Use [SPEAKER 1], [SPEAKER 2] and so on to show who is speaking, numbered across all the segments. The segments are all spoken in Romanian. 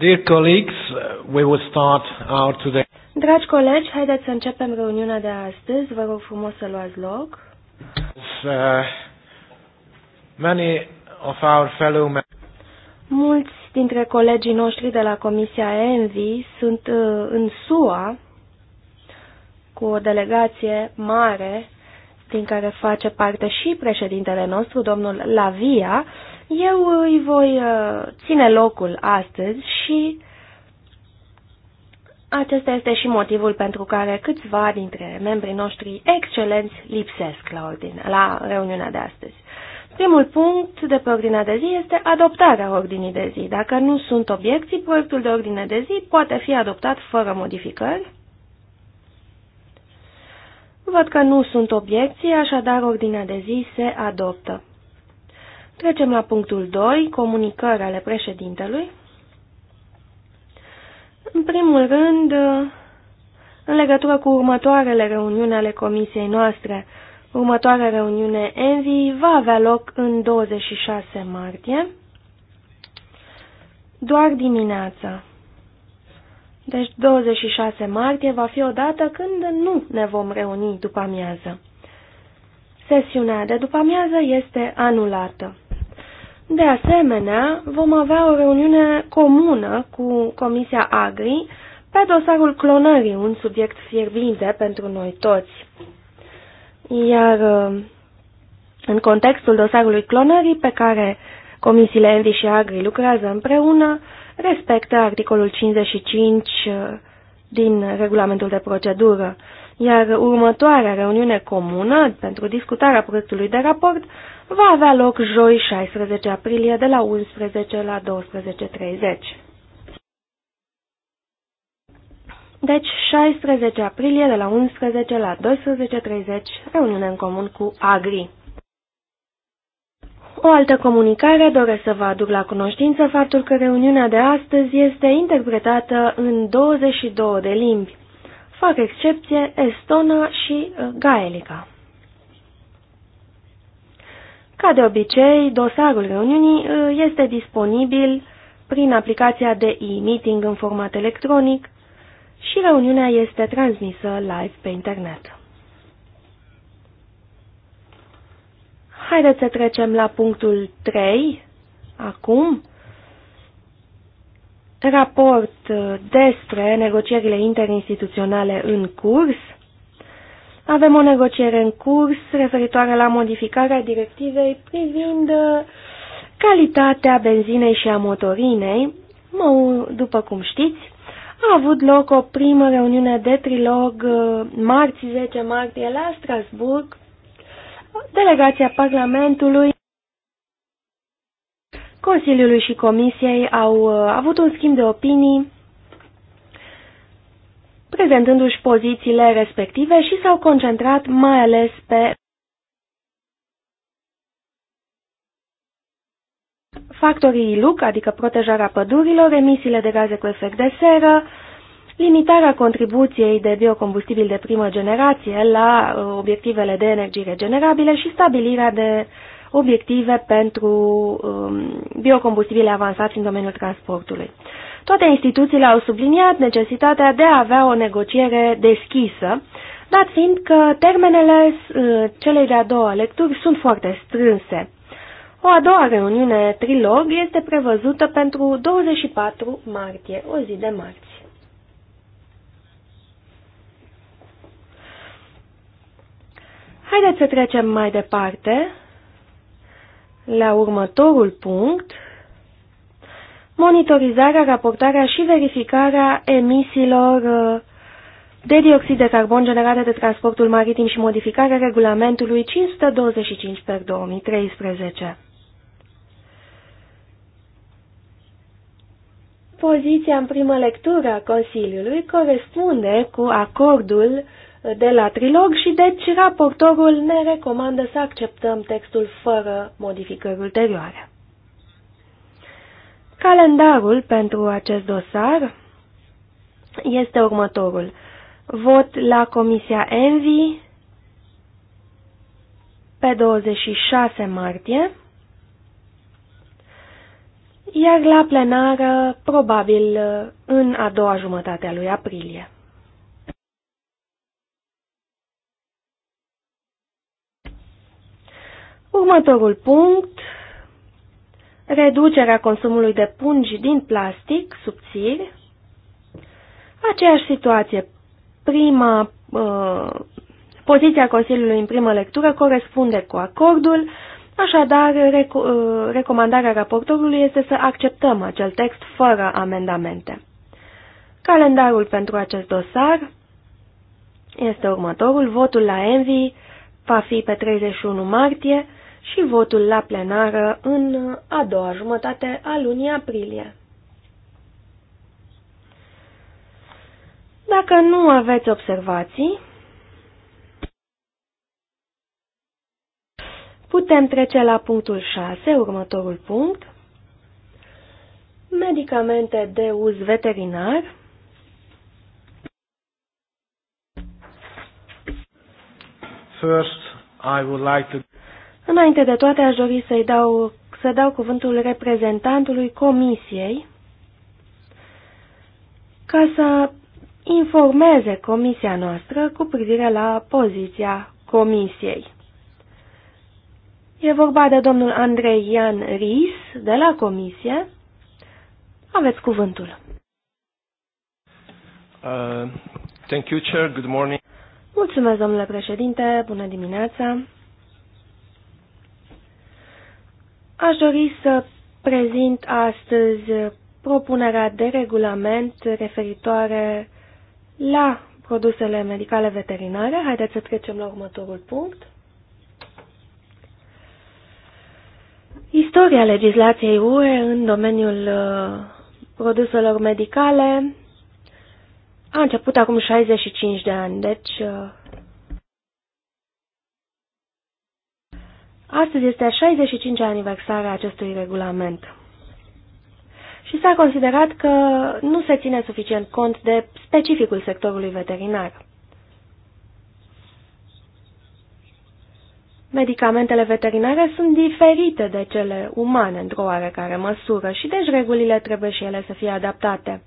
[SPEAKER 1] Dear colleagues, we will start our today. Dragi colegi, haideți să începem reuniunea de astăzi. Vă rog frumos să luați loc. Uh, many of our fellow Mulți dintre colegii noștri de la Comisia ENVI sunt uh, în SUA cu o delegație mare din care face parte și președintele nostru, domnul Lavia, eu îi voi uh, ține locul astăzi și acesta este și motivul pentru care câțiva dintre membrii noștri excelenți lipsesc la, ordine, la reuniunea de astăzi. Primul punct de pe ordinea de zi este adoptarea ordinii de zi. Dacă nu sunt obiecții, proiectul de ordine de zi poate fi adoptat fără modificări. Văd că nu sunt obiecții, așadar ordinea de zi se adoptă. Trecem la punctul 2, comunicări ale președintelui. În primul rând, în legătură cu următoarele reuniuni ale comisiei noastre, următoarea reuniune ENVI va avea loc în 26 martie, doar dimineața. Deci 26 martie va fi o dată când nu ne vom reuni după amiază. Sesiunea de după amiază este anulată. De asemenea, vom avea o reuniune comună cu Comisia Agri pe dosarul clonării, un subiect fierbinte pentru noi toți. Iar uh, în contextul dosarului clonării pe care comisiile Envi și Agri lucrează împreună, respectă articolul 55 uh, din regulamentul de procedură, iar următoarea reuniune comună pentru discutarea proiectului de raport va avea loc joi 16 aprilie de la 11 la 12.30. Deci 16 aprilie de la 11 la 12.30, reuniune în comun cu Agri. O altă comunicare doresc să vă aduc la cunoștință faptul că reuniunea de astăzi este interpretată în 22 de limbi. Fac excepție estona și uh, gaelica. Ca de obicei, dosarul reuniunii uh, este disponibil prin aplicația de e-meeting în format electronic și reuniunea este transmisă live pe internet. Haideți să trecem la punctul 3 acum. Raport uh, despre negocierile interinstituționale în curs – avem o negociere în curs referitoare la modificarea directivei privind uh, calitatea benzinei și a motorinei. Mă, după cum știți, a avut loc o primă reuniune de trilog uh, marți 10 martie la Strasburg. Delegația Parlamentului, Consiliului și Comisiei au uh, avut un schimb de opinii prezentându-și pozițiile respective și s-au concentrat mai ales pe factorii LUC, adică protejarea pădurilor, emisiile de gaze cu efect de seră, limitarea contribuției de biocombustibil de primă generație la uh, obiectivele de energie regenerabile și stabilirea de obiective pentru um, biocombustibile avansați în domeniul transportului. Toate instituțiile au subliniat necesitatea de a avea o negociere deschisă, dat fiind că termenele uh, celei de-a doua lecturi sunt foarte strânse. O a doua reuniune trilog este prevăzută pentru 24 martie, o zi de marți. Haideți să trecem mai departe la următorul punct, monitorizarea, raportarea și verificarea emisiilor uh, de dioxid de carbon generate de transportul maritim și modificarea regulamentului 525 per 2013. Poziția în primă lectură a Consiliului corespunde cu acordul de la trilog și deci raportorul ne recomandă să acceptăm textul fără modificări ulterioare. Calendarul pentru acest dosar este următorul. Vot la Comisia Envi pe 26 martie, iar la plenară probabil în a doua jumătate a lui aprilie. Următorul punct reducerea consumului de pungi din plastic subțiri, aceeași situație. Prima, uh, poziția Consiliului în primă lectură corespunde cu acordul, așadar uh, recomandarea raportorului este să acceptăm acel text fără amendamente. Calendarul pentru acest dosar este următorul. Votul la Envi va fi pe 31 martie, și votul la plenară în a doua jumătate a lunii aprilie. Dacă nu aveți observații, putem trece la punctul 6, următorul punct, medicamente de uz veterinar, First, I would like to Înainte de toate, aș dori să-i dau, să dau cuvântul reprezentantului Comisiei ca să informeze Comisia noastră cu privire la poziția Comisiei. E vorba de domnul Andrei Ian Ris de la Comisie. Aveți cuvântul. Uh, thank you, Chair. Good morning. Mulțumesc, domnule președinte. Bună dimineața. Aș dori să prezint astăzi propunerea de regulament referitoare la produsele medicale veterinare. Haideți să trecem la următorul punct. Istoria legislației UE în domeniul uh, produselor medicale a început acum 65 de ani, deci uh, Astăzi este a 65-a aniversare a acestui regulament. Și s-a considerat că nu se ține suficient cont de specificul sectorului veterinar. Medicamentele veterinare sunt diferite de cele umane într-o oarecare măsură și deci regulile trebuie și ele să fie adaptate.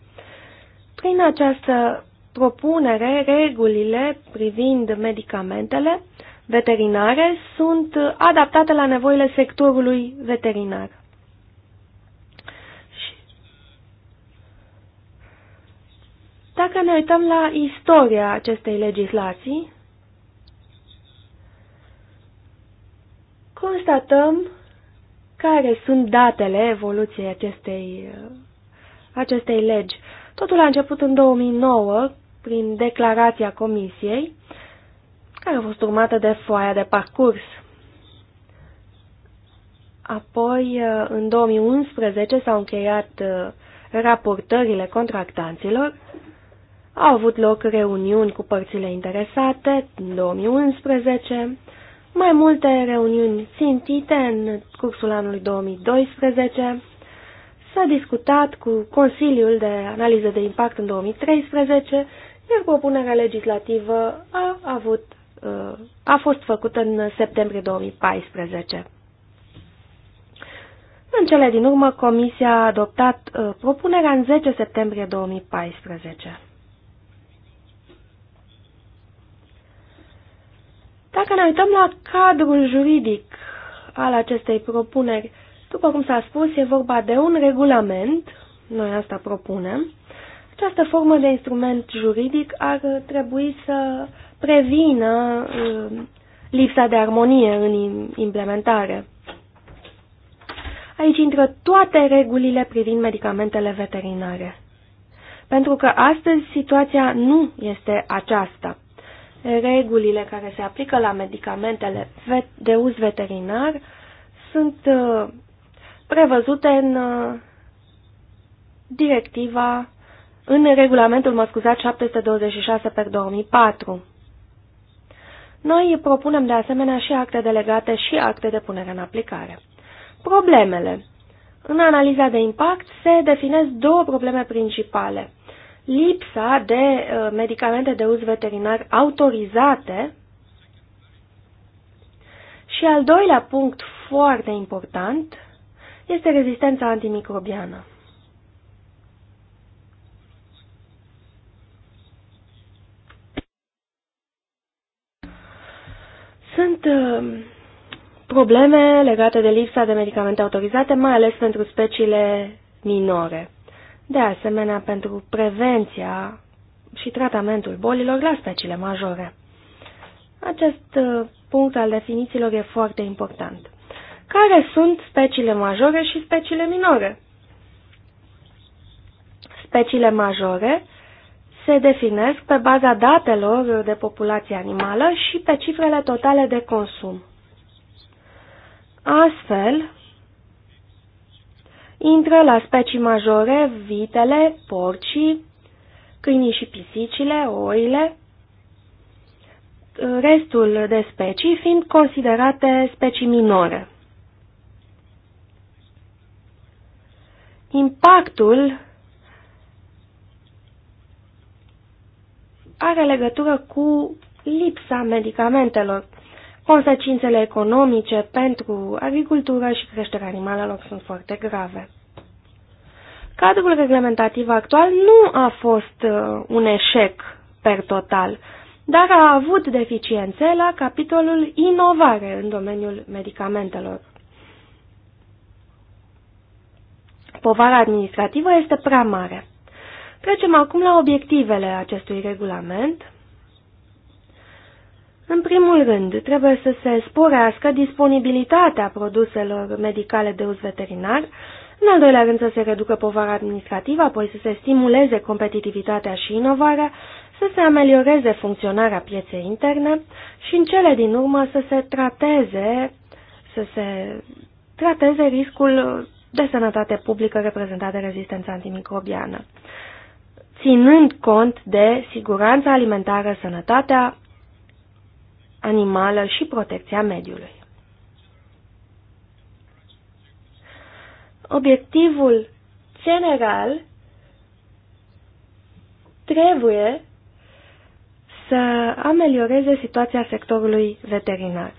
[SPEAKER 1] Prin această propunere, regulile privind medicamentele veterinare sunt adaptate la nevoile sectorului veterinar. Dacă ne uităm la istoria acestei legislații, constatăm care sunt datele evoluției acestei, acestei legi. Totul a început în 2009, prin declarația Comisiei, care a fost urmată de foaia de parcurs. Apoi, uh, în 2011 s-au încheiat uh, raportările contractanților, au avut loc reuniuni cu părțile interesate în 2011, mai multe reuniuni țintite în cursul anului 2012, s-a discutat cu Consiliul de Analiză de Impact în 2013, iar propunerea legislativă a avut a fost făcut în septembrie 2014. În cele din urmă, Comisia a adoptat uh, propunerea în 10 septembrie 2014. Dacă ne uităm la cadrul juridic al acestei propuneri, după cum s-a spus, e vorba de un regulament, noi asta propunem. Această formă de instrument juridic ar trebui să prevină uh, lipsa de armonie în implementare. Aici intră toate regulile privind medicamentele veterinare. Pentru că astăzi situația nu este aceasta. Regulile care se aplică la medicamentele de uz veterinar sunt uh, prevăzute în uh, directiva, în regulamentul, mă scuzați, 726 pe 2004. Noi propunem de asemenea și acte delegate și acte de punere în aplicare. Problemele. În analiza de impact se definesc două probleme principale. Lipsa de uh, medicamente de uz veterinar autorizate și al doilea punct foarte important este rezistența antimicrobiană. Sunt uh, probleme legate de lipsa de medicamente autorizate, mai ales pentru speciile minore. De asemenea, pentru prevenția și tratamentul bolilor la speciile majore. Acest uh, punct al definițiilor e foarte important. Care sunt speciile majore și speciile minore? Speciile majore se definesc pe baza datelor de populație animală și pe cifrele totale de consum. Astfel, intră la specii majore vitele, porcii, câinii și pisicile, oile, restul de specii fiind considerate specii minore. Impactul are legătură cu lipsa medicamentelor. Consecințele economice pentru agricultură și creșterea animalelor sunt foarte grave. Cadrul reglementativ actual nu a fost uh, un eșec per total, dar a avut deficiențe la capitolul inovare în domeniul medicamentelor. Povara administrativă este prea mare. Trecem acum la obiectivele acestui regulament. În primul rând, trebuie să se sporească disponibilitatea produselor medicale de uz veterinar, în al doilea rând să se reducă povara administrativă, apoi să se stimuleze competitivitatea și inovarea, să se amelioreze funcționarea pieței interne și în cele din urmă să se trateze, să se trateze riscul de sănătate publică reprezentat de rezistența antimicrobiană ținând cont de siguranța alimentară, sănătatea animală și protecția mediului. Obiectivul general trebuie să amelioreze situația sectorului veterinar.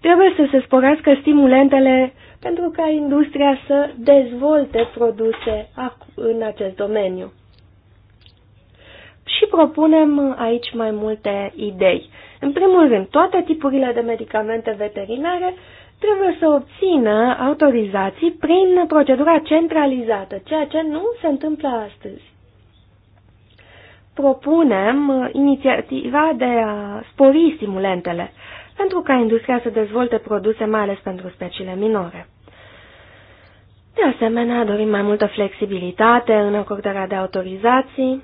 [SPEAKER 1] Trebuie să se sporească stimulentele pentru ca industria să dezvolte produse în acest domeniu. Și propunem aici mai multe idei. În primul rând, toate tipurile de medicamente veterinare trebuie să obțină autorizații prin procedura centralizată, ceea ce nu se întâmplă astăzi. Propunem inițiativa de a spori stimulentele pentru ca industria să dezvolte produse mai ales pentru speciile minore. De asemenea, dorim mai multă flexibilitate în acordarea de autorizații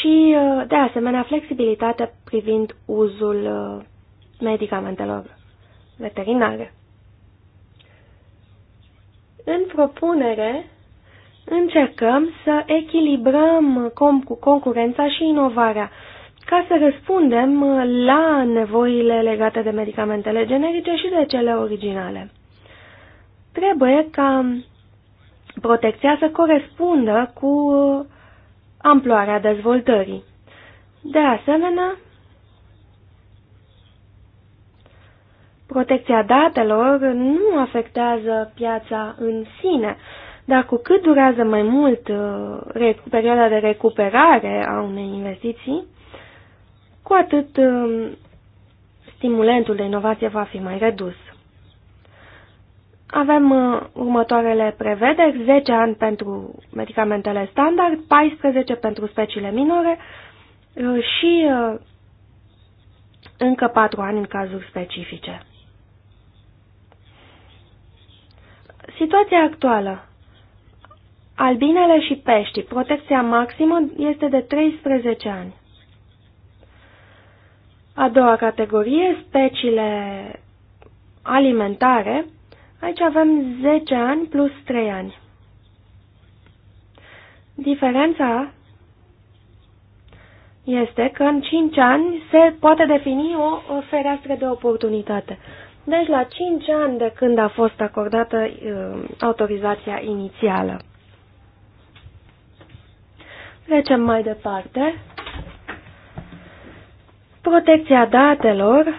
[SPEAKER 1] și, uh, de asemenea, flexibilitate privind uzul uh, medicamentelor veterinare. În propunere, încercăm să echilibrăm concurența și inovarea ca să răspundem uh, la nevoile legate de medicamentele generice și de cele originale. Trebuie ca protecția să corespundă cu amploarea dezvoltării. De asemenea, protecția datelor nu afectează piața în sine, dar cu cât durează mai mult uh, perioada de recuperare a unei investiții, cu atât um, stimulentul de inovație va fi mai redus. Avem uh, următoarele prevederi, 10 ani pentru medicamentele standard, 14 pentru speciile minore uh, și uh, încă 4 ani în cazuri specifice. Situația actuală. Albinele și peștii, protecția maximă este de 13 ani. A doua categorie, speciile alimentare. Aici avem 10 ani plus 3 ani. Diferența este că în 5 ani se poate defini o fereastră de oportunitate. Deci la 5 ani de când a fost acordată uh, autorizația inițială. Trecem mai departe. Protecția datelor uh,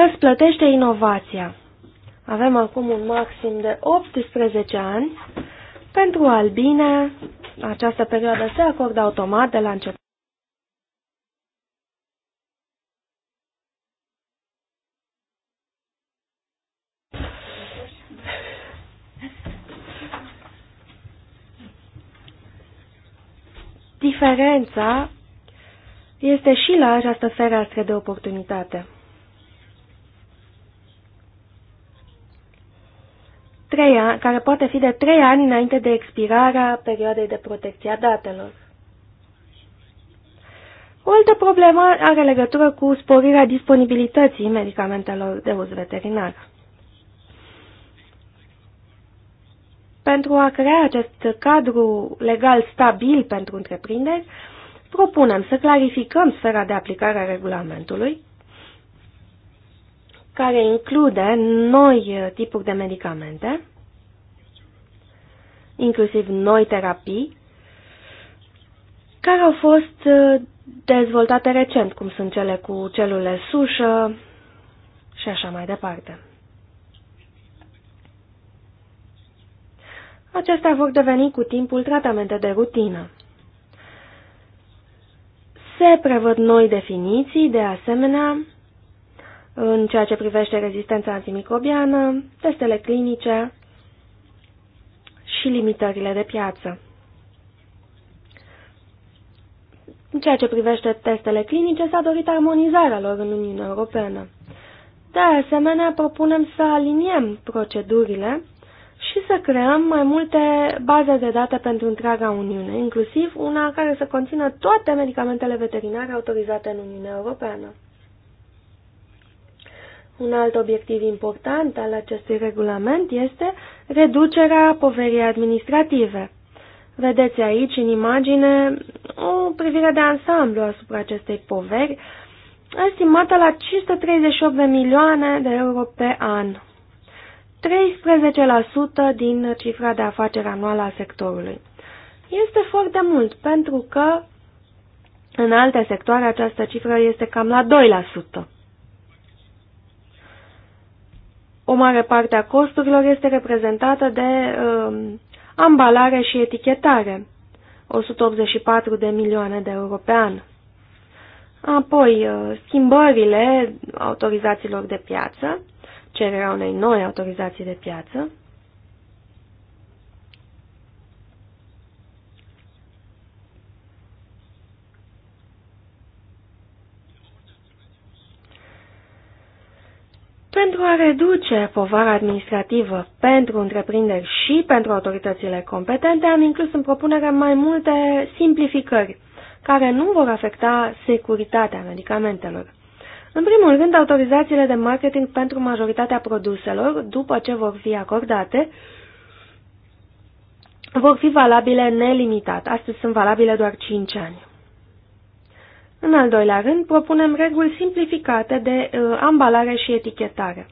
[SPEAKER 1] răsplătește inovația. Avem acum un maxim de 18 ani. Pentru albine, această perioadă se acordă automat de la început. Diferența este și la această fereastră de oportunitate. Trei ani, care poate fi de trei ani înainte de expirarea perioadei de protecție a datelor. O altă problemă are legătură cu sporirea disponibilității medicamentelor de uz veterinar. Pentru a crea acest cadru legal stabil pentru întreprinderi, propunem să clarificăm sfera de aplicare a regulamentului, care include noi eh, tipuri de medicamente, inclusiv noi terapii, care au fost eh, dezvoltate recent, cum sunt cele cu celule sușă și așa mai departe. Acestea vor deveni cu timpul tratamente de rutină. Se prevăd noi definiții, de asemenea, în ceea ce privește rezistența antimicrobiană, testele clinice și limitările de piață. În ceea ce privește testele clinice, s-a dorit armonizarea lor în Uniunea Europeană. De asemenea, propunem să aliniem procedurile și să creăm mai multe baze de date pentru întreaga Uniune, inclusiv una care să conțină toate medicamentele veterinare autorizate în Uniunea Europeană. Un alt obiectiv important al acestui regulament este reducerea poverii administrative. Vedeți aici în imagine o privire de ansamblu asupra acestei poveri, estimată la 538 de milioane de euro pe an. 13% din cifra de afaceri anuală a sectorului. Este foarte mult, pentru că în alte sectoare această cifră este cam la 2%. O mare parte a costurilor este reprezentată de uh, ambalare și etichetare, 184 de milioane de euro pe an. Apoi, uh, schimbările autorizațiilor de piață, cererea unei noi autorizații de piață. Pentru a reduce povara administrativă pentru întreprinderi și pentru autoritățile competente, am inclus în propunere mai multe simplificări care nu vor afecta securitatea medicamentelor. În primul rând, autorizațiile de marketing pentru majoritatea produselor, după ce vor fi acordate, vor fi valabile nelimitat. Astăzi sunt valabile doar 5 ani. În al doilea rând, propunem reguli simplificate de uh, ambalare și etichetare.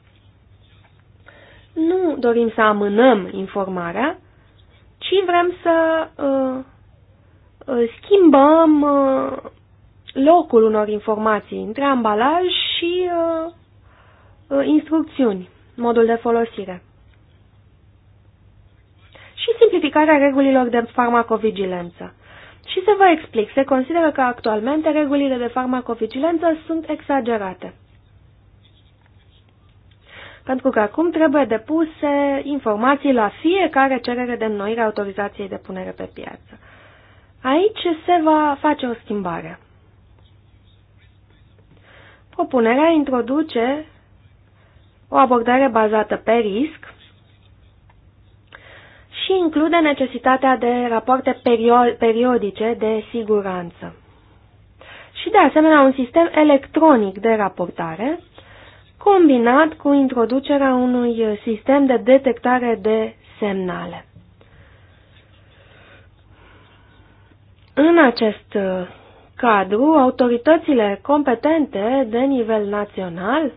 [SPEAKER 1] Nu dorim să amânăm informarea, ci vrem să uh, uh schimbăm uh, locul unor informații între ambalaj și uh, uh, instrucțiuni, modul de folosire. Și simplificarea regulilor de farmacovigilență. Și să vă explic, se consideră că actualmente regulile de farmacovigilență sunt exagerate. Pentru că acum trebuie depuse informații la fiecare cerere de înnoire autorizației de punere pe piață. Aici se va face o schimbare. Propunerea introduce o abordare bazată pe risc și include necesitatea de rapoarte periodice de siguranță și de asemenea un sistem electronic de raportare combinat cu introducerea unui sistem de detectare de semnale. În acest cadru, autoritățile competente de nivel național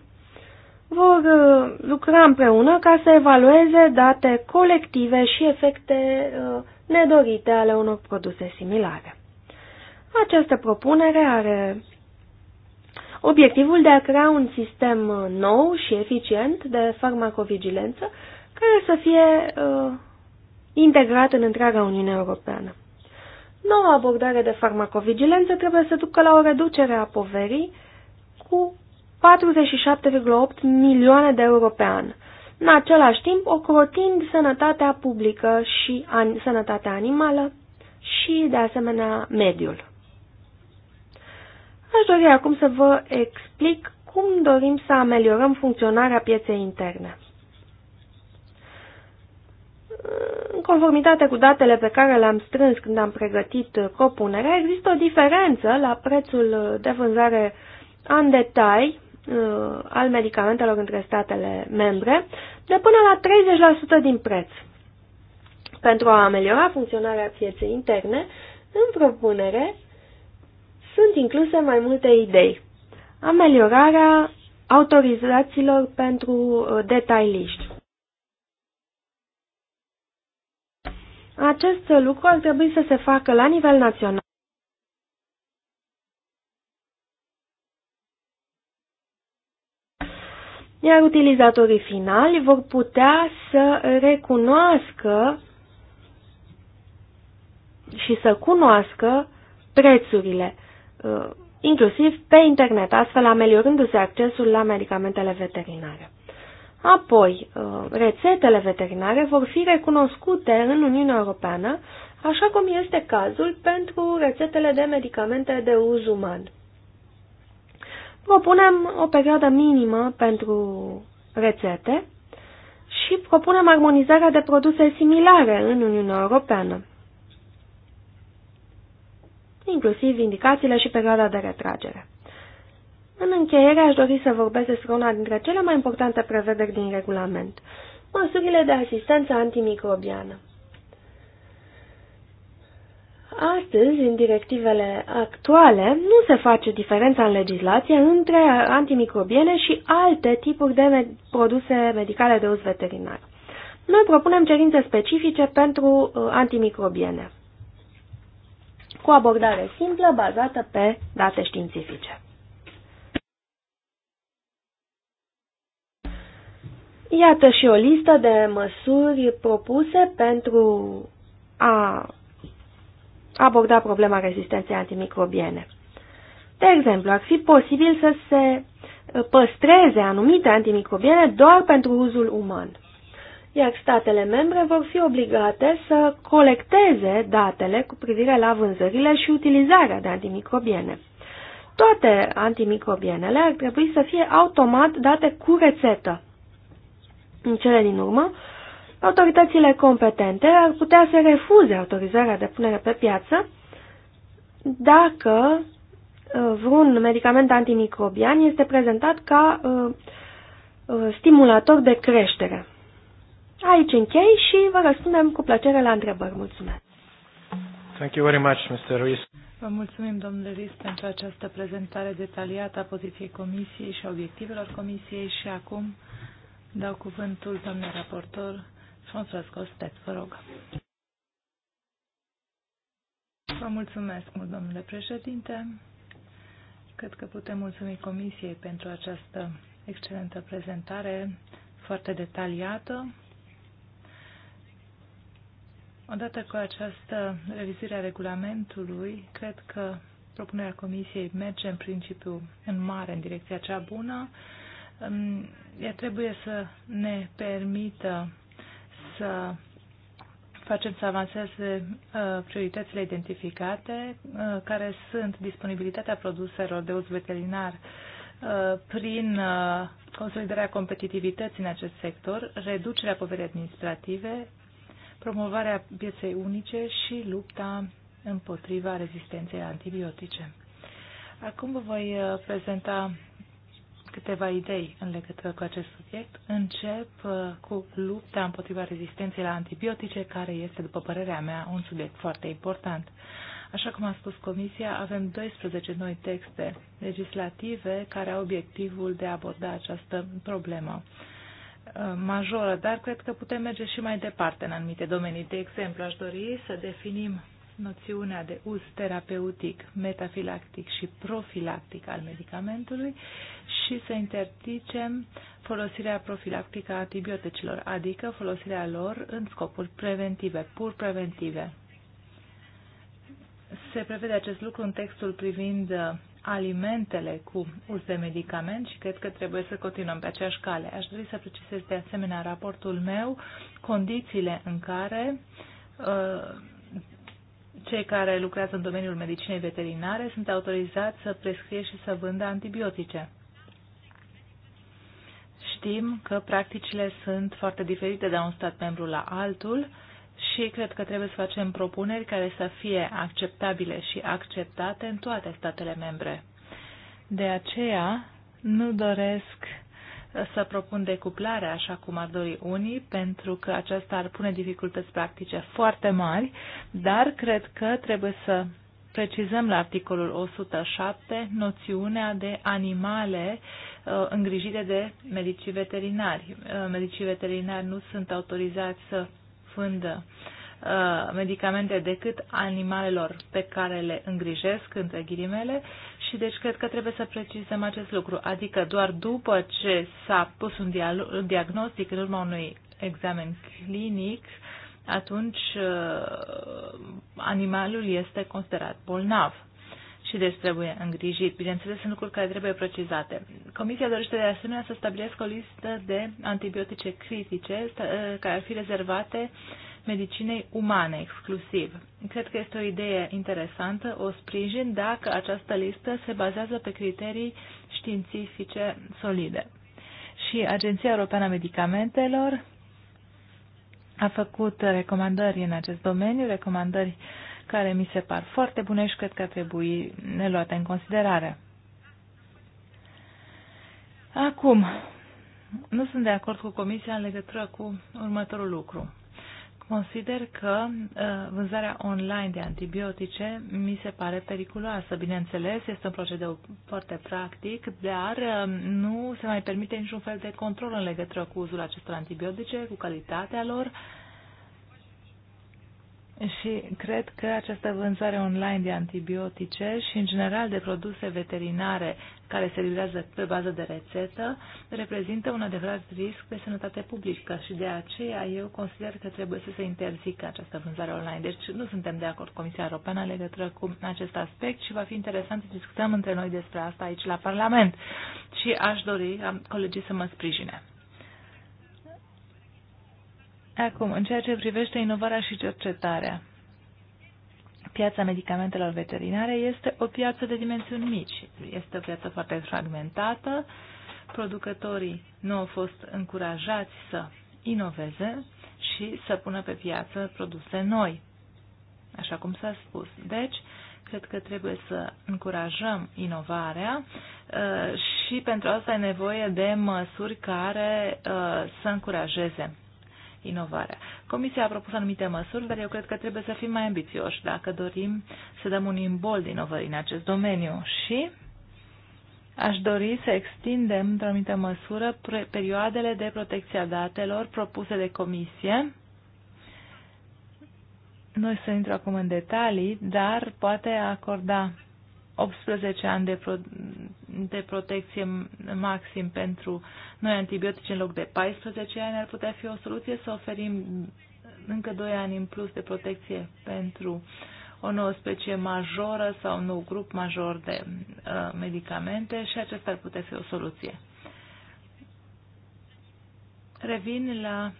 [SPEAKER 1] vor uh, lucra împreună ca să evalueze date colective și efecte uh, nedorite ale unor produse similare. Această propunere are obiectivul de a crea un sistem uh, nou și eficient de farmacovigilență care să fie uh, integrat în întreaga Uniune Europeană. Noua abordare de farmacovigilență trebuie să ducă la o reducere a poverii cu 47,8 milioane de euro pe an, în același timp ocrotind sănătatea publică și an sănătatea animală și, de asemenea, mediul. Aș dori acum să vă explic cum dorim să ameliorăm funcționarea pieței interne în conformitate cu datele pe care le-am strâns când am pregătit propunerea, există o diferență la prețul de vânzare în detai uh, al medicamentelor între statele membre de până la 30% din preț. Pentru a ameliora funcționarea pieței interne, în propunere sunt incluse mai multe idei. Ameliorarea autorizațiilor pentru uh, detailiști. Acest lucru ar trebui să se facă la nivel național. Iar utilizatorii finali vor putea să recunoască și să cunoască prețurile, uh, inclusiv pe internet, astfel ameliorându-se accesul la medicamentele veterinare. Apoi, uh, rețetele veterinare vor fi recunoscute în Uniunea Europeană, așa cum este cazul pentru rețetele de medicamente de uz uman. Propunem o perioadă minimă pentru rețete și propunem armonizarea de produse similare în Uniunea Europeană, inclusiv indicațiile și perioada de retragere. În încheiere, aș dori să vorbesc despre una dintre cele mai importante prevederi din regulament, măsurile de asistență antimicrobiană. Astăzi, în directivele actuale, nu se face diferența în legislație între antimicrobiene și alte tipuri de med produse medicale de uz veterinar. Noi propunem cerințe specifice pentru uh, antimicrobiene, cu abordare simplă bazată pe date științifice. Iată și o listă de măsuri propuse pentru a aborda problema rezistenței antimicrobiene. De exemplu, ar fi posibil să se păstreze anumite antimicrobiene doar pentru uzul uman, iar statele membre vor fi obligate să colecteze datele cu privire la vânzările și utilizarea de antimicrobiene. Toate antimicrobienele ar trebui să fie automat date cu rețetă, în cele din urmă, autoritățile competente ar putea să refuze autorizarea de punere pe piață dacă uh, vreun medicament antimicrobian este prezentat ca uh, uh, stimulator de creștere.
[SPEAKER 2] Aici închei
[SPEAKER 1] și vă răspundem cu plăcere
[SPEAKER 2] la întrebări. Mulțumesc!
[SPEAKER 1] Thank you very much, Mr. Ruiz.
[SPEAKER 2] Vă mulțumim, domnule Ruiz, pentru această prezentare detaliată a poziției Comisiei și a obiectivelor Comisiei și acum Dau cuvântul doamnei raportor François Costet, vă rog. Vă mulțumesc mult, domnule președinte. Cred că putem mulțumi Comisiei pentru această excelentă prezentare, foarte detaliată. Odată cu această revizire a regulamentului, cred că propunerea Comisiei merge în principiu în mare, în direcția cea bună ea trebuie să ne permită să facem să avanseze uh, prioritățile identificate, uh, care sunt disponibilitatea produselor de uz veterinar uh, prin consolidarea competitivității în acest sector, reducerea poverii administrative, promovarea pieței unice și lupta împotriva rezistenței antibiotice. Acum vă voi prezenta câteva idei în legătură cu acest subiect. Încep uh, cu lupta împotriva rezistenței la antibiotice, care este, după părerea mea, un subiect foarte important. Așa cum a spus Comisia, avem 12 noi texte legislative care au obiectivul de a aborda această problemă uh, majoră, dar cred că putem merge și mai departe în anumite domenii. De exemplu, aș dori să definim noțiunea de uz terapeutic, metafilactic și profilactic al medicamentului și să interzicem folosirea profilactică a antibioticelor, adică folosirea lor în scopuri preventive, pur preventive. Se prevede acest lucru în textul privind uh, alimentele cu uz de medicament și cred că trebuie să continuăm pe aceeași cale. Aș dori să precisez de asemenea raportul meu condițiile în care uh, cei care lucrează în domeniul medicinei veterinare sunt autorizați să prescrie și să vândă antibiotice. Știm că practicile sunt foarte diferite de la un stat membru la altul și cred că trebuie să facem propuneri care să fie acceptabile și acceptate în toate statele membre. De aceea, nu doresc să propun decuplarea, așa cum ar dori unii, pentru că aceasta ar pune dificultăți practice foarte mari, dar cred că trebuie să precizăm la articolul 107 noțiunea de animale uh, îngrijite de medicii veterinari. Uh, medicii veterinari nu sunt autorizați să vândă uh, medicamente decât animalelor pe care le îngrijesc, între ghilimele, și deci cred că trebuie să precizăm acest lucru, adică doar după ce s-a pus un, diagnostic în urma unui examen clinic, atunci uh, animalul este considerat bolnav și deci trebuie îngrijit. Bineînțeles, sunt lucruri care trebuie precizate. Comisia dorește de asemenea să stabilească o listă de antibiotice critice uh, care ar fi rezervate uh, medicinei umane exclusiv. Cred că este o idee interesantă, o sprijin dacă această listă se bazează pe criterii științifice solide. Și Agenția Europeană a Medicamentelor a făcut recomandări în acest domeniu, recomandări care mi se par foarte bune și cred că ar trebui luate în considerare. Acum, nu sunt de acord cu Comisia în legătură cu următorul lucru. Consider că uh, vânzarea online de antibiotice mi se pare periculoasă. Bineînțeles, este un procedeu foarte practic, dar uh, nu se mai permite niciun fel de control în legătură cu uzul acestor antibiotice, cu calitatea lor. Și cred că această vânzare online de antibiotice și, în general, de produse veterinare care se livrează pe bază de rețetă reprezintă un adevărat risc de sănătate publică și de aceea eu consider că trebuie să se interzică această vânzare online. Deci nu suntem de acord Comisia Europeană în legătură cu acest aspect și va fi interesant să discutăm între noi despre asta aici la Parlament și aș dori am colegii să mă sprijine. Acum, în ceea ce privește inovarea și cercetarea, piața medicamentelor veterinare este o piață de dimensiuni mici. Este o piață foarte fragmentată. Producătorii nu au fost încurajați să inoveze și să pună pe piață produse noi, așa cum s-a spus. Deci, cred că trebuie să încurajăm inovarea uh, și pentru asta e nevoie de măsuri care uh, să încurajeze inovare. Comisia a propus anumite măsuri, dar eu cred că trebuie să fim mai ambițioși dacă dorim să dăm un de inovării în acest domeniu și aș dori să extindem, într-o anumită măsură, perioadele de protecție a datelor propuse de comisie. Noi să intru acum în detalii, dar poate acorda 18 ani de, pro, de protecție maxim pentru noi antibiotice în loc de 14 ani ar putea fi o soluție să oferim încă 2 ani în plus de protecție pentru o nouă specie majoră sau un nou grup major de uh, medicamente și acesta ar putea fi o soluție. Revin la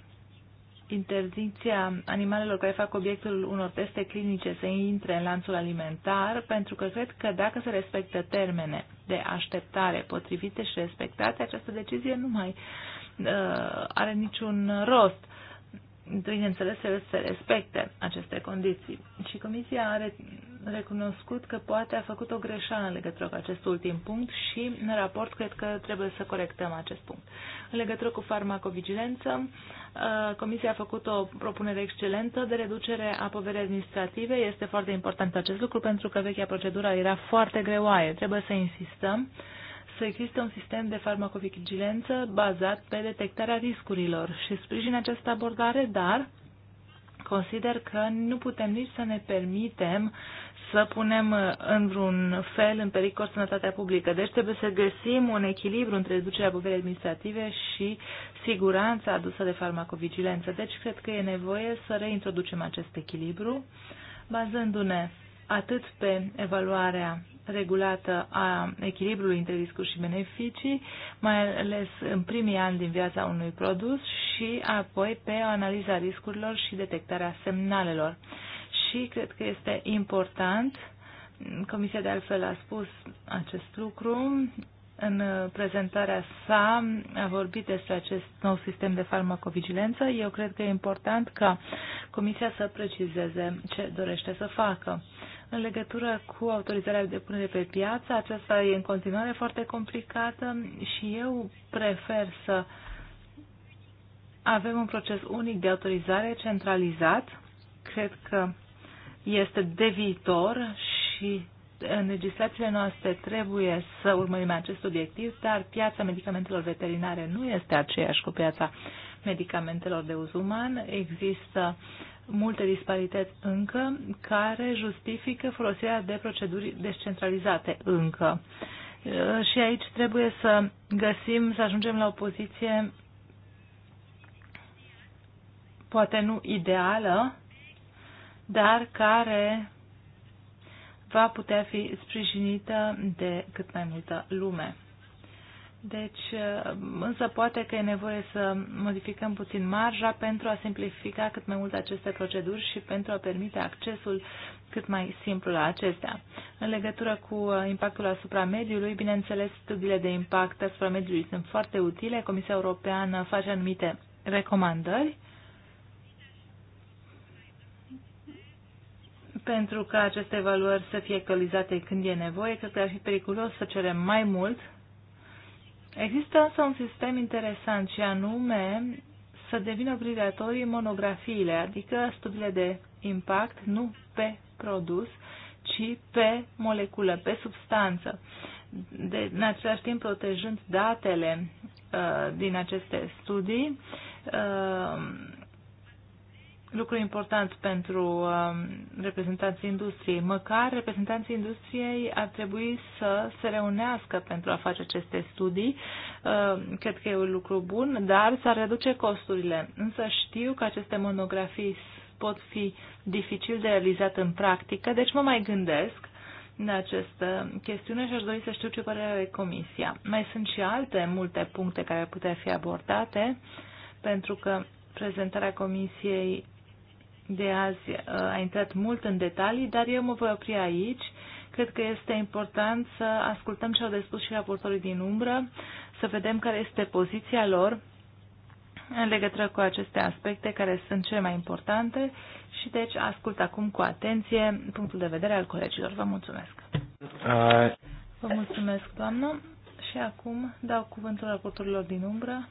[SPEAKER 2] interdicția animalelor care fac obiectul unor teste clinice să intre în lanțul alimentar, pentru că cred că dacă se respectă termene de așteptare potrivite și respectate, această decizie nu mai uh, are niciun rost. Bineînțeles, trebuie să respecte aceste condiții. Și Comisia are recunoscut că poate a făcut o greșeală în legătură cu acest ultim punct și în raport cred că trebuie să corectăm acest punct. În legătură cu farmacovigilență, uh, Comisia a făcut o propunere excelentă de reducere a poverii administrative. Este foarte important acest lucru pentru că vechea procedură era foarte greoaie. Trebuie să insistăm să existe un sistem de farmacovigilență bazat pe detectarea riscurilor și sprijin această abordare, dar consider că nu putem nici să ne permitem să punem uh, într-un fel în pericol sănătatea publică. Deci trebuie să găsim un echilibru între reducerea poverii administrative și siguranța adusă de farmacovigilență. Deci cred că e nevoie să reintroducem acest echilibru, bazându-ne atât pe evaluarea regulată a echilibrului între riscuri și beneficii, mai ales în primii ani din viața unui produs și apoi pe analiza riscurilor și detectarea semnalelor și cred că este important, Comisia de altfel a spus acest lucru, în prezentarea sa a vorbit despre acest nou sistem de farmacovigilență. Eu cred că e important ca Comisia să precizeze ce dorește să facă. În legătură cu autorizarea de punere pe piață, aceasta e în continuare foarte complicată și eu prefer să avem un proces unic de autorizare centralizat. Cred că este de viitor și în legislațiile noastre trebuie să urmărim acest obiectiv, dar piața medicamentelor veterinare nu este aceeași cu piața medicamentelor de uz uman. Există multe disparități încă care justifică folosirea de proceduri descentralizate încă. Și aici trebuie să găsim, să ajungem la o poziție poate nu ideală, dar care va putea fi sprijinită de cât mai multă lume. Deci, însă poate că e nevoie să modificăm puțin marja pentru a simplifica cât mai mult aceste proceduri și pentru a permite accesul cât mai simplu la acestea. În legătură cu uh, impactul asupra mediului, bineînțeles, studiile de impact asupra mediului sunt foarte utile. Comisia Europeană face anumite recomandări pentru ca aceste evaluări să fie actualizate când e nevoie. Cred că ar fi periculos să cerem mai mult. Există însă un sistem interesant și anume să devină obligatorii monografiile, adică studiile de impact nu pe produs, ci pe moleculă, pe substanță. De, în același timp protejând datele uh, din aceste studii, uh, lucru important pentru uh, reprezentanții industriei. Măcar reprezentanții industriei ar trebui să se reunească pentru a face aceste studii. Uh, cred că e un lucru bun, dar s-ar reduce costurile. Însă știu că aceste monografii pot fi dificil de realizat în practică, deci mă mai gândesc în această chestiune și aș dori să știu ce părere are Comisia. Mai sunt și alte multe puncte care ar putea fi abordate, pentru că prezentarea Comisiei de azi uh, a intrat mult în detalii, dar eu mă voi opri aici. Cred că este important să ascultăm ce au de spus și raportorii din umbră, să vedem care este poziția lor în legătură cu aceste aspecte care sunt cele mai importante și deci ascult acum cu atenție punctul de vedere al colegilor. Vă mulțumesc! Uh. Vă mulțumesc, doamnă! Și acum dau cuvântul raportorilor din umbră.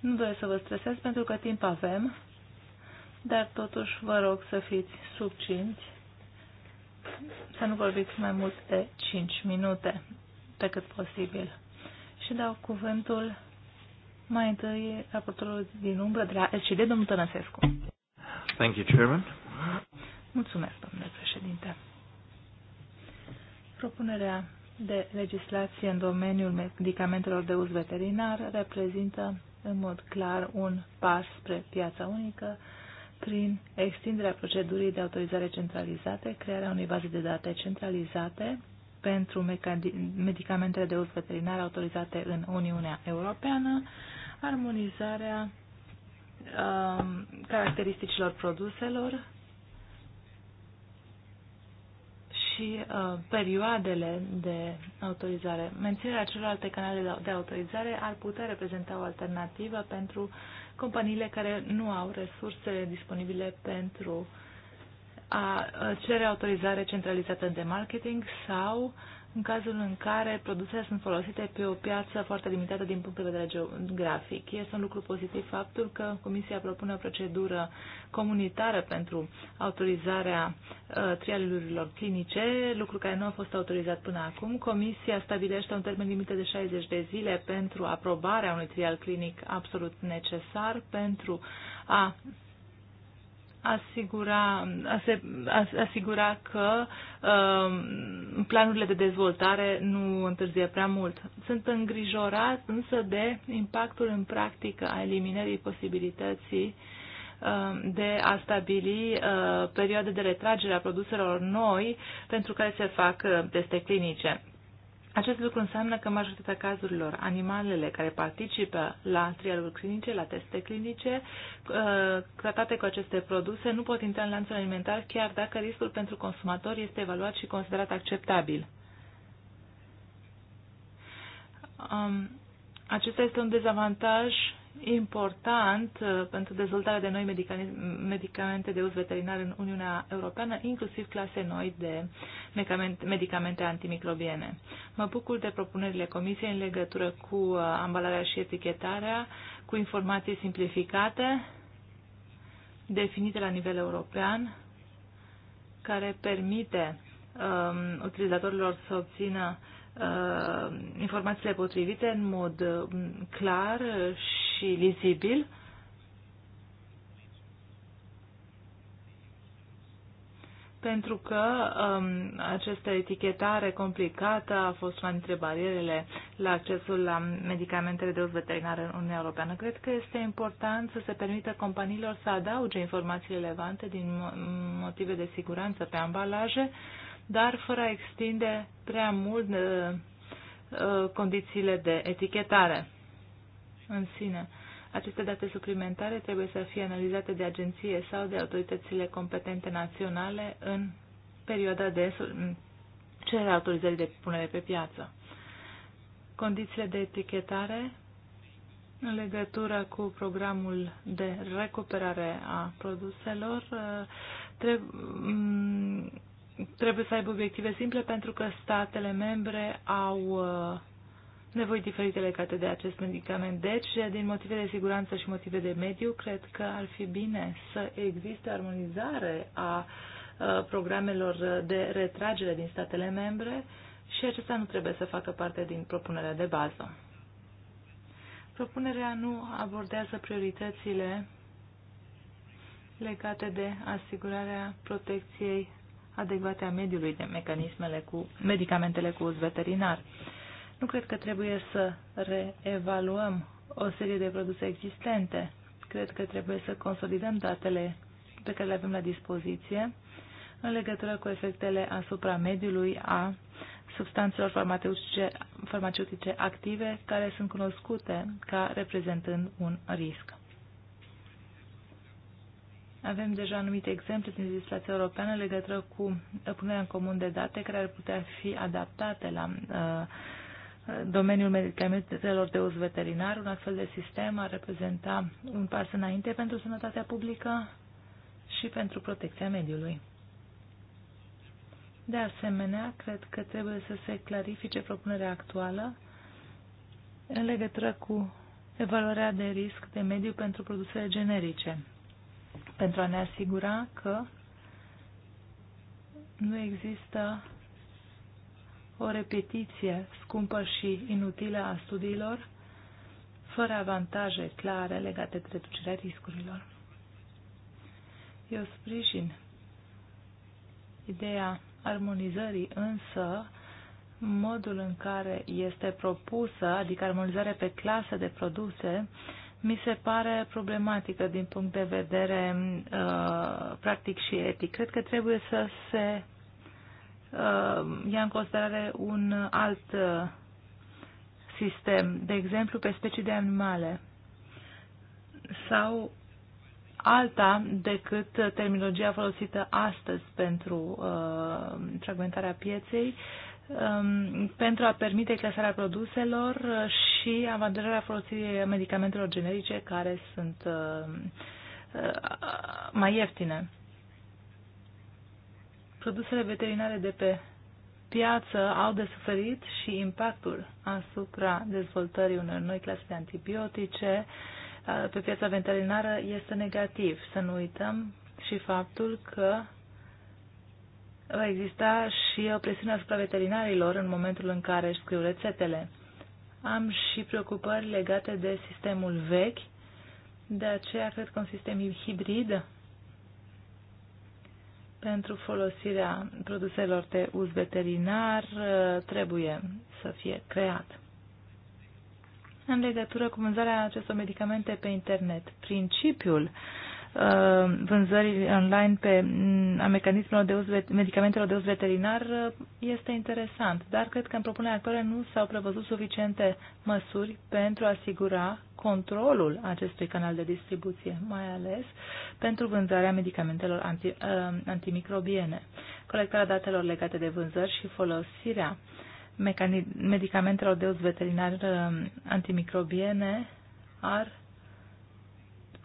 [SPEAKER 2] Nu doresc să vă stresez pentru că timp avem dar totuși vă rog să fiți succinți, să nu vorbiți mai mult de 5 minute, pe cât posibil. Și dau cuvântul mai întâi raportorului din umbră de la LCD, domnul Tănăsescu. Thank you, Chairman. Mulțumesc, domnule președinte. Propunerea de legislație în domeniul medicamentelor de uz veterinar reprezintă în mod clar un pas spre piața unică prin extinderea procedurii de autorizare centralizate, crearea unei baze de date centralizate pentru medicamentele de uz veterinar autorizate în Uniunea Europeană, armonizarea um, caracteristicilor produselor și uh, perioadele de autorizare. Menținerea celorlalte canale de autorizare ar putea reprezenta o alternativă pentru uh, companiile care nu au resurse disponibile pentru a cere autorizare centralizată de marketing sau uh, în cazul în care produsele sunt folosite pe o piață foarte limitată din punct de vedere geografic. Este un lucru pozitiv faptul că Comisia propune o procedură comunitară pentru autorizarea uh, trialurilor clinice, lucru care nu a fost autorizat până acum. Comisia stabilește un termen limită de 60 de zile pentru aprobarea unui trial clinic absolut necesar pentru a asigura, se, a, asigura că uh, planurile de dezvoltare nu întârzie prea mult. Sunt îngrijorat însă de impactul în practică a eliminării posibilității um, de a stabili uh, perioade de retragere a produselor noi pentru care se fac uh, teste clinice. Acest lucru înseamnă că în majoritatea cazurilor animalele care participă la trialuri clinice, la teste clinice, uh, tratate cu aceste produse, nu pot intra în lanțul alimentar chiar dacă riscul pentru consumator este evaluat și considerat acceptabil. Um, acesta este un dezavantaj important uh, pentru dezvoltarea de noi medicamente de uz veterinar în Uniunea Europeană, inclusiv clase noi de medicamente antimicrobiene. Mă bucur de propunerile Comisiei în legătură cu uh, ambalarea și etichetarea, cu informații simplificate, definite la nivel european, care permite um, utilizatorilor să obțină uh, Uh, informațiile potrivite în mod um, clar și lizibil. Pentru că um, această etichetare complicată a fost una dintre barierele la accesul la medicamentele de uz veterinar în Uniunea Europeană. Cred că este important să se permită companiilor să adauge informații relevante din motive de siguranță pe ambalaje uh, dar fără a extinde prea mult uh, uh, condițiile de etichetare în sine. Aceste date suplimentare trebuie să fie analizate de agenție sau de autoritățile competente naționale în perioada de cererea autorizării de punere pe piață. Condițiile de etichetare în legătură cu programul de recuperare a produselor uh, trebuie trebuie să aibă obiective simple pentru că statele membre au uh, nevoi diferite legate de acest medicament. Deci, din motive de siguranță și motive de mediu, cred că ar fi bine să existe armonizare a uh, programelor de retragere din statele membre și acesta nu trebuie să facă parte din propunerea de bază. Propunerea nu abordează prioritățile legate de asigurarea protecției adecvate a mediului de mecanismele cu medicamentele cu uz veterinar. Nu cred că trebuie să reevaluăm o serie de produse existente. Cred că trebuie să consolidăm datele pe care le avem la dispoziție în legătură cu efectele asupra mediului a substanțelor farmaceutice, farmaceutice active care sunt cunoscute ca reprezentând un risc. Avem deja anumite exemple din legislația europeană legătură cu punerea în comun de date care ar putea fi adaptate la uh, domeniul medicamentelor de uz veterinar. Un astfel de sistem ar reprezenta un pas înainte pentru sănătatea publică și pentru protecția mediului. De asemenea, cred că trebuie să se clarifice propunerea actuală în legătură cu evaluarea de risc de mediu pentru produsele generice pentru a ne asigura că nu există o repetiție scumpă și inutilă a studiilor, fără avantaje clare legate de reducerea riscurilor. Eu sprijin ideea armonizării, însă modul în care este propusă, adică armonizarea pe clasă de produse, mi se pare problematică din punct de vedere uh, practic și etic. Cred că trebuie să se uh, ia în considerare un alt uh, sistem, de exemplu pe specii de animale sau alta decât terminologia folosită astăzi pentru uh, fragmentarea pieței Um, pentru a permite clasarea produselor și avantajarea folosirii medicamentelor generice care sunt uh, uh, mai ieftine. Produsele veterinare de pe piață au de suferit și impactul asupra dezvoltării unor noi clase de antibiotice uh, pe piața veterinară este negativ. Să nu uităm și faptul că va exista și o presiune asupra veterinarilor în momentul în care își scriu rețetele. Am și preocupări legate de sistemul vechi, de aceea cred că un sistem hibrid pentru folosirea produselor de uz veterinar uh, trebuie să fie creat. În legătură cu vânzarea acestor medicamente pe internet, principiul uh, Uh, vânzări online pe, mm, a mecanismelor de uz, medicamentelor de uz veterinar uh, este interesant, dar cred că în propunerea actuală nu s-au prevăzut suficiente măsuri pentru a asigura controlul acestui canal de distribuție, mai ales pentru vânzarea medicamentelor anti, uh, antimicrobiene. Colectarea datelor legate de vânzări și folosirea medicamentelor de uz veterinar antimicrobiene ar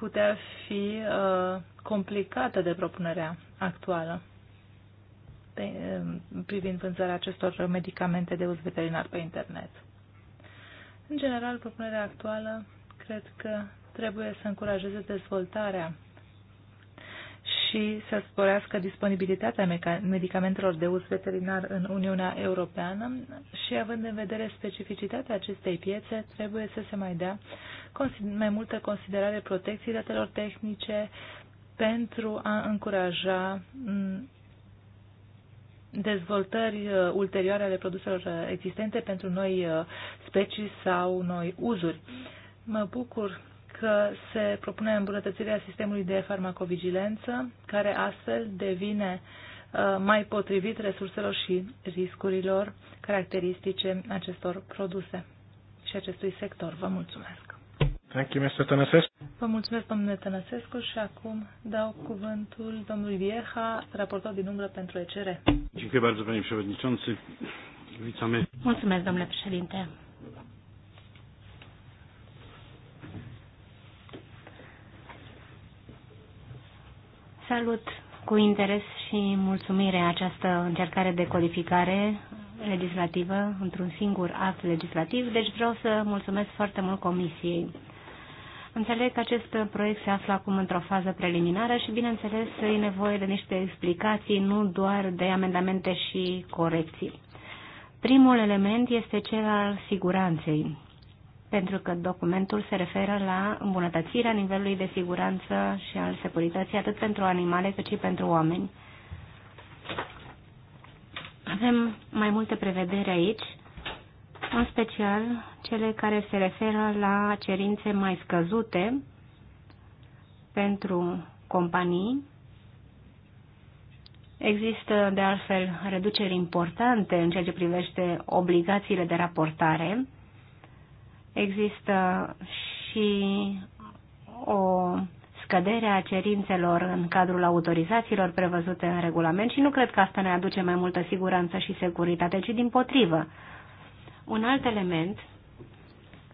[SPEAKER 2] putea fi uh, complicată de propunerea actuală pe, uh, privind vânzarea acestor medicamente de uz veterinar pe internet. În general, propunerea actuală cred că trebuie să încurajeze dezvoltarea și să sporească disponibilitatea medicamentelor de uz veterinar în Uniunea Europeană și având în vedere specificitatea acestei piețe, trebuie să se mai dea mai multă considerare protecției datelor tehnice pentru a încuraja dezvoltări uh, ulterioare ale produselor uh, existente pentru noi uh, specii sau noi uzuri. Mă bucur că se propune îmbunătățirea sistemului de farmacovigilență, care astfel devine mai potrivit resurselor și riscurilor caracteristice acestor produse și acestui sector. Vă mulțumesc!
[SPEAKER 1] Thank you, Mr. Tănăsescu.
[SPEAKER 2] Vă mulțumesc, domnule Tănăsescu, și acum dau cuvântul domnului Vieha, raportor din umbră pentru ECR.
[SPEAKER 3] Mulțumesc, domnule președinte. Salut cu interes și mulțumire această încercare de codificare legislativă într-un singur act legislativ, deci vreau să mulțumesc foarte mult Comisiei. Înțeleg că acest proiect se află acum într-o fază preliminară și, bineînțeles, e nevoie de niște explicații, nu doar de amendamente și corecții. Primul element este cel al siguranței, pentru că documentul se referă la îmbunătățirea nivelului de siguranță și al securității atât pentru animale cât și pentru oameni. Avem mai multe prevederi aici în special cele care se referă la cerințe mai scăzute pentru companii. Există, de altfel, reduceri importante în ceea ce privește obligațiile de raportare. Există și o scădere a cerințelor în cadrul autorizațiilor prevăzute în regulament și nu cred că asta ne aduce mai multă siguranță și securitate, ci din potrivă. Un alt element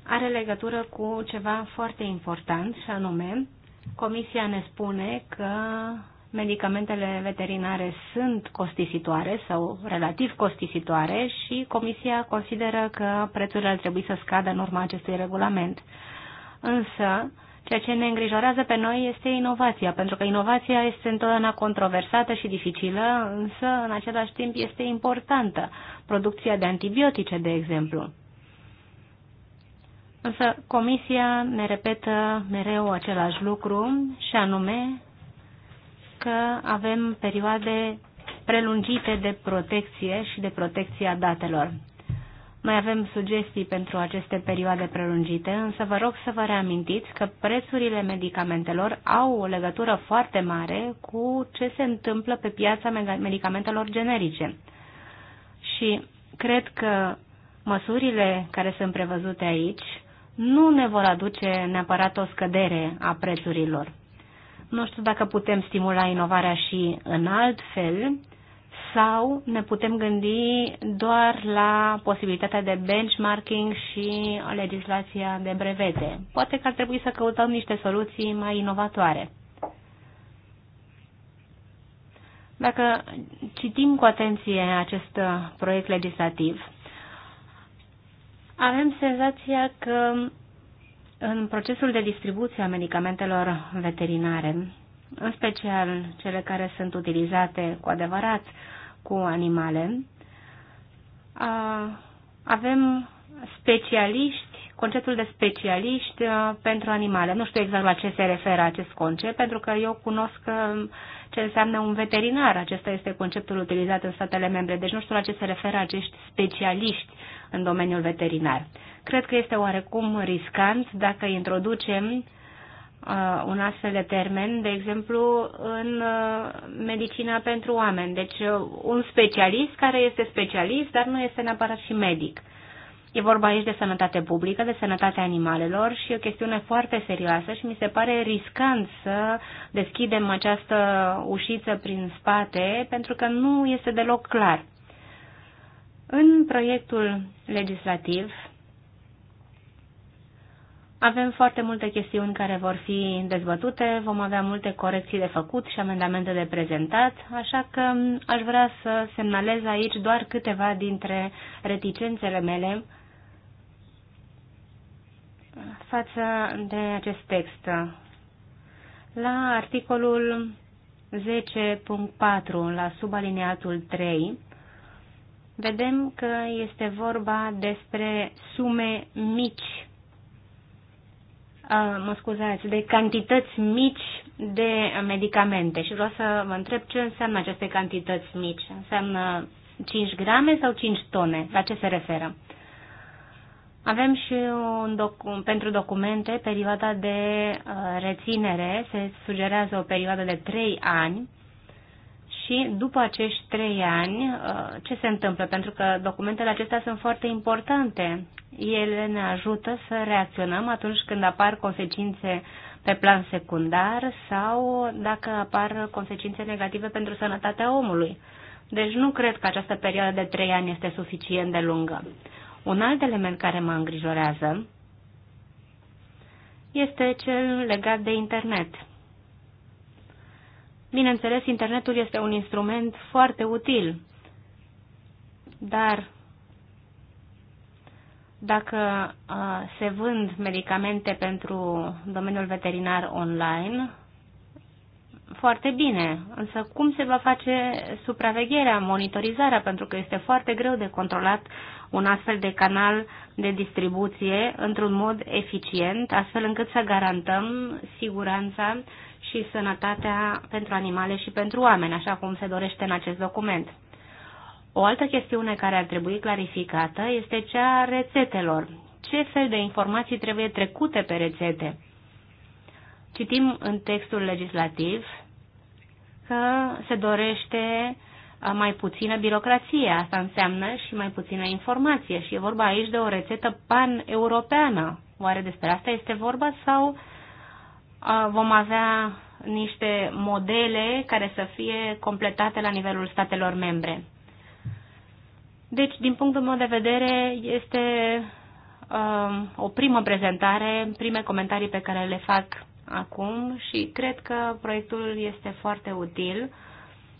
[SPEAKER 3] are legătură cu ceva foarte important și anume, Comisia ne spune că medicamentele veterinare sunt costisitoare sau relativ costisitoare și Comisia consideră că prețurile ar trebui să scadă în urma acestui regulament. Însă, Ceea ce ne îngrijorează pe noi este inovația, pentru că inovația este întotdeauna controversată și dificilă, însă în același timp este importantă. Producția de antibiotice, de exemplu. Însă comisia ne repetă mereu același lucru și anume că avem perioade prelungite de protecție și de protecția datelor. Mai avem sugestii pentru aceste perioade prelungite, însă vă rog să vă reamintiți că prețurile medicamentelor au o legătură foarte mare cu ce se întâmplă pe piața medicamentelor generice. Și cred că măsurile care sunt prevăzute aici nu ne vor aduce neapărat o scădere a prețurilor. Nu știu dacă putem stimula inovarea și în alt fel, sau ne putem gândi doar la posibilitatea de benchmarking și legislația de brevete. Poate că ar trebui să căutăm niște soluții mai inovatoare. Dacă citim cu atenție acest proiect legislativ, avem senzația că în procesul de distribuție a medicamentelor veterinare, în special cele care sunt utilizate cu adevărat cu animale, avem specialiști, conceptul de specialiști pentru animale. Nu știu exact la ce se referă acest concept, pentru că eu cunosc ce înseamnă un veterinar. Acesta este conceptul utilizat în statele membre. Deci nu știu la ce se referă acești specialiști în domeniul veterinar. Cred că este oarecum riscant dacă introducem uh, un astfel de termen, de exemplu, în uh, medicina pentru oameni. Deci uh, un specialist care este specialist, dar nu este neapărat și medic. E vorba aici de sănătate publică, de sănătatea animalelor și o chestiune foarte serioasă și mi se pare riscant să deschidem această ușiță prin spate pentru că nu este deloc clar. În proiectul legislativ avem foarte multe chestiuni care vor fi dezbătute, vom avea multe corecții de făcut și amendamente de prezentat, așa că aș vrea să semnalez aici doar câteva dintre reticențele mele față de acest text. La articolul 10.4, la subalineatul 3, vedem că este vorba despre sume mici mă scuzați, de cantități mici de medicamente și vreau să vă întreb ce înseamnă aceste cantități mici. Înseamnă 5 grame sau 5 tone? La ce se referă? Avem și un docu- pentru documente perioada de uh, reținere, se sugerează o perioadă de 3 ani și după acești trei ani, uh, ce se întâmplă? Pentru că documentele acestea sunt foarte importante. Ele ne ajută să reacționăm atunci când apar consecințe pe plan secundar sau dacă apar consecințe negative pentru sănătatea omului. Deci nu cred că această perioadă de trei ani este suficient de lungă. Un alt element care mă îngrijorează este cel legat de internet. Bineînțeles, internetul este un instrument foarte util, dar dacă uh, se vând medicamente pentru domeniul veterinar online, foarte bine, însă cum se va face supravegherea, monitorizarea, pentru că este foarte greu de controlat un astfel de canal de distribuție într-un mod eficient, astfel încât să garantăm siguranța uh, și sănătatea pentru animale și pentru oameni, așa cum se dorește în acest document. O altă chestiune care ar trebui clarificată este cea a rețetelor. Ce fel de informații trebuie trecute pe rețete? Citim în textul legislativ că se dorește uh, mai puțină birocrație. Asta înseamnă și mai puțină informație. Și e vorba aici de o rețetă pan-europeană. Oare despre asta este vorba sau uh, vom avea niște modele care să fie completate la nivelul statelor membre. Deci, din punctul meu de vedere, este uh, o primă prezentare, prime comentarii pe care le fac acum și cred că proiectul este foarte util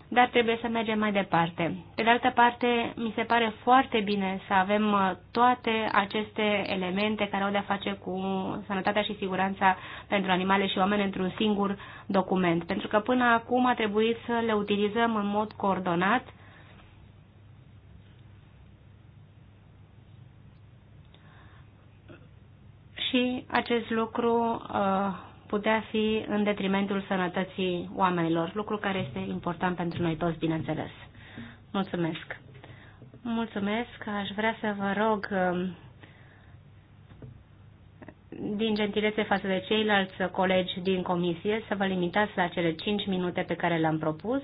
[SPEAKER 3] dar trebuie să mergem mai departe. Pe de altă parte, mi se pare foarte bine să avem uh, toate aceste elemente care au de-a face cu sănătatea și siguranța pentru animale și oameni într-un singur document, pentru că până acum a trebuit să le utilizăm în mod coordonat și acest lucru uh, putea fi în detrimentul sănătății oamenilor, lucru care este important pentru noi toți, bineînțeles. Mulțumesc! Mulțumesc! Aș vrea să vă rog um, din gentilețe față de ceilalți colegi din comisie să vă limitați la cele 5 minute pe care le-am propus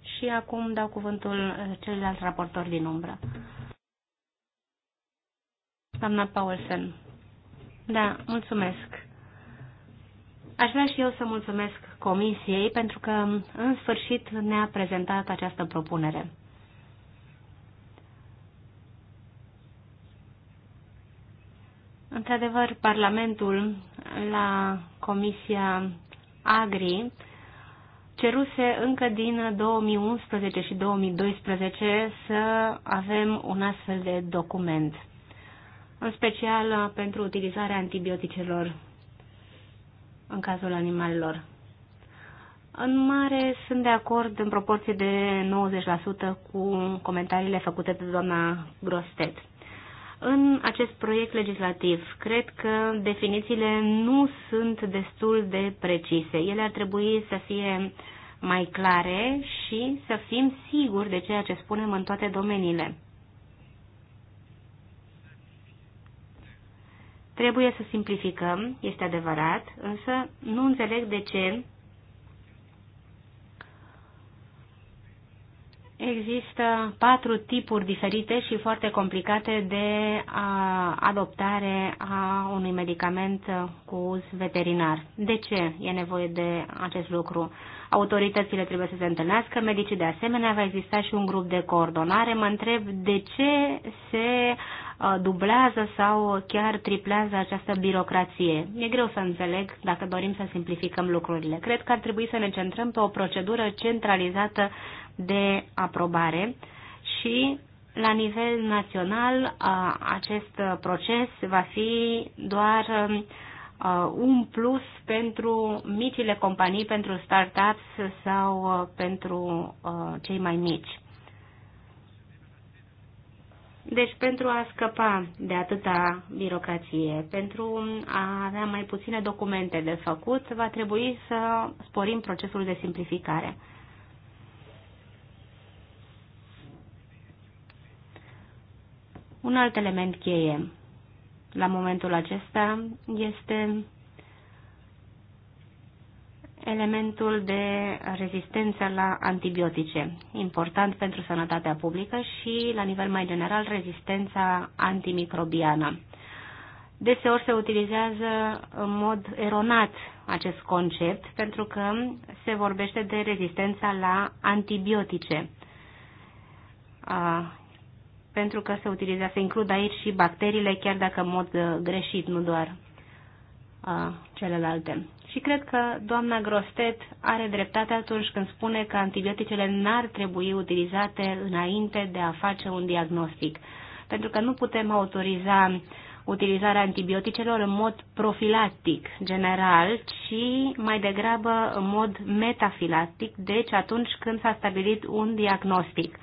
[SPEAKER 3] și acum dau cuvântul uh, celorlalți raportori din umbră. Doamna Paulsen. Da, mulțumesc. Aș vrea și eu să mulțumesc Comisiei pentru că în sfârșit ne-a prezentat această propunere. Într-adevăr, Parlamentul la Comisia Agri ceruse încă din 2011 și 2012 să avem un astfel de document, în special pentru utilizarea antibioticelor în cazul animalelor. În mare sunt de acord în proporție de 90% cu comentariile făcute de doamna Grostet. În acest proiect legislativ, cred că definițiile nu sunt destul de precise. Ele ar trebui să fie mai clare și să fim siguri de ceea ce spunem în toate domeniile. Trebuie să simplificăm, este adevărat, însă nu înțeleg de ce Există patru tipuri diferite și foarte complicate de adoptare a unui medicament cu uz veterinar. De ce e nevoie de acest lucru? autoritățile trebuie să se întâlnească, medicii de asemenea, va exista și un grup de coordonare. Mă întreb de ce se uh, dublează sau chiar triplează această birocrație. E greu să înțeleg dacă dorim să simplificăm lucrurile. Cred că ar trebui să ne centrăm pe o procedură centralizată de aprobare și la nivel național uh, acest proces va fi doar uh, Uh, un plus pentru micile companii, pentru startups sau uh, pentru uh, cei mai mici. Deci pentru a scăpa de atâta birocrație, pentru a avea mai puține documente de făcut, va trebui să sporim procesul de simplificare. Un alt element cheie la momentul acesta este elementul de rezistență la antibiotice, important pentru sănătatea publică și, la nivel mai general, rezistența antimicrobiană. Deseori se utilizează în mod eronat acest concept pentru că se vorbește de rezistența la antibiotice pentru că se utiliza, se includ aici și bacteriile, chiar dacă în mod uh, greșit, nu doar a, uh, celelalte. Și cred că doamna Grostet are dreptate atunci când spune că antibioticele n-ar trebui utilizate înainte de a face un diagnostic, pentru că nu putem autoriza utilizarea antibioticelor în mod profilactic general, ci mai degrabă în mod metafilactic, deci atunci când s-a stabilit un diagnostic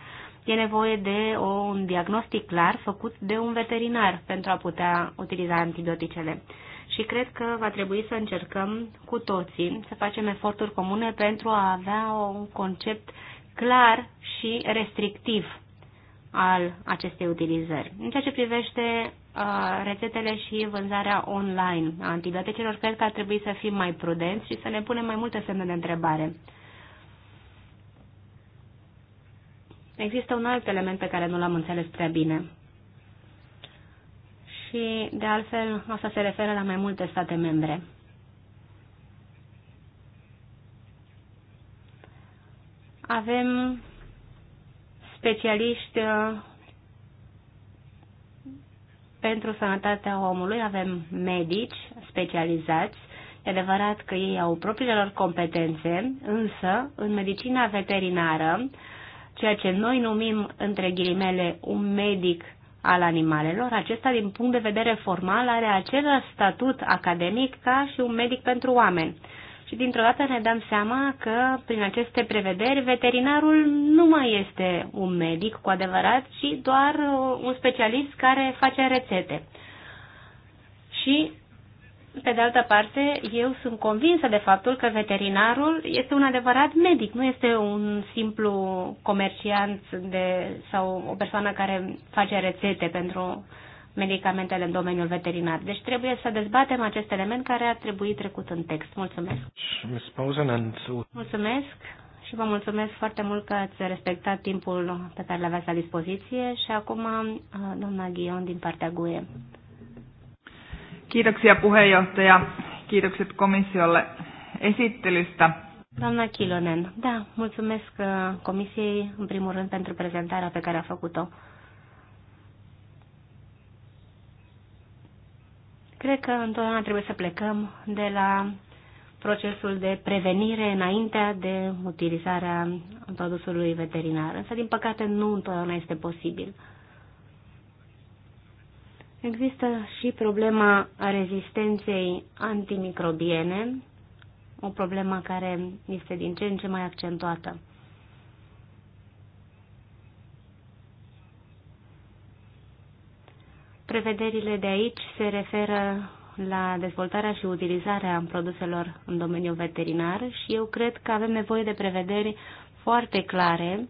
[SPEAKER 3] e nevoie de o, un diagnostic clar făcut de un veterinar pentru a putea utiliza antibioticele. Și cred că va trebui să încercăm cu toții să facem eforturi comune pentru a avea un concept clar și restrictiv al acestei utilizări. În ceea ce privește uh, rețetele și vânzarea online a antibioticelor, cred că ar trebui să fim mai prudenți și să ne punem mai multe semne de întrebare. Există un alt element pe care nu l-am înțeles prea bine. Și, de altfel, asta se referă la mai multe state membre. Avem specialiști uh, pentru sănătatea omului, avem medici specializați. E adevărat că ei au propriile lor competențe, însă în medicina veterinară ceea ce noi numim, între ghilimele, un medic al animalelor, acesta, din punct de vedere formal, are același statut academic ca și un medic pentru oameni. Și dintr-o dată ne dăm seama că, prin aceste prevederi, veterinarul nu mai este un medic cu adevărat, ci doar uh, un specialist care face rețete. Și pe de altă parte, eu sunt convinsă de faptul că veterinarul este un adevărat medic, nu este un simplu comerciant de, sau o persoană care face rețete pentru medicamentele în domeniul veterinar. Deci trebuie să dezbatem acest element care a trebuit trecut în text. Mulțumesc! Mulțumesc și vă mulțumesc foarte mult că ați respectat timpul pe care l-aveați la dispoziție și acum uh, doamna Ghion din partea GUE. Kiitoksia puheenjohtaja. Kiitokset komissiolle esittelystä. Doamna Kilonen, da, mulțumesc uh, comisiei în primul rând pentru prezentarea pe care a făcut-o. Cred că întotdeauna trebuie să plecăm de la procesul de prevenire înaintea de utilizarea produsului veterinar. Însă, din păcate, nu întotdeauna este posibil. Există și problema rezistenței antimicrobiene, o problemă care este din ce în ce mai accentuată. Prevederile de aici se referă la dezvoltarea și utilizarea produselor în domeniul veterinar și eu cred că avem nevoie de prevederi foarte clare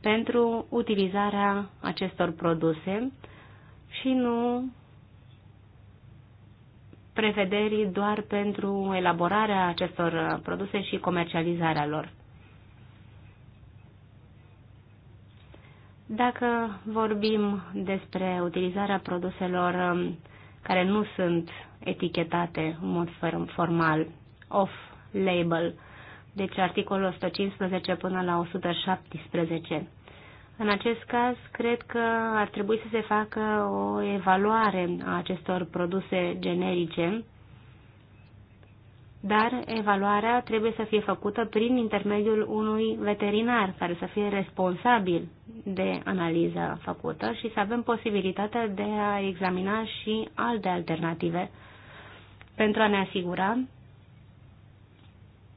[SPEAKER 3] pentru utilizarea acestor produse, și nu prevederii doar pentru elaborarea acestor produse și comercializarea lor. Dacă vorbim despre utilizarea produselor um, care nu sunt etichetate în mod formal, off-label, deci articolul 115 până la 117, în acest caz, cred că ar trebui să se facă o evaluare a acestor produse generice, dar evaluarea trebuie să fie făcută prin intermediul unui veterinar care să fie responsabil de analiza făcută și să avem posibilitatea de a examina și alte alternative pentru a ne asigura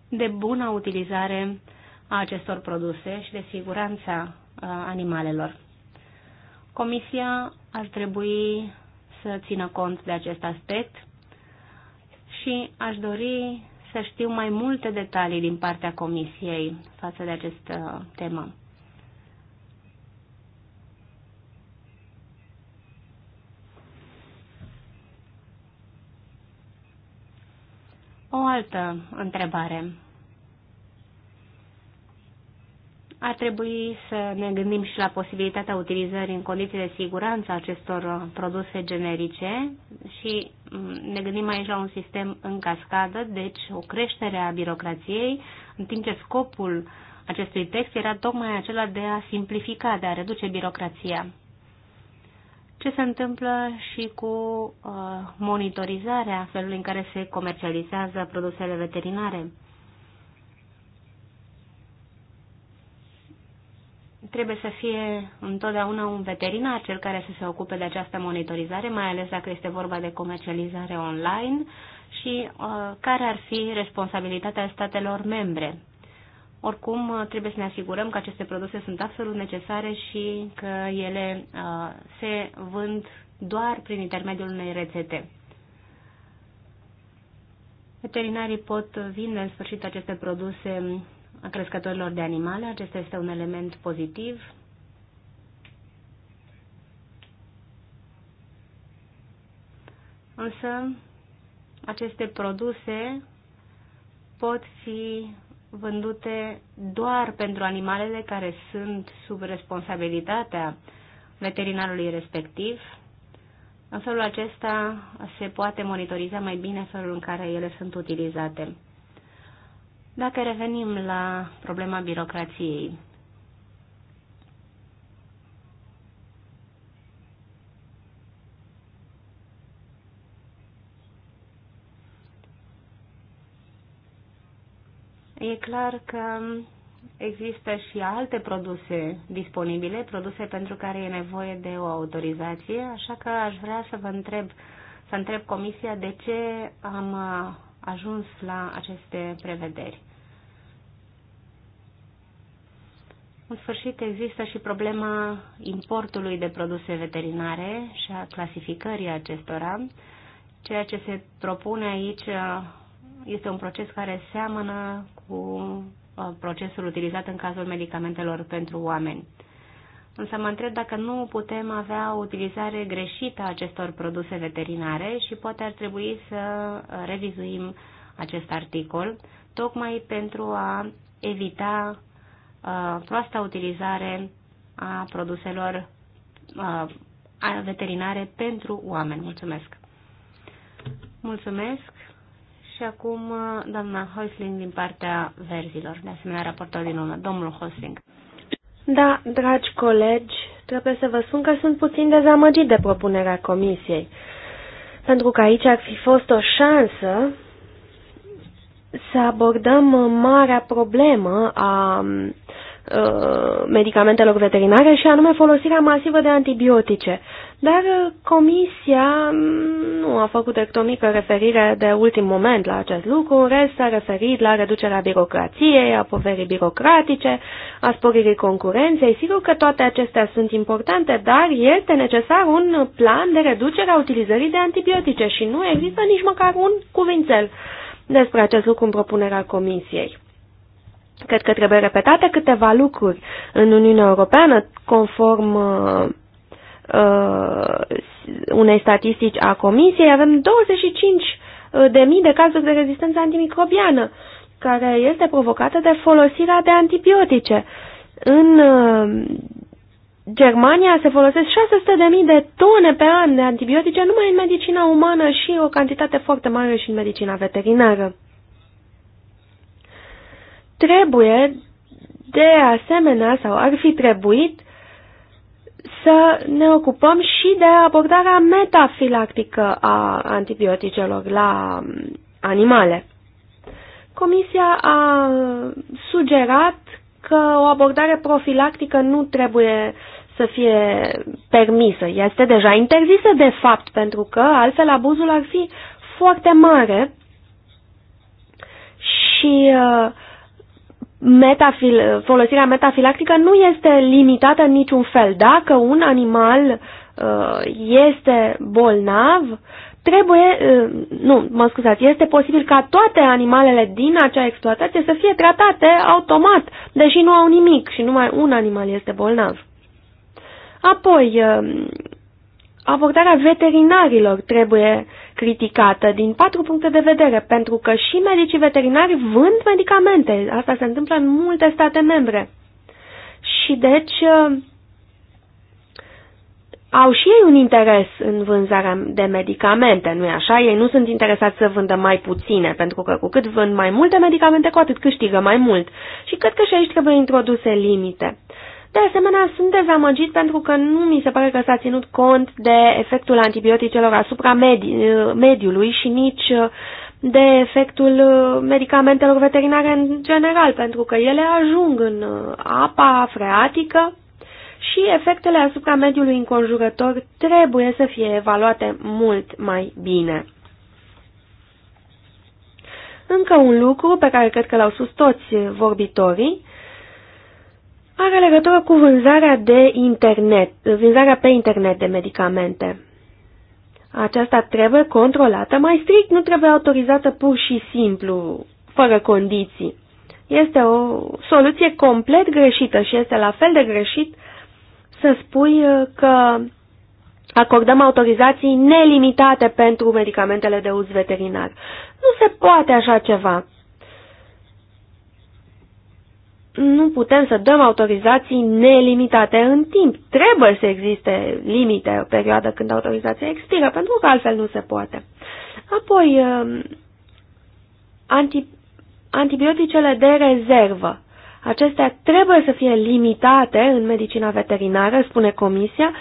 [SPEAKER 3] de bună utilizare a acestor produse și de siguranța Uh, animalelor. Comisia ar trebui să țină cont de acest aspect și aș dori să știu mai multe detalii din partea Comisiei față de această uh, temă. O altă întrebare. ar trebui să ne gândim și la posibilitatea utilizării în condiții de siguranță acestor uh, produse generice și mm, ne gândim aici la un sistem în cascadă, deci o creștere a birocrației, în timp ce scopul acestui text era tocmai acela de a simplifica, de a reduce birocrația. Ce se întâmplă și cu uh, monitorizarea felului în care se comercializează produsele veterinare? trebuie să fie întotdeauna un veterinar cel care să se ocupe de această monitorizare, mai ales dacă este vorba de comercializare online și uh, care ar fi responsabilitatea statelor membre. Oricum, uh, trebuie să ne asigurăm că aceste produse sunt absolut necesare și că ele uh, se vând doar prin intermediul unei rețete. Veterinarii pot vinde în sfârșit aceste produse a crescătorilor de animale. Acesta este un element pozitiv. Însă, aceste produse pot fi vândute doar pentru animalele care sunt sub responsabilitatea veterinarului respectiv. În felul acesta se poate monitoriza mai bine felul în care ele sunt utilizate. Dacă revenim la problema birocrației,
[SPEAKER 1] E clar
[SPEAKER 3] că există și alte produse disponibile, produse pentru care e nevoie de o autorizație, așa că aș vrea să vă întreb, să întreb Comisia de ce am ajuns la aceste prevederi. În sfârșit, există și problema importului de produse veterinare și a clasificării acestora. Ceea ce se propune aici uh, este un proces care seamănă cu uh, procesul utilizat în cazul medicamentelor pentru oameni. Însă mă întreb dacă nu putem avea o utilizare greșită a acestor produse veterinare și poate ar trebui să uh, revizuim acest articol, tocmai pentru a evita Uh, proasta utilizare a produselor uh, a veterinare pentru oameni. Mulțumesc!
[SPEAKER 1] Mulțumesc!
[SPEAKER 3] Și acum uh, doamna Hosling din partea verzilor, de asemenea raportor din urmă, domnul Hosling.
[SPEAKER 1] Da, dragi colegi, trebuie să vă spun că sunt puțin dezamăgit de propunerea comisiei, pentru că aici ar fi fost o șansă să abordăm marea problemă a ă, medicamentelor veterinare și anume folosirea masivă de antibiotice. Dar Comisia nu a făcut decât o mică referire de ultim moment la acest lucru, în rest s-a referit la reducerea birocrației, a poverii birocratice, a sporirii concurenței. Sigur că toate acestea sunt importante, dar este necesar un plan de reducere a utilizării de antibiotice și nu există nici măcar un cuvințel. Uh, despre acest lucru în propunerea Comisiei. Cred că trebuie repetate câteva lucruri în Uniunea Europeană, conform uh, uh, unei statistici a Comisiei, avem 25.000 uh, de mii de cazuri de rezistență antimicrobiană, care este provocată de folosirea de antibiotice. În uh, Germania se folosesc 600.000 de tone pe an de antibiotice numai în medicina umană și o cantitate foarte mare și în medicina veterinară. Trebuie, de asemenea, sau ar fi trebuit, să ne ocupăm și de abordarea metafilactică a antibioticelor la mm, animale. Comisia a sugerat că o abordare profilactică nu trebuie uh, să fie permisă. Ea este deja interzisă de fapt, pentru că altfel abuzul ar fi foarte mare și uh, metafil, folosirea metafilactică nu este limitată în niciun fel. Dacă un animal uh, este bolnav, trebuie, uh, nu, mă scuzați, este posibil ca toate animalele din acea exploatație să fie tratate automat, deși nu au nimic și numai un animal este bolnav. Apoi, um, abordarea veterinarilor trebuie criticată din patru puncte de vedere, pentru că și medicii veterinari vând medicamente. Asta se întâmplă în multe state membre. Și deci um, au și ei un interes în vânzarea de medicamente, nu-i așa? Ei nu sunt interesați să vândă mai puține, pentru că cu cât vând mai multe medicamente, cu atât câștigă mai mult. Și cred că și aici trebuie introduse limite. De asemenea, sunt dezamăgit pentru că nu mi se pare că s-a ținut cont de efectul antibioticelor asupra medi mediului și nici uh, de efectul uh, medicamentelor veterinare în general, pentru că ele ajung în uh, apa freatică și efectele asupra mediului înconjurător trebuie să fie evaluate mult mai bine. Încă un lucru pe care cred că l-au spus toți vorbitorii are legătură cu vânzarea de internet, vânzarea pe internet de medicamente. Aceasta trebuie controlată mai strict, nu trebuie autorizată pur și simplu, fără condiții. Este o soluție complet greșită și este la fel de greșit să spui uh, că acordăm autorizații nelimitate pentru medicamentele de uz veterinar. Nu se poate așa ceva nu putem să dăm autorizații nelimitate în timp. Trebuie să existe limite, o perioadă când autorizația expiră, pentru că altfel nu se poate. Apoi, um, anti, antibioticele de rezervă. Acestea trebuie să fie limitate în medicina veterinară, spune comisia.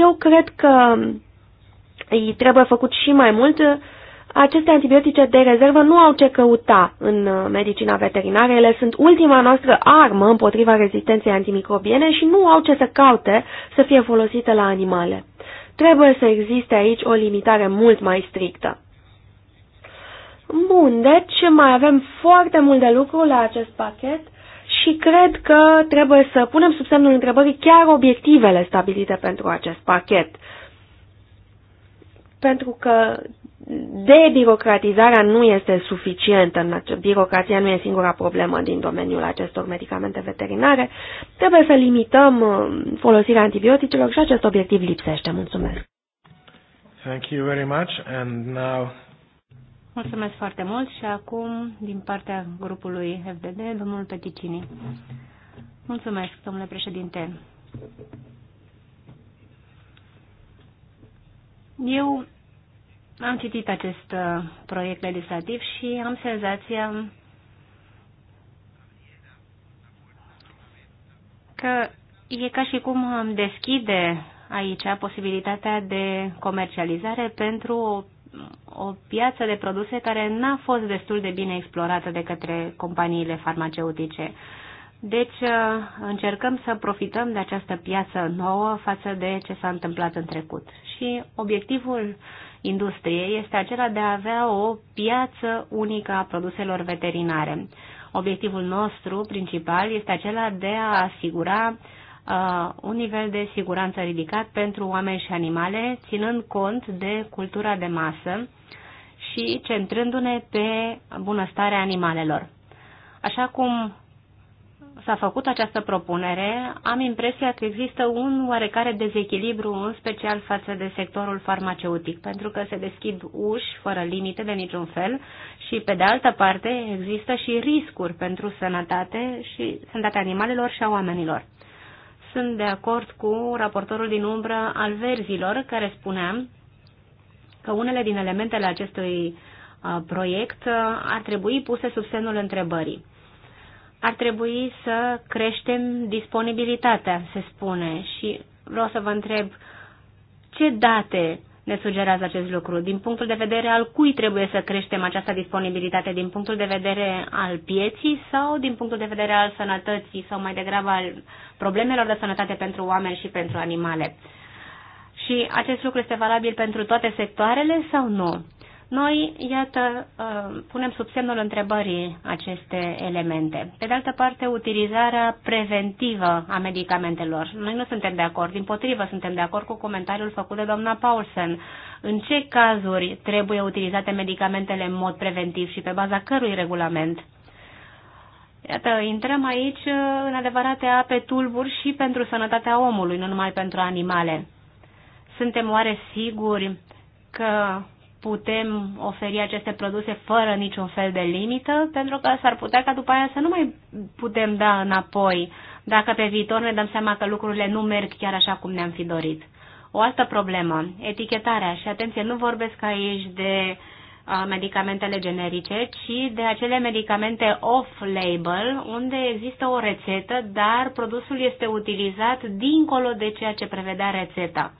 [SPEAKER 1] Eu cred că îi trebuie făcut și mai mult aceste antibiotice de rezervă nu au ce căuta în uh, medicina veterinară, ele sunt ultima noastră armă împotriva rezistenței antimicrobiene și nu au ce să caute să fie folosite la animale. Trebuie să existe aici o limitare mult mai strictă. Bun, deci mai avem foarte mult de lucru la acest pachet și cred că trebuie să punem sub semnul întrebării chiar obiectivele stabilite pentru acest pachet. Pentru că debirocratizarea nu este suficientă, birocrația nu e singura problemă din domeniul acestor medicamente veterinare, trebuie să limităm uh, folosirea antibioticelor și acest obiectiv lipsește. Mulțumesc! Thank you very much and now...
[SPEAKER 3] Mulțumesc foarte mult și acum din partea grupului FDD, domnul Peticini. Mulțumesc, domnule președinte. Eu am citit acest uh, proiect legislativ și am senzația că e ca și cum am deschide aici posibilitatea de comercializare pentru o, o piață de produse care n-a fost destul de bine explorată de către companiile farmaceutice. Deci uh, încercăm să profităm de această piață nouă față de ce s-a întâmplat în trecut. Și obiectivul uh, industriei este acela de a avea o piață unică a produselor veterinare. Obiectivul nostru principal este acela de a asigura uh, un nivel de siguranță ridicat pentru oameni și animale, ținând cont de cultura de masă și centrându-ne pe bunăstarea animalelor. Așa cum s-a făcut această propunere, am impresia că există un oarecare dezechilibru, în special față de sectorul farmaceutic, pentru că se deschid uși fără limite de niciun fel și, pe de altă parte, există și riscuri pentru sănătate și sănătatea animalelor și a oamenilor. Sunt de acord cu raportorul din umbră al verzilor, care spunea că unele din elementele acestui uh, proiect uh, ar trebui puse sub semnul întrebării ar trebui să creștem disponibilitatea, se spune, și vreau să vă întreb ce date ne sugerează acest lucru? Din punctul de vedere al cui trebuie să creștem această disponibilitate? Din punctul de vedere al pieții sau din punctul de vedere al sănătății sau mai degrabă al problemelor de sănătate pentru oameni și pentru animale? Și acest lucru este valabil pentru toate sectoarele sau nu? Noi, iată, ă, punem sub semnul întrebării aceste elemente. Pe de altă parte, utilizarea preventivă a medicamentelor. Noi nu suntem de acord, din potrivă suntem de acord cu comentariul făcut de doamna Paulsen. În ce cazuri trebuie utilizate medicamentele în mod preventiv și pe baza cărui regulament? Iată, intrăm aici ă, în adevărate ape tulburi și pentru sănătatea omului, nu numai pentru animale. Suntem oare siguri că putem oferi aceste produse fără niciun fel de limită, pentru că s-ar putea ca după aia să nu mai putem da înapoi, dacă pe viitor ne dăm seama că lucrurile nu merg chiar așa cum ne-am fi dorit. O altă problemă, etichetarea. Și atenție, nu vorbesc aici de uh, medicamentele generice, ci de acele medicamente off-label, unde există o rețetă, dar produsul este utilizat dincolo de ceea ce prevedea rețeta.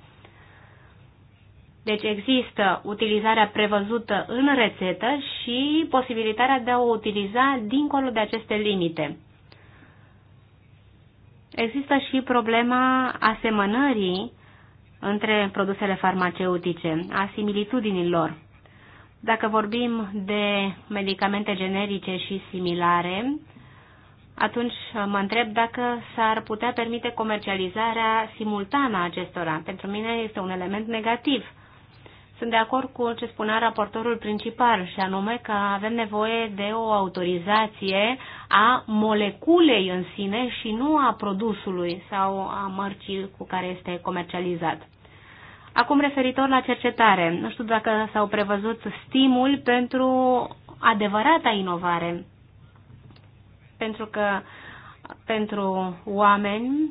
[SPEAKER 3] Deci există utilizarea prevăzută în rețetă și posibilitatea de a o utiliza dincolo de aceste limite. Există și problema asemănării între produsele farmaceutice, a similitudinilor. Dacă vorbim de medicamente generice și similare, atunci mă întreb dacă s-ar putea permite comercializarea simultană a acestora. Pentru mine este un element negativ sunt de acord cu ce spunea raportorul principal și anume că avem nevoie de o autorizație a moleculei în sine și nu a produsului sau a mărcii cu care este comercializat. Acum referitor la cercetare, nu știu dacă s-au prevăzut stimul pentru adevărata inovare. Pentru că pentru oameni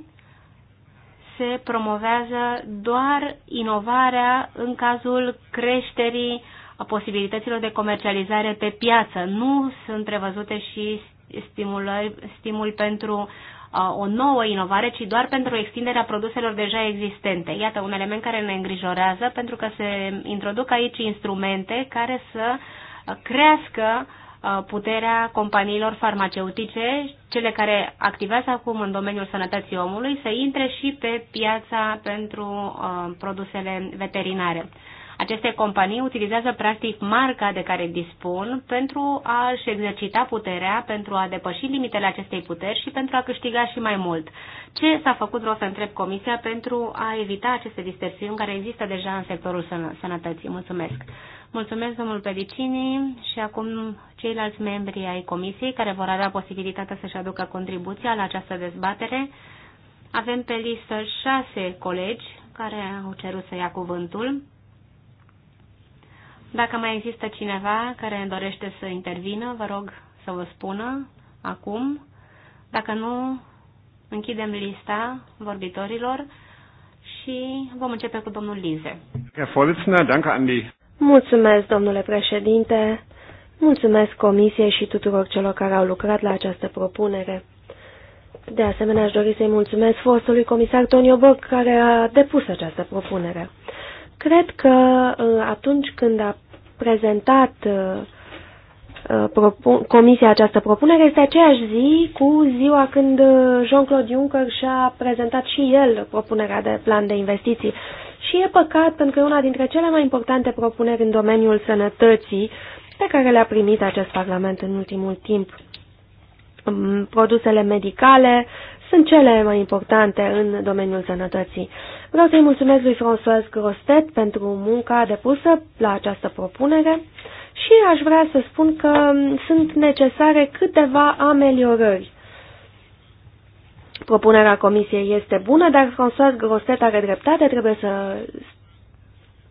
[SPEAKER 3] se promovează doar inovarea în cazul creșterii a posibilităților de comercializare pe piață. Nu sunt prevăzute și stimul pentru o nouă inovare, ci doar pentru extinderea produselor deja existente. Iată, un element care ne îngrijorează pentru că se introduc aici instrumente care să crească uh, Uh, puterea companiilor farmaceutice, cele care activează acum în domeniul sănătății omului, să intre și pe piața pentru uh, produsele veterinare. Aceste companii utilizează practic marca de care dispun pentru a-și exercita puterea, pentru a depăși limitele acestei puteri și pentru a câștiga și mai mult. Ce s-a făcut, vreau să întreb Comisia, pentru a evita aceste distorsiuni care există deja în sectorul săn sănătății? Mulțumesc! Mulțumesc, domnul Pedicini, și acum ceilalți membri ai comisiei care vor avea posibilitatea să-și aducă contribuția la această dezbatere. Avem pe listă șase colegi care au cerut să ia cuvântul. Dacă mai există cineva care dorește să intervină, vă rog să vă spună acum. Dacă nu, închidem lista vorbitorilor și vom începe cu domnul Lize.
[SPEAKER 1] Mulțumesc, domnule președinte. Mulțumesc comisiei și tuturor celor care au lucrat la această propunere. De asemenea, aș dori să-i mulțumesc fostului comisar Tonio Borg care a depus această propunere. Cred că uh, atunci când a prezentat uh, uh, Comisia această propunere este aceeași zi cu ziua când uh, Jean-Claude Juncker și-a prezentat și el propunerea de plan de investiții. Și e păcat pentru că e una dintre cele mai importante propuneri în domeniul sănătății pe care le-a primit acest Parlament în ultimul timp. Mm, produsele medicale sunt cele mai importante în domeniul sănătății. Vreau să-i mulțumesc lui François Grostet pentru munca depusă la această propunere și aș vrea să spun că sunt necesare câteva ameliorări. Propunerea comisiei este bună, dar François Grostet are dreptate, trebuie să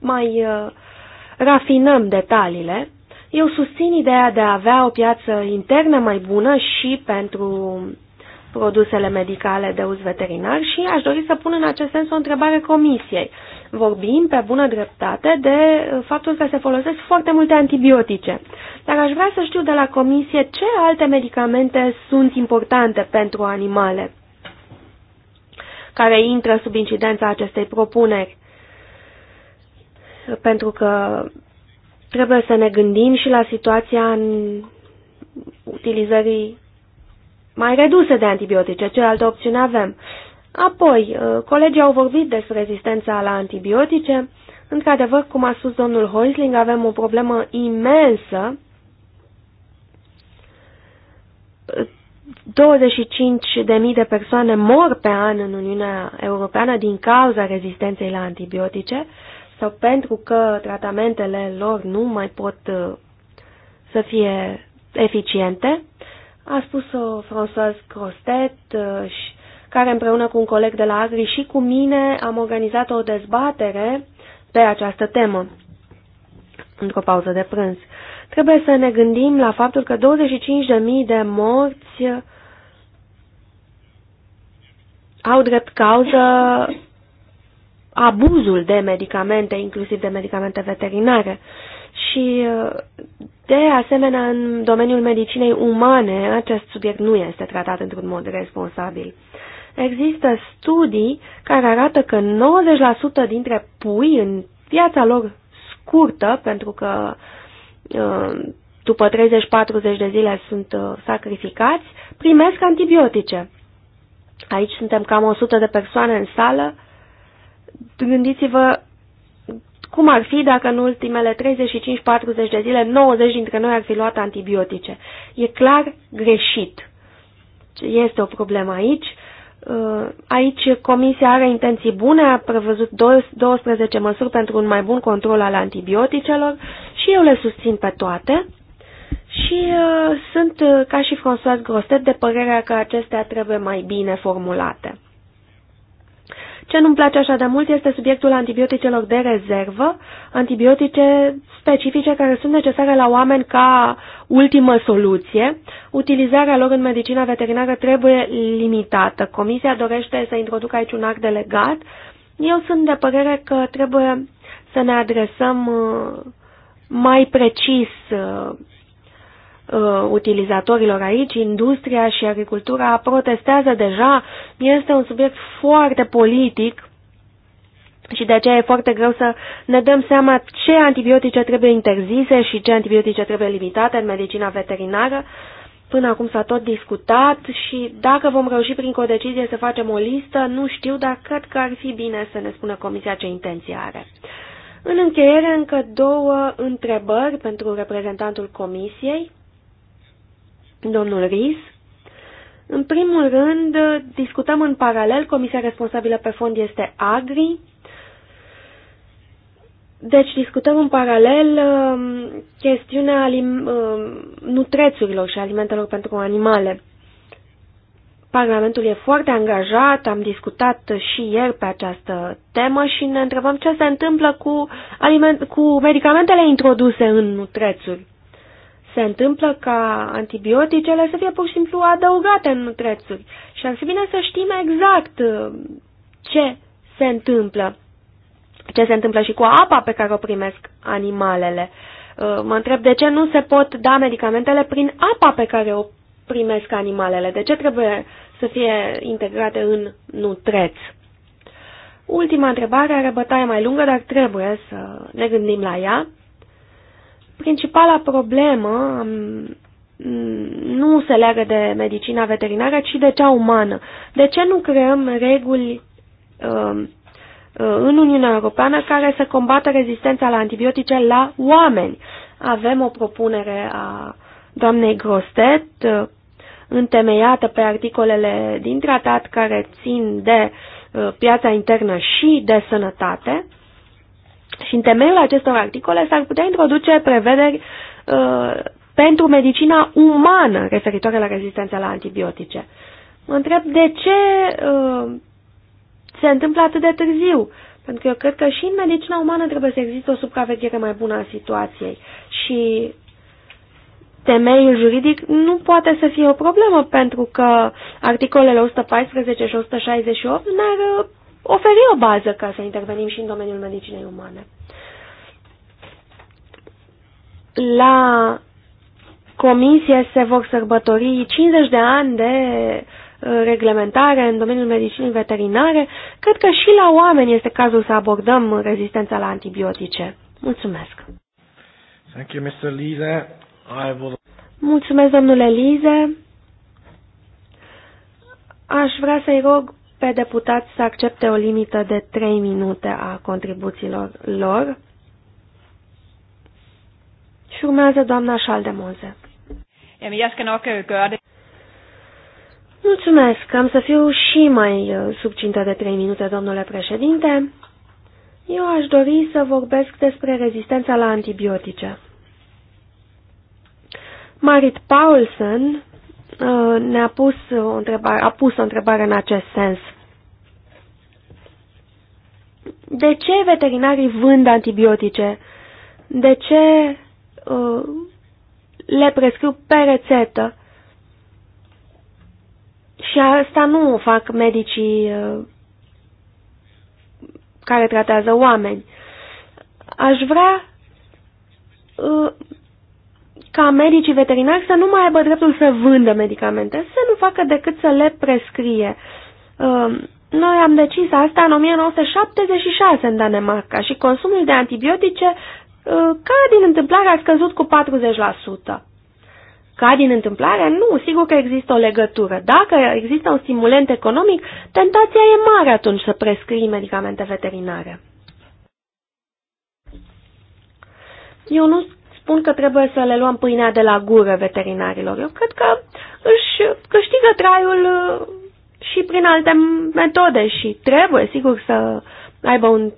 [SPEAKER 1] mai uh, rafinăm detaliile. Eu susțin ideea de a avea o piață internă mai bună și pentru produsele medicale de uz veterinar și aș dori să pun în acest sens o întrebare comisiei. Vorbim pe bună dreptate de faptul că se folosesc foarte multe antibiotice, dar aș vrea să știu de la comisie ce alte medicamente sunt importante pentru animale care intră sub incidența acestei propuneri. Pentru că trebuie să ne gândim și la situația în utilizării mai reduse de antibiotice, cealaltă opțiune avem. Apoi, uh, colegii au vorbit despre rezistența la antibiotice. Într-adevăr, cum a spus domnul Hoisling, avem o problemă imensă. 25.000 de persoane mor pe an în Uniunea Europeană din cauza rezistenței la antibiotice sau pentru că tratamentele lor nu mai pot uh, să fie eficiente a spus-o François Crostet, uh, care împreună cu un coleg de la Agri și cu mine am organizat o dezbatere pe această temă într-o pauză de prânz. Trebuie să ne gândim la faptul că 25.000 de morți au drept cauză abuzul de medicamente, inclusiv de medicamente veterinare. Și uh, de asemenea, în domeniul medicinei umane, acest subiect nu este tratat într-un mod responsabil. Există studii care arată că 90% dintre pui în viața lor scurtă, pentru că uh, după 30-40 de zile sunt uh, sacrificați, primesc antibiotice. Aici suntem cam 100 de persoane în sală. Gândiți-vă cum ar fi dacă în ultimele 35-40 de zile 90 dintre noi ar fi luat antibiotice? E clar greșit. Este o problemă aici. Uh, aici Comisia are intenții bune, a prevăzut 12 măsuri pentru un mai bun control al antibioticelor și eu le susțin pe toate. Și uh, sunt, uh, ca și François Grostet, de părerea că acestea trebuie mai bine formulate. Ce nu-mi place așa de mult este subiectul antibioticelor de rezervă, antibiotice specifice care sunt necesare la oameni ca ultimă soluție. Utilizarea lor în medicina veterinară trebuie limitată. Comisia dorește să introducă aici un act delegat. Eu sunt de părere că trebuie să ne adresăm uh, mai precis uh, uh, utilizatorilor aici, industria și agricultura protestează deja, este un subiect foarte politic și de aceea e foarte greu să ne dăm seama ce antibiotice trebuie interzise și ce antibiotice trebuie limitate în medicina veterinară. Până acum s-a tot discutat și dacă vom reuși prin o decizie să facem o listă, nu știu, dar cred că ar fi bine să ne spună Comisia ce intenție are. În încheiere, încă două întrebări pentru reprezentantul Comisiei domnul Ris. În primul rând, discutăm în paralel, comisia responsabilă pe fond este Agri, deci discutăm în paralel um, chestiunea alim, um, nutrețurilor și alimentelor pentru animale. Parlamentul e foarte angajat, am discutat și ieri pe această temă și ne întrebăm ce se întâmplă cu, aliment, cu medicamentele introduse în nutrețuri. Se întâmplă ca antibioticele să fie pur și simplu adăugate în prețuri și ar fi bine să știm exact uh, ce se întâmplă. Ce se întâmplă și cu apa pe care o primesc animalele. Uh, mă întreb de ce nu se pot da medicamentele prin apa pe care o primesc animalele, de ce trebuie să fie integrate în nutreț. Ultima întrebare are bătaie mai lungă, dar trebuie să ne gândim la ea. Principala problemă nu se leagă de medicina veterinară, ci de cea umană. De ce nu creăm reguli um, uh, în Uniunea Europeană care să combată rezistența la antibiotice la oameni? Avem o propunere a doamnei Grostet uh, întemeiată pe articolele din tratat care țin de uh, piața internă și de sănătate și în temeiul acestor articole s-ar putea introduce prevederi uh, pentru medicina umană referitoare la rezistența la antibiotice. Mă întreb de ce uh, se întâmplă atât de târziu. Pentru că eu cred că și în medicina umană trebuie să existe o supraveghere mai bună a situației. Și temeiul juridic nu poate să fie o problemă, pentru că articolele 114 și 168 n ar oferi o bază ca să intervenim și în domeniul medicinei umane. La comisie se vor sărbători 50 de ani de uh, reglementare în domeniul medicinii veterinare. Cred că și la oameni este cazul să abordăm rezistența la antibiotice. Mulțumesc! Thank you, Mr. Lise. I will... Mulțumesc, domnule Lize. Aș vrea să-i rog pe deputați să accepte o limită de 3 minute a contribuțiilor lor. Și urmează doamna Șaldemoze.
[SPEAKER 2] Øh,
[SPEAKER 1] Mulțumesc, am să fiu și mai uh, subcintă de 3 minute, domnule președinte. Eu aș dori să vorbesc despre rezistența la antibiotice. Marit Paulsen Uh, ne-a pus o întrebare, a pus o întrebare în acest sens. De ce veterinarii vând antibiotice? De ce uh, le prescriu pe rețetă? Și asta nu o fac medicii uh, care tratează oameni. Aș vrea uh, ca medicii veterinari să nu mai aibă dreptul să vândă medicamente, să nu facă decât să le prescrie. Um, noi am decis asta în 1976 în Danemarca și consumul de antibiotice uh, ca din întâmplare a scăzut cu 40%. Ca din întâmplare? Nu, sigur că există o legătură. Dacă există un stimulent economic, tentația e mare atunci să prescrii medicamente veterinare. Eu nu spun că trebuie să le luăm pâinea de la gură veterinarilor. Eu cred că își câștigă traiul uh, și prin alte metode și trebuie, sigur, să aibă un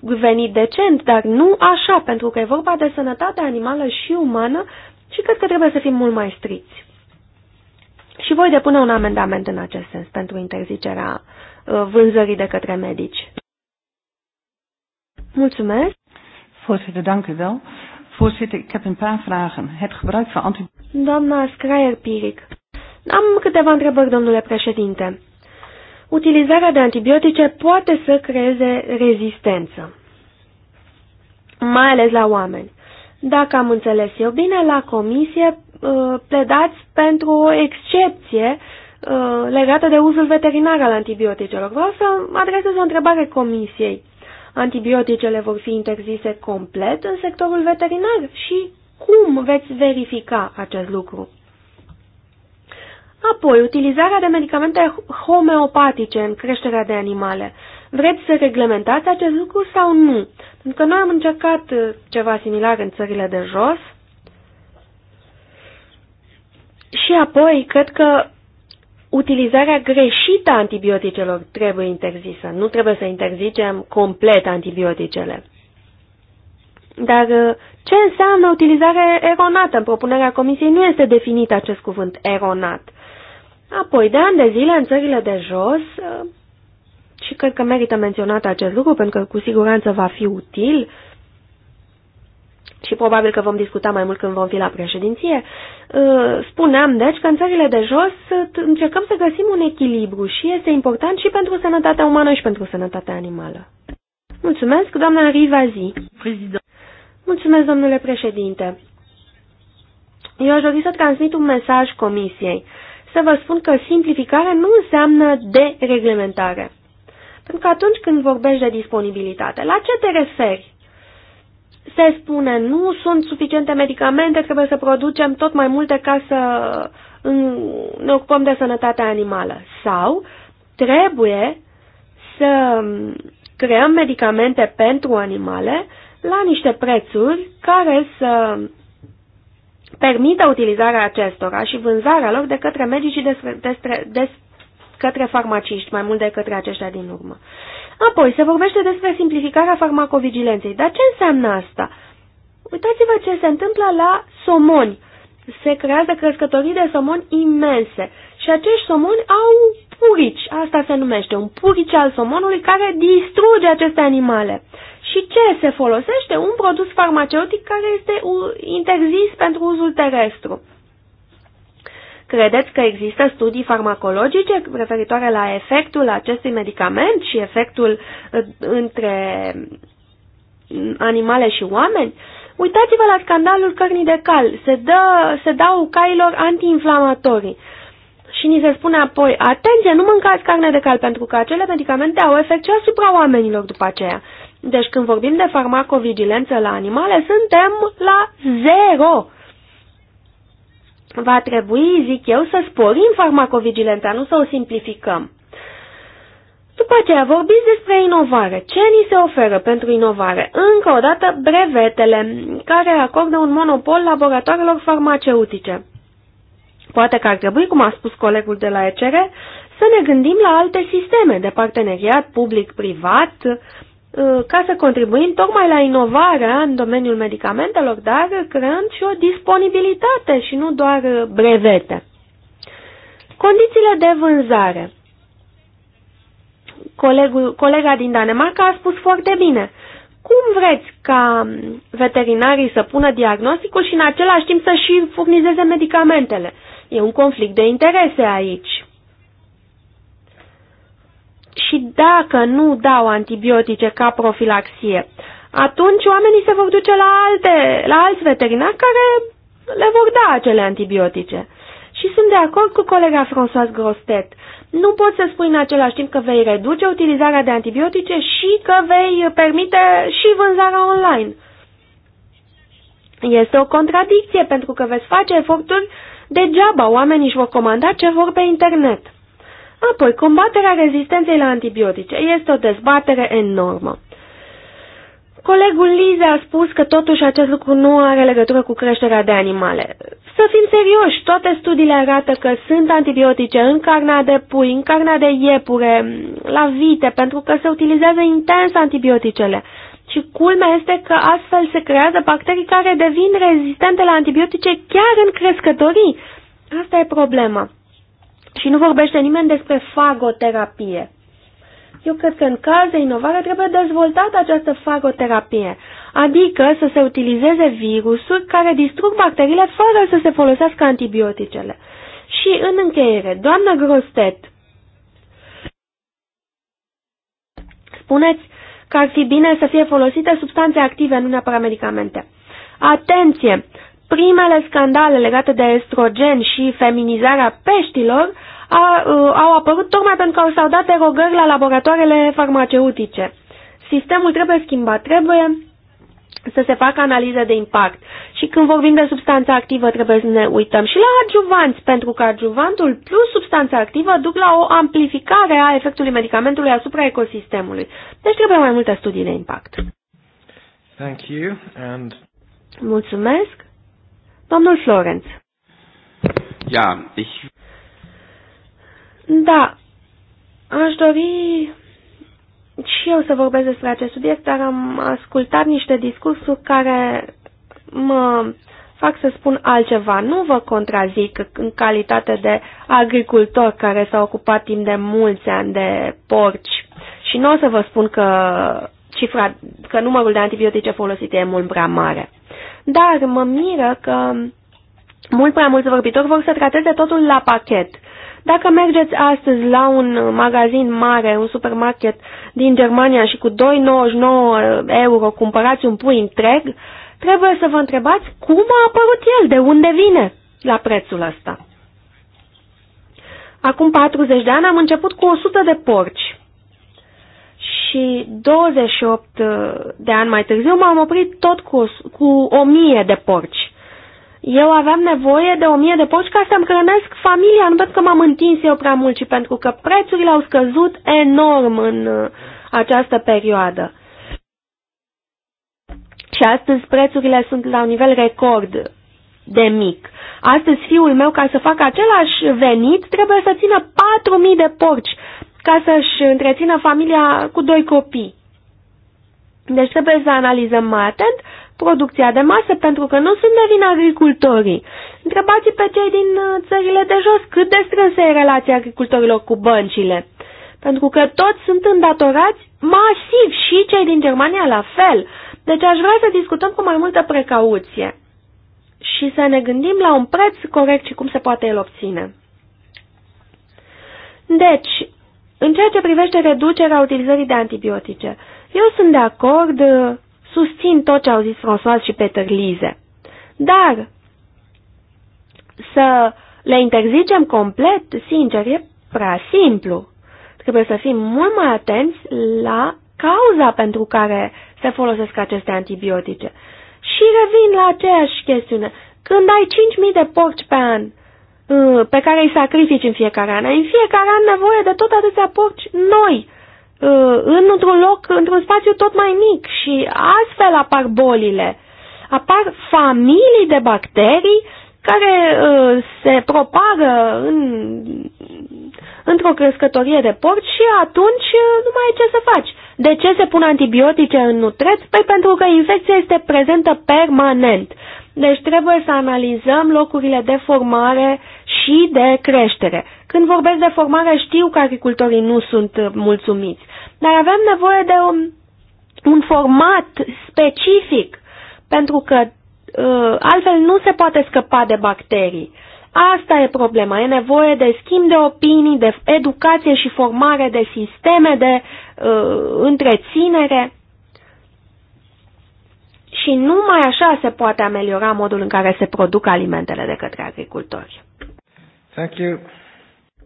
[SPEAKER 1] venit decent, dar nu așa, pentru că e vorba de sănătatea animală și umană și cred că trebuie să fim mult mai striți. Și voi depune un amendament în acest sens pentru interzicerea uh, vânzării de către medici.
[SPEAKER 2] Mulțumesc. Voorzitter, dank u wel. Voorzitter, ik heb een paar vragen. Het gebruik van antibiotica...
[SPEAKER 1] Doamna Scraier-Piric. Am câteva întrebări, domnule președinte. Utilizarea de antibiotice poate să creeze rezistență, mai ales la oameni. Dacă am înțeles eu bine, la comisie uh, pledați pentru o excepție uh, legată de uzul veterinar al antibioticelor. Vreau să adresez o întrebare comisiei. Antibioticele vor fi interzise complet în sectorul veterinar și cum veți verifica acest lucru? Apoi, utilizarea de medicamente homeopatice în creșterea de animale. Vreți să reglementați acest lucru sau nu? Pentru că noi am încercat uh, ceva similar în țările de jos. Și apoi, cred că utilizarea greșită a antibioticelor trebuie interzisă. Nu trebuie să interzicem complet antibioticele. Dar uh, ce înseamnă utilizarea eronată? În propunerea comisiei nu este definit acest cuvânt eronat. Apoi, de ani de zile, în țările de jos, uh, și cred că merită menționat acest lucru, pentru că cu siguranță va fi util, uh, și probabil că vom discuta mai mult când vom fi la președinție, uh, spuneam deci că în țările de jos încercăm să găsim un echilibru și este important și pentru sănătatea umană și pentru sănătatea animală. Mulțumesc, doamna Rivazi. Prezident. Mulțumesc, domnule președinte. Eu aș dori să transmit un mesaj comisiei, să vă spun că simplificare nu înseamnă dereglementare. Pentru că atunci când vorbești de disponibilitate, la ce te referi? se spune nu sunt suficiente medicamente, trebuie să producem tot mai multe ca să ne ocupăm de sănătatea animală. Sau trebuie să creăm medicamente pentru animale la niște prețuri care să permită utilizarea acestora și vânzarea lor de către medicii de de către farmaciști, mai mult de către aceștia din urmă. Apoi, se vorbește despre simplificarea farmacovigilenței. Dar ce înseamnă asta? Uitați-vă ce se întâmplă la somoni. Se creează crescătorii de somoni imense și acești somoni au purici. Asta se numește un purici al somonului care distruge aceste animale. Și ce se folosește? Un produs farmaceutic care este interzis pentru uzul terestru. Credeți că există studii farmacologice referitoare la efectul acestui medicament și efectul uh, între animale și oameni? Uitați-vă la scandalul cărnii de cal. Se, dă, se dau cailor antiinflamatorii. Și ni se spune apoi, atenție, nu mâncați carne de cal, pentru că acele medicamente au efect și asupra oamenilor după aceea. Deci când vorbim de farmacovigilență la animale, suntem la zero. Va trebui, zic eu, să sporim farmacovigilența, nu să o simplificăm. După aceea vorbiți despre inovare. Ce ni se oferă pentru inovare? Încă o dată, brevetele, care acordă un monopol laboratoarelor farmaceutice. Poate că ar trebui, cum a spus colegul de la ECR, să ne gândim la alte sisteme de parteneriat public-privat, Uh, ca să contribuim tocmai la inovarea în domeniul medicamentelor, dar creând și o disponibilitate și nu doar uh, brevete. Condițiile de vânzare. Colegul, colega din Danemarca a spus foarte bine. Cum vreți ca veterinarii să pună diagnosticul și în același timp să și furnizeze medicamentele? E un conflict de interese aici și dacă nu dau antibiotice ca profilaxie, atunci oamenii se vor duce la, alte, la alți veterinari care le vor da acele antibiotice. Și sunt de acord cu colega François Grostet. Nu poți să spui în același timp că vei reduce utilizarea de antibiotice și că vei permite și vânzarea online. Este o contradicție pentru că veți face eforturi degeaba. Oamenii își vor comanda ce vor pe internet. Apoi, combaterea rezistenței la antibiotice este o dezbatere enormă. Colegul Lize a spus că totuși acest lucru nu are legătură cu creșterea de animale. Să fim serioși, toate studiile arată că sunt antibiotice în carnea de pui, în carnea de iepure, la vite, pentru că se utilizează intens antibioticele. Și culmea este că astfel se creează bacterii care devin rezistente la antibiotice chiar în crescătorii. Asta e problema. Și nu vorbește nimeni despre fagoterapie. Eu cred că în caz de inovare trebuie dezvoltată această fagoterapie, adică să se utilizeze virusuri care distrug bacteriile fără să se folosească antibioticele. Și în încheiere, doamnă Grostet, spuneți că ar fi bine să fie folosite substanțe active, nu neapărat medicamente. Atenție! primele scandale legate de estrogen și feminizarea peștilor a, uh, au apărut tocmai pentru că s-au dat erogări la laboratoarele farmaceutice. Sistemul trebuie schimbat, trebuie să se facă analize de impact. Și când vorbim de substanță activă, trebuie să ne uităm și la adjuvanți, pentru că adjuvantul plus substanța activă duc la o amplificare a efectului medicamentului asupra ecosistemului. Deci trebuie mai multe studii de impact. Thank you and... Mulțumesc. Domnul Florenț. Ja, ich... Da, aș dori și eu să vorbesc despre acest subiect, dar am ascultat niște discursuri care mă fac să spun altceva. Nu vă contrazic în calitate de agricultor care s-a ocupat timp de mulți ani de porci și nu o să vă spun că, cifra, că numărul de antibiotice folosite e mult prea mare. Dar mă miră că mult prea mulți vorbitori vor să trateze totul la pachet. Dacă mergeți astăzi la un magazin mare, un supermarket din Germania și cu 2,99 euro cumpărați un pui întreg, trebuie să vă întrebați cum a apărut el, de unde vine la prețul ăsta. Acum 40 de ani am început cu 100 de porci și 28 uh, de ani mai târziu m-am oprit tot cu, cu 1000 de porci. Eu aveam nevoie de 1000 de porci ca să-mi hrănesc familia, nu pentru că m-am întins eu prea mult, ci pentru că prețurile au scăzut enorm în uh, această perioadă. Și astăzi prețurile sunt la un nivel record de mic. Astăzi fiul meu, ca să facă același venit, trebuie să țină 4.000 de porci ca să-și întrețină familia cu doi copii. Deci trebuie să analizăm mai atent producția de masă, pentru că nu sunt de vin agricultorii. Întrebați pe cei din uh, țările de jos cât de strânsă e relația agricultorilor cu băncile. Pentru că toți sunt îndatorați masiv și cei din Germania la fel. Deci aș vrea să discutăm cu mai multă precauție și să ne gândim la un preț corect și cum se poate el obține. Deci, în ceea ce privește reducerea utilizării de antibiotice, eu sunt de acord, uh, susțin tot ce au zis François și Peter Lize. Dar să le interzicem complet, sincer, e prea simplu. Trebuie să fim mult mai atenți la cauza pentru care se folosesc aceste antibiotice. Și revin la aceeași chestiune. Când ai 5.000 de porci pe an Uh, pe care îi sacrifici în fiecare an. Ai în fiecare an nevoie de tot atâția porci noi, uh, într-un loc, într-un spațiu tot mai mic și astfel apar bolile. Apar familii de bacterii care uh, se propagă în, într-o crescătorie de porci și atunci nu mai ai ce să faci. De ce se pun antibiotice în nutreț? Păi pentru că infecția este prezentă permanent. Deci trebuie să analizăm locurile de formare și de creștere. Când vorbesc de formare știu că agricultorii nu sunt mulțumiți, dar avem nevoie de un, un format specific, pentru că uh, altfel nu se poate scăpa de bacterii. Asta e problema, e nevoie de schimb de opinii, de educație și formare, de sisteme de uh, întreținere și numai așa se poate ameliora modul în care se produc alimentele de către agricultori. Thank you.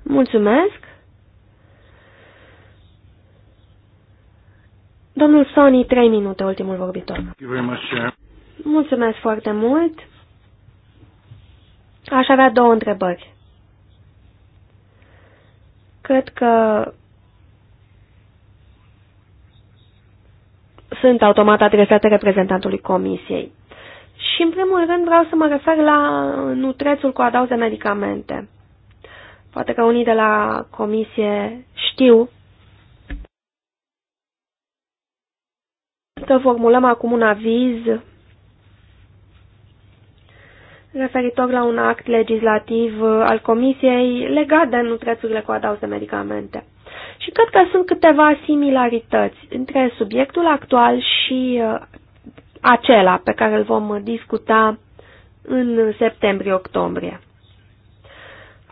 [SPEAKER 1] Mulțumesc. Domnul Sony, trei minute, ultimul vorbitor. Thank you very much, Mulțumesc foarte mult. Aș avea două întrebări. Cred că sunt automat adresate reprezentantului Comisiei. Și, în primul rând, vreau să mă refer la nutrețul cu adauze de medicamente. Poate că unii de la Comisie știu că formulăm acum un aviz referitor la un act legislativ al Comisiei legat de nutrețurile cu adauze de medicamente. Și cred că sunt câteva similarități între subiectul actual și uh, acela pe care îl vom discuta în septembrie-octombrie.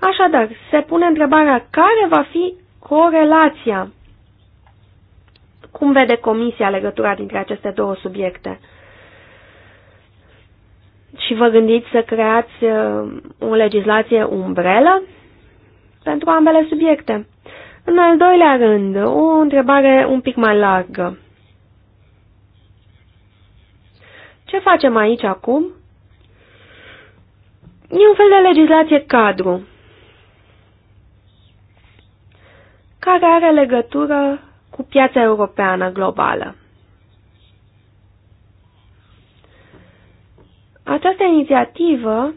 [SPEAKER 1] Așadar, se pune întrebarea care va fi corelația. Cum vede Comisia legătura dintre aceste două subiecte? Și vă gândiți să creați uh, o legislație umbrelă pentru ambele subiecte? În al doilea rând, o întrebare un pic mai largă. Ce facem aici acum? E un fel de legislație cadru care are legătură cu piața europeană globală. Această inițiativă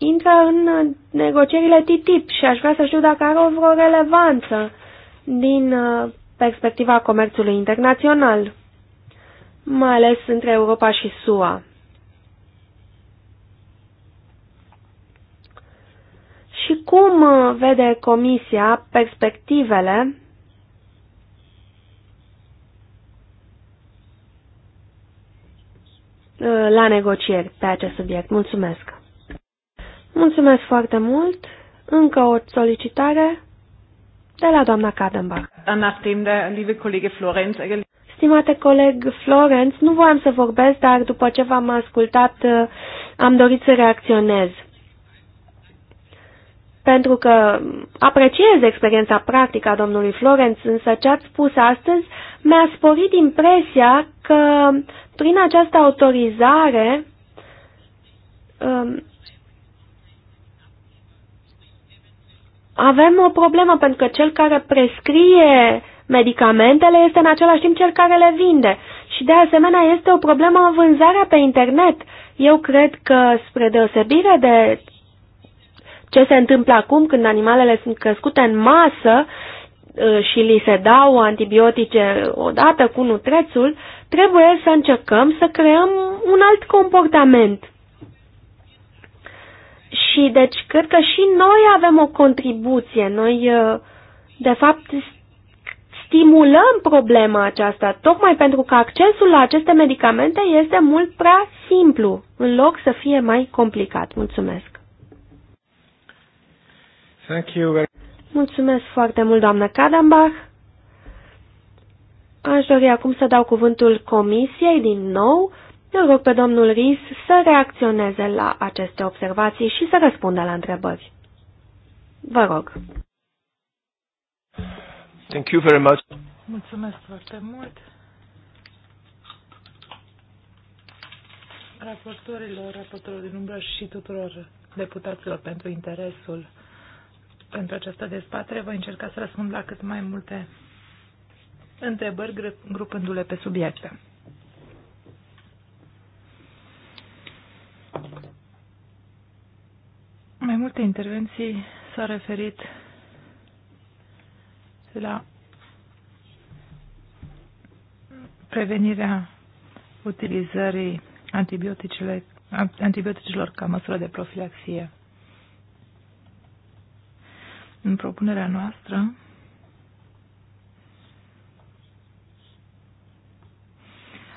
[SPEAKER 1] intră în uh,
[SPEAKER 2] negocierile
[SPEAKER 1] TTIP și aș vrea să știu dacă are o vreo relevanță din uh, perspectiva comerțului internațional, mai ales între Europa și SUA. Și cum uh, vede Comisia perspectivele la negocieri pe acest subiect? Mulțumesc! Mulțumesc foarte mult. Încă o solicitare de la doamna Kadenbach. Stimate coleg Florenț, nu voiam să vorbesc, dar după ce v-am ascultat, uh, am dorit să reacționez. Pentru că apreciez experiența practică a domnului Florenț, însă ce ați spus astăzi mi-a sporit impresia că prin această autorizare um, avem o problemă pentru că cel care prescrie medicamentele este în același timp cel care le vinde. Și de asemenea este o problemă în vânzarea pe internet. Eu cred că spre deosebire de ce se întâmplă acum când animalele sunt crescute în masă uh, și li se dau antibiotice odată cu nutrețul, trebuie să încercăm să creăm un alt comportament și deci cred că și noi avem o contribuție. Noi, uh, de fapt, stimulăm problema aceasta, tocmai pentru că accesul la aceste medicamente este mult prea simplu, în loc să fie mai complicat. Mulțumesc! Thank you very Mulțumesc foarte mult, doamnă Kadambach. Aș dori acum să dau cuvântul comisiei din nou îl rog pe domnul Ris să reacționeze la aceste observații și să răspundă la întrebări. Vă rog. Thank you very much.
[SPEAKER 2] Mulțumesc foarte mult. raportorilor, raportorilor din umbră și tuturor deputaților pentru interesul pentru această dezbatere. Voi încerca să răspund la cât mai multe întrebări grupându-le pe subiecte. Mai multe intervenții s-au referit la prevenirea utilizării antibioticelor ca măsură de profilaxie. În propunerea noastră,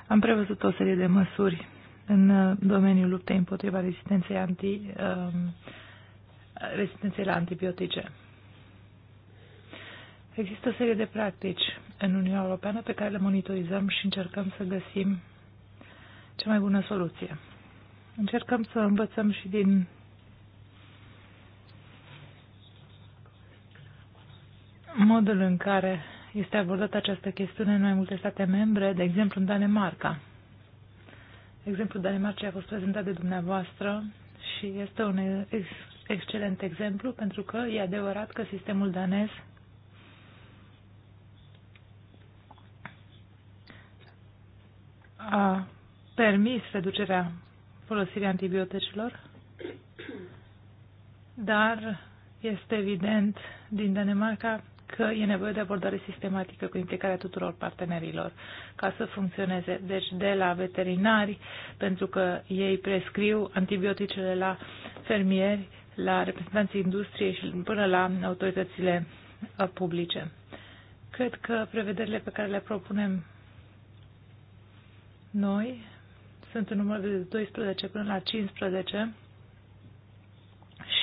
[SPEAKER 2] am prevăzut o serie de măsuri în uh, domeniul luptei împotriva rezistenței, anti, um, rezistenței la antibiotice. Există o serie de practici în Uniunea Europeană pe care le monitorizăm și încercăm să găsim cea mai bună soluție. Încercăm să învățăm și din modul în care este abordată această chestiune în mai multe state membre, de exemplu în Danemarca. Exemplul Danemarcei a fost prezentat de dumneavoastră și este un ex excelent exemplu pentru că e adevărat că sistemul danez a permis reducerea folosirii antibioticelor, dar este evident din Danemarca că e nevoie de abordare sistematică cu implicarea tuturor partenerilor ca să funcționeze. Deci de la veterinari, pentru că ei prescriu antibioticele la fermieri, la reprezentanții industriei și până la autoritățile uh, publice. Cred că prevederile pe care le propunem noi sunt în număr de 12 până la 15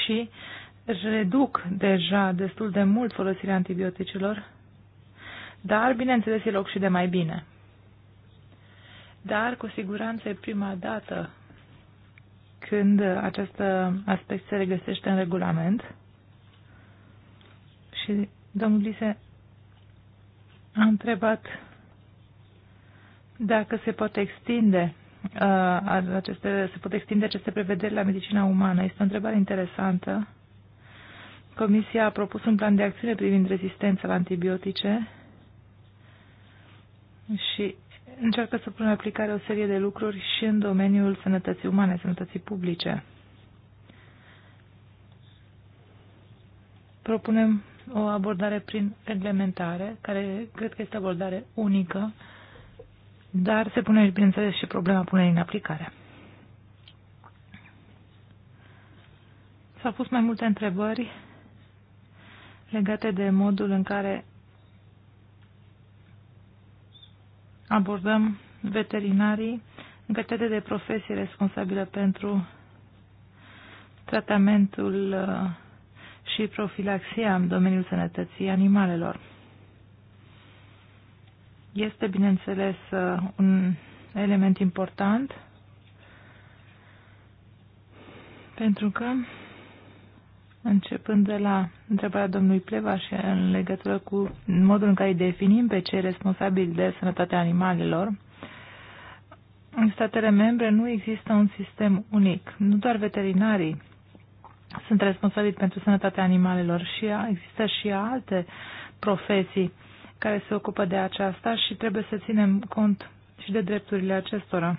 [SPEAKER 2] și reduc deja destul de mult folosirea antibioticelor, dar, bineînțeles, e loc și de mai bine. Dar, cu siguranță, e prima dată când acest aspect se regăsește în regulament. Și domnul Lise a întrebat dacă se pot extinde uh, aceste, se pot extinde aceste prevederi la medicina umană. Este o întrebare interesantă Comisia a propus un plan de acțiune privind rezistența la antibiotice și încearcă să pună în aplicare o serie de lucruri și în domeniul sănătății umane, sănătății publice. Propunem o abordare prin reglementare, care cred că este abordare unică, dar se pune, bineînțeles, și problema punerii în aplicare. S-au pus mai multe întrebări legate de modul în care abordăm veterinarii în calitate de profesie responsabilă pentru tratamentul uh, și profilaxia în domeniul sănătății animalelor. Este, bineînțeles, uh, un element important pentru că Începând de la întrebarea domnului Pleva și în legătură cu modul în care îi definim pe cei responsabili de sănătatea animalelor, în statele membre nu există un sistem unic. Nu doar veterinarii sunt responsabili pentru sănătatea animalelor și există și alte profesii care se ocupă de aceasta și trebuie să ținem cont și de drepturile acestora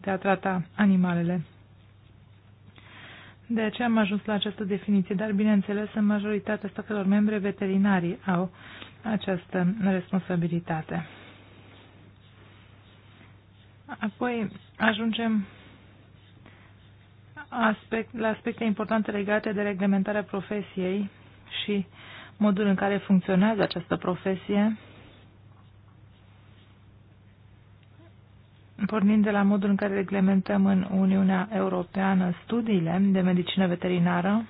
[SPEAKER 2] de a trata animalele. De aceea am ajuns la această definiție, dar bineînțeles în majoritatea statelor membre veterinarii au această responsabilitate. Apoi ajungem aspect, la aspecte importante legate de reglementarea profesiei și modul în care funcționează această profesie pornind de la modul în care reglementăm în Uniunea Europeană studiile de medicină veterinară,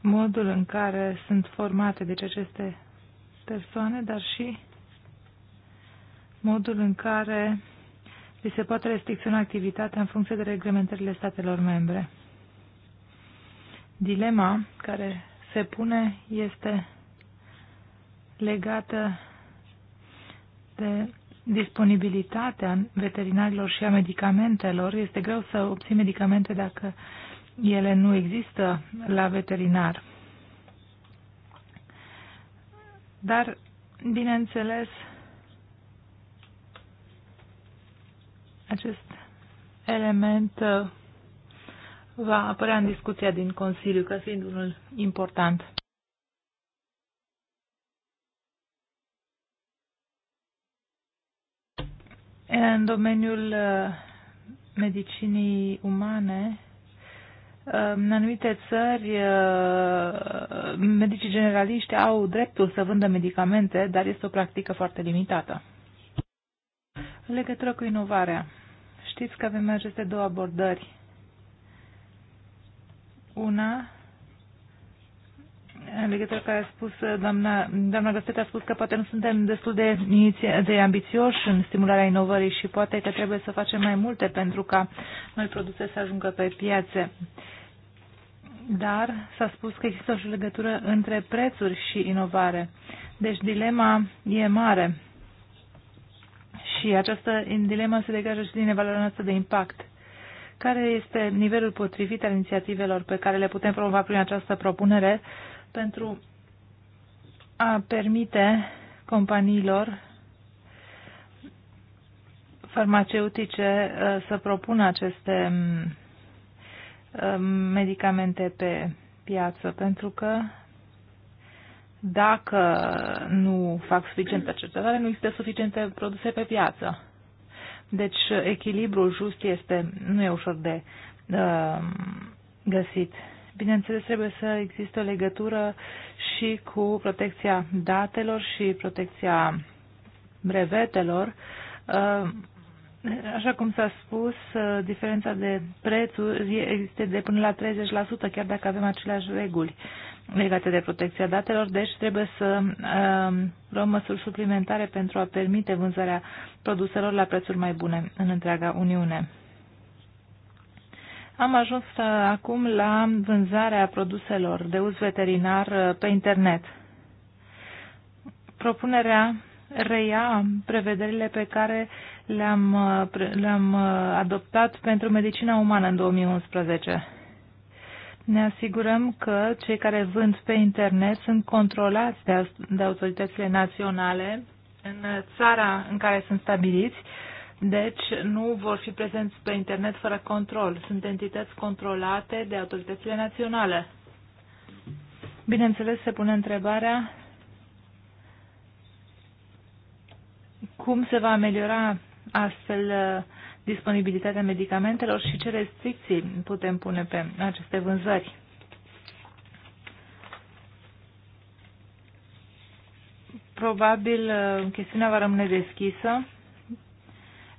[SPEAKER 2] modul în care sunt formate deci aceste persoane, dar și modul în care li se poate restricționa activitatea în funcție de reglementările statelor membre. Dilema care se pune este legată este disponibilitatea veterinarilor și a medicamentelor. Este greu să obții medicamente dacă ele nu există la veterinar. Dar, bineînțeles, acest element uh, va apărea în discuția din Consiliu ca fiind unul important. În domeniul uh, medicinii umane, uh, în anumite țări, uh, medicii generaliști au dreptul să vândă medicamente, dar este o practică foarte limitată. În legătură cu inovarea, știți că avem aceste două abordări. Una în legătură care a spus uh, doamna, doamna Găstete a spus că poate nu suntem destul de, de ambițioși în stimularea inovării și poate că trebuie să facem mai multe pentru ca noi produse să ajungă pe piațe. Dar s-a spus că există o legătură între prețuri și inovare. Deci dilema e mare. Și această dilemă se degajă și din evaluarea noastră de impact care este nivelul potrivit al inițiativelor pe care le putem promova prin această propunere pentru a permite companiilor farmaceutice uh, să propună aceste um, uh, medicamente pe piață, pentru că dacă nu fac suficientă cercetare, nu există suficiente produse pe piață. Deci echilibrul just este, nu e ușor de uh, găsit. Bineînțeles, trebuie să existe o legătură și cu protecția datelor și protecția brevetelor. Așa cum s-a spus, diferența de prețuri există de până la 30%, chiar dacă avem aceleași reguli legate de protecția datelor, deci trebuie să um, luăm măsuri suplimentare pentru a permite vânzarea produselor la prețuri mai bune în întreaga Uniune. Am ajuns uh, acum la vânzarea produselor de uz veterinar uh, pe internet. Propunerea reia prevederile pe care le-am, uh, le adoptat pentru medicina umană în 2011. Ne asigurăm că cei care vând pe internet sunt controlați de, de autoritățile naționale în țara în care sunt stabiliți deci nu vor fi prezenți pe internet fără control. Sunt entități controlate de autoritățile naționale. Bineînțeles, se pune întrebarea cum se va ameliora astfel uh, disponibilitatea medicamentelor și ce restricții putem pune pe aceste vânzări. Probabil uh, chestiunea va rămâne deschisă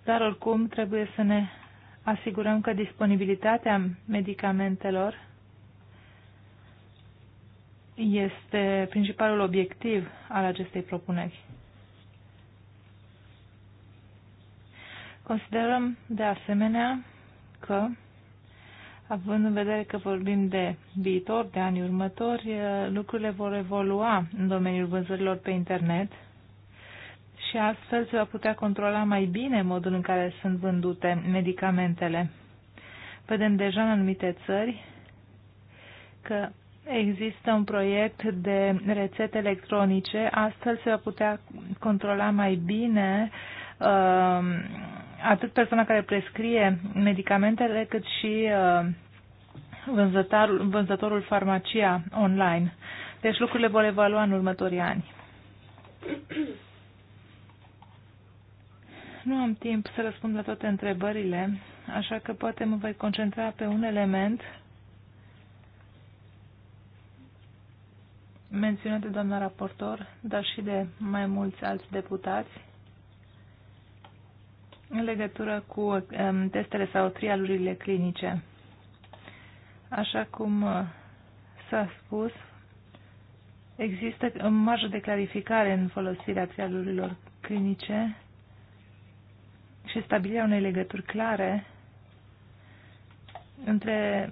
[SPEAKER 2] dar oricum trebuie să ne asigurăm că disponibilitatea medicamentelor este principalul obiectiv al acestei propuneri. Considerăm de asemenea că, având în vedere că vorbim de viitor, de anii următori, lucrurile vor evolua în domeniul vânzărilor pe internet – și astfel se va putea controla mai bine modul în care sunt vândute medicamentele. Vedem deja în anumite țări că există un proiect de rețete electronice, astfel se va putea controla mai bine uh, atât persoana care prescrie medicamentele, cât și uh, vânzătorul, vânzătorul farmacia online. Deci lucrurile vor evalua în următorii ani. Nu am timp să răspund la toate întrebările, așa că poate mă voi concentra pe un element menționat de doamna raportor, dar și de mai mulți alți deputați, în legătură cu um, testele sau trialurile clinice. Așa cum uh, s-a spus, există o marjă de clarificare în folosirea trialurilor clinice și stabilirea unei legături clare între,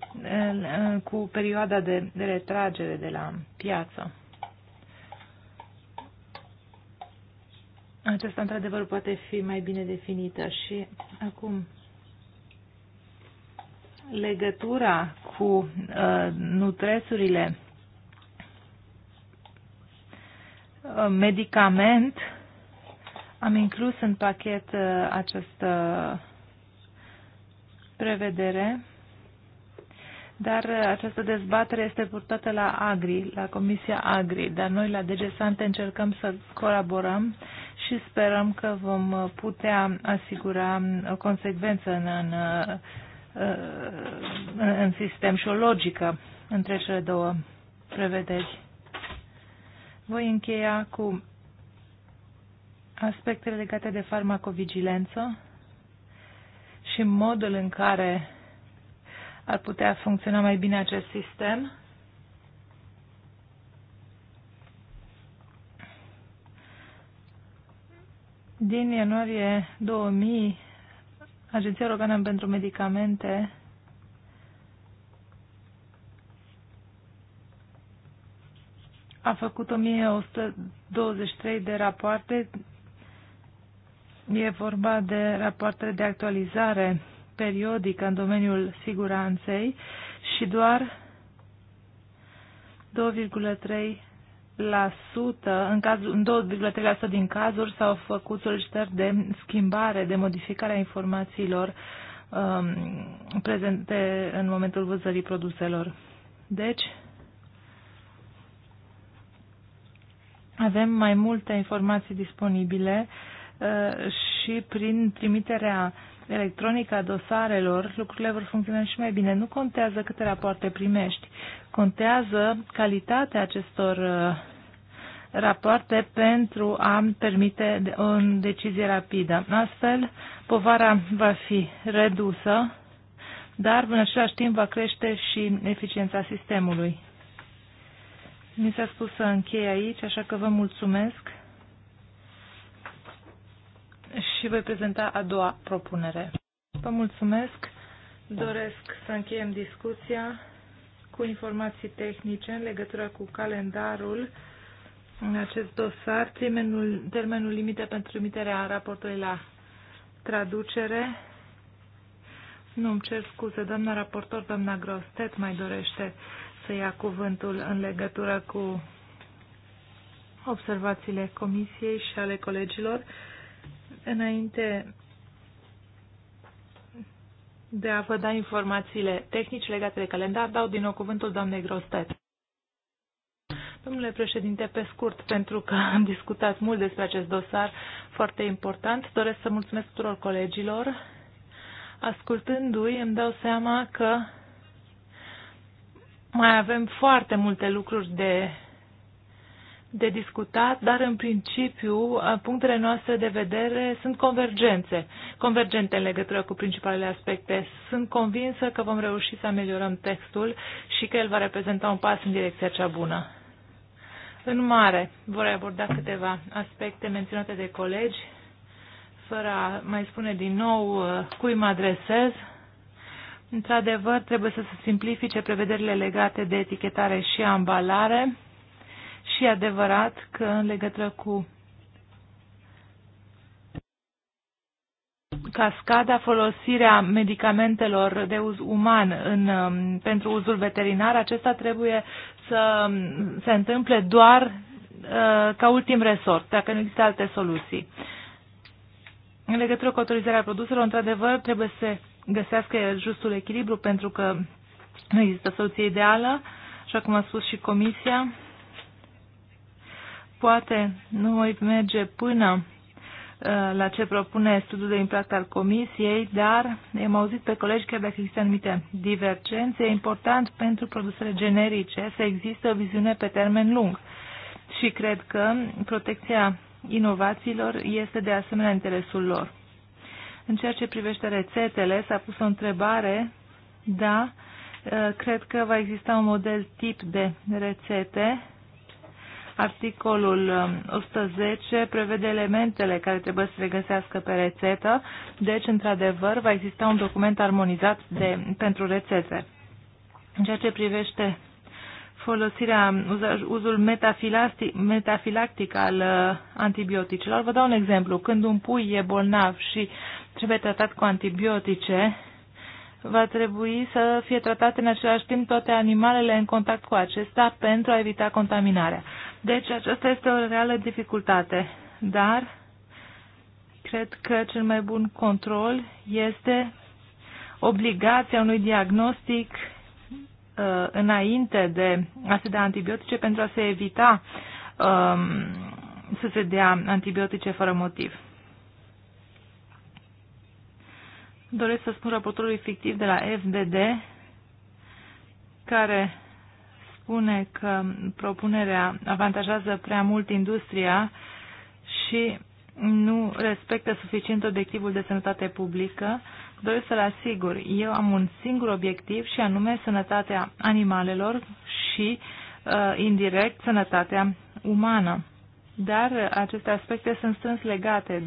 [SPEAKER 2] cu perioada de, de retragere de la piață. Aceasta, într-adevăr, poate fi mai bine definită și acum legătura cu uh, nutresurile uh, medicament uh, am inclus în pachet uh, această prevedere, dar uh, această dezbatere este purtată la Agri, la Comisia Agri, dar noi la DGSANTE încercăm să colaborăm și sperăm că vom uh, putea asigura um, o consecvență în, în, în sistem și o logică între cele două prevederi. Voi încheia cu aspectele legate de farmacovigilență și modul în care ar putea funcționa mai bine acest sistem. Din ianuarie 2000, Agenția Europeană pentru Medicamente a făcut 1123 de rapoarte E vorba de rapoartele de actualizare periodică în domeniul siguranței și doar 2,3% în, cazul, în 2,3% din cazuri s-au făcut solicitări de schimbare, de modificare a informațiilor um, prezente în momentul vânzării produselor. Deci, avem mai multe informații disponibile uh, Uh, și prin trimiterea electronică a dosarelor, lucrurile vor funcționa și mai bine. Nu contează câte rapoarte primești, contează calitatea acestor uh, rapoarte pentru a permite o decizie rapidă. Astfel, povara va fi redusă, dar în același timp va crește și eficiența sistemului. Mi s-a spus să închei aici, așa că vă mulțumesc și voi prezenta a doua propunere. Vă mulțumesc. Doresc să încheiem discuția cu informații tehnice în legătură cu calendarul în acest dosar, termenul, termenul limite pentru trimiterea raportului la traducere. Nu îmi cer scuze, doamna raportor, doamna Grostet mai dorește să ia cuvântul în legătură cu observațiile comisiei și ale colegilor. Înainte de a vă da informațiile tehnici legate de calendar, dau din nou cuvântul doamnei Grostet. Domnule președinte, pe scurt, pentru că am discutat mult despre acest dosar foarte important, doresc să mulțumesc tuturor colegilor. Ascultându-i, îmi dau seama că mai avem foarte multe lucruri de de discutat, dar în principiu punctele noastre de vedere sunt convergențe, convergente în legătură cu principalele aspecte. Sunt convinsă că vom reuși să ameliorăm textul și că el va reprezenta un pas în direcția cea bună. În mare, vor aborda câteva aspecte menționate de colegi, fără a mai spune din nou uh, cui mă adresez. Într-adevăr, trebuie să se simplifice prevederile legate de etichetare și ambalare și e adevărat că în legătură cu cascada folosirea medicamentelor de uz uman în, um, pentru uzul veterinar, acesta trebuie să um, se întâmple doar uh, ca ultim resort, dacă nu există alte soluții. În legătură cu autorizarea produselor, într-adevăr, trebuie să găsească justul echilibru pentru că nu există soluție ideală, așa cum a spus și Comisia. Poate nu voi merge până ă, la ce propune studiul de impact al Comisiei, dar am auzit pe colegi că dacă există anumite divergențe, e important pentru produsele generice să existe o viziune pe termen lung. Și cred că protecția inovațiilor este de asemenea interesul lor. În ceea ce privește rețetele, s-a pus o întrebare, da, ă, cred că va exista un model tip de rețete Articolul 110 um, prevede elementele care trebuie să se găsească pe rețetă, deci, într-adevăr, va exista un document armonizat de, pentru rețete. În ceea ce privește folosirea, uzul metafilactic, al uh, antibioticelor. Vă dau un exemplu. Când un pui e bolnav și trebuie tratat cu antibiotice, va trebui să fie tratate în același timp toate animalele în contact cu acesta pentru a evita contaminarea. Deci aceasta este o reală dificultate, dar cred că cel mai bun control este obligația unui diagnostic uh, înainte de a se da antibiotice pentru a se evita um, să se dea antibiotice fără motiv. Doresc să spun raportorului fictiv de la FDD, care spune că propunerea avantajează prea mult industria și nu respectă suficient obiectivul de sănătate publică, doresc să-l asigur. Eu am un singur obiectiv și anume sănătatea animalelor și, uh, indirect, sănătatea umană. Dar aceste aspecte sunt strâns legate.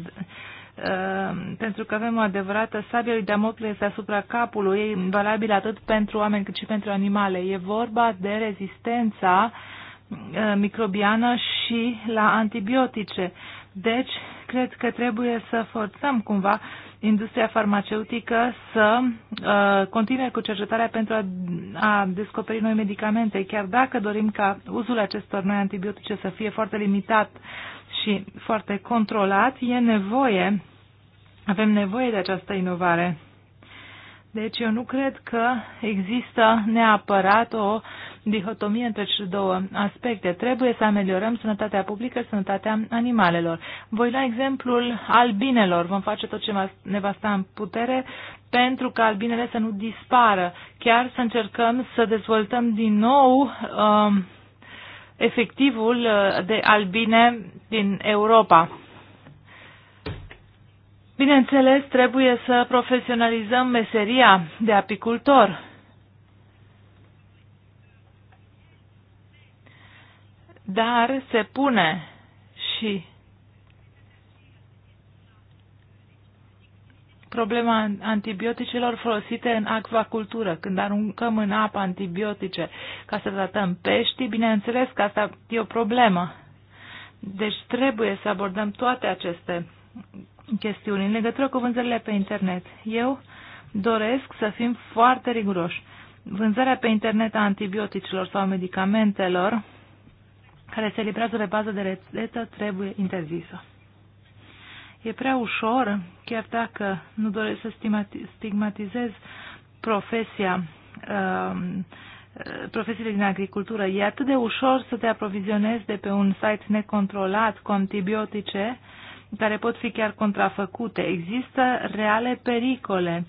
[SPEAKER 2] Ehm, pentru că avem o adevărată sabie lui Damocles asupra capului, valabil atât pentru oameni cât și pentru animale. E vorba de rezistența ehm, microbiană și la antibiotice. Deci, cred că trebuie să forțăm cumva industria farmaceutică să uh, continue cu cercetarea pentru a, a descoperi noi medicamente, chiar dacă dorim ca uzul acestor noi antibiotice să fie foarte limitat și foarte controlat, e nevoie, avem nevoie de această inovare. Deci eu nu cred că există neapărat o dihotomie între cele două aspecte. Trebuie să ameliorăm sănătatea publică sănătatea animalelor. Voi lua exemplul albinelor. Vom face tot ce ne va sta în putere pentru ca albinele să nu dispară. Chiar să încercăm să dezvoltăm din nou uh, efectivul uh, de albine din Europa. Bineînțeles, trebuie să profesionalizăm meseria de apicultor. Dar se pune și problema antibioticelor folosite în acvacultură, când aruncăm în apă antibiotice ca să tratăm peștii, bineînțeles că asta e o problemă. Deci trebuie să abordăm toate aceste chestiuni în legătură cu vânzările pe internet. Eu doresc să fim foarte riguroși. Vânzarea pe internet a antibioticelor sau medicamentelor care se livrează pe bază de rețetă trebuie interzisă. E prea ușor, chiar dacă nu doresc să stigmatizez profesia, um, profesiile din agricultură, e atât de ușor să te aprovizionezi de pe un site necontrolat cu antibiotice care pot fi chiar contrafăcute. Există reale pericole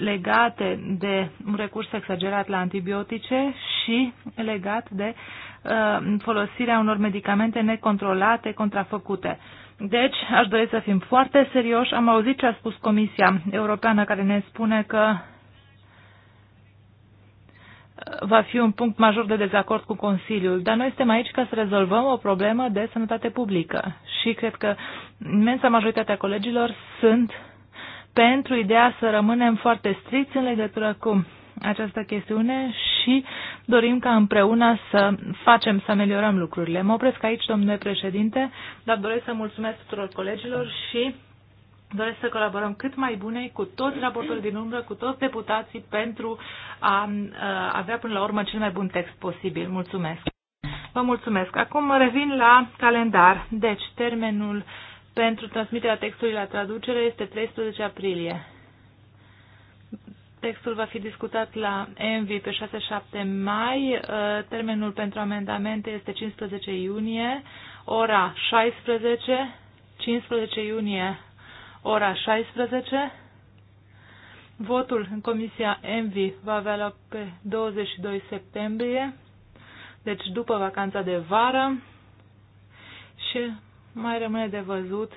[SPEAKER 2] legate de un recurs exagerat la antibiotice și legat de uh, folosirea unor medicamente necontrolate, contrafăcute. Uh, deci, aș dori să fim foarte serioși. Am auzit ce a spus Comisia Europeană care ne spune că va fi un punct major de dezacord cu Consiliul, dar noi suntem aici ca să rezolvăm o problemă de sănătate publică și cred că imensa majoritatea colegilor sunt pentru ideea să rămânem foarte striți în legătură cu această chestiune și dorim ca împreună să facem, să ameliorăm lucrurile. Mă opresc aici, domnule președinte, dar doresc să mulțumesc tuturor colegilor și doresc să colaborăm cât mai bune cu toți raportorii din umbră, cu toți deputații pentru a, avea până la urmă cel mai bun text posibil. Mulțumesc! Vă mulțumesc! Acum revin la calendar. Deci, termenul pentru transmiterea textului la traducere este 13 aprilie. Textul va fi discutat la ENVI pe 6-7 mai. Uh, termenul pentru amendamente este 15 iunie, ora 16, 15 iunie, ora 16. Votul în Comisia ENVI va avea loc pe 22 septembrie, deci după vacanța de vară și mai rămâne de văzut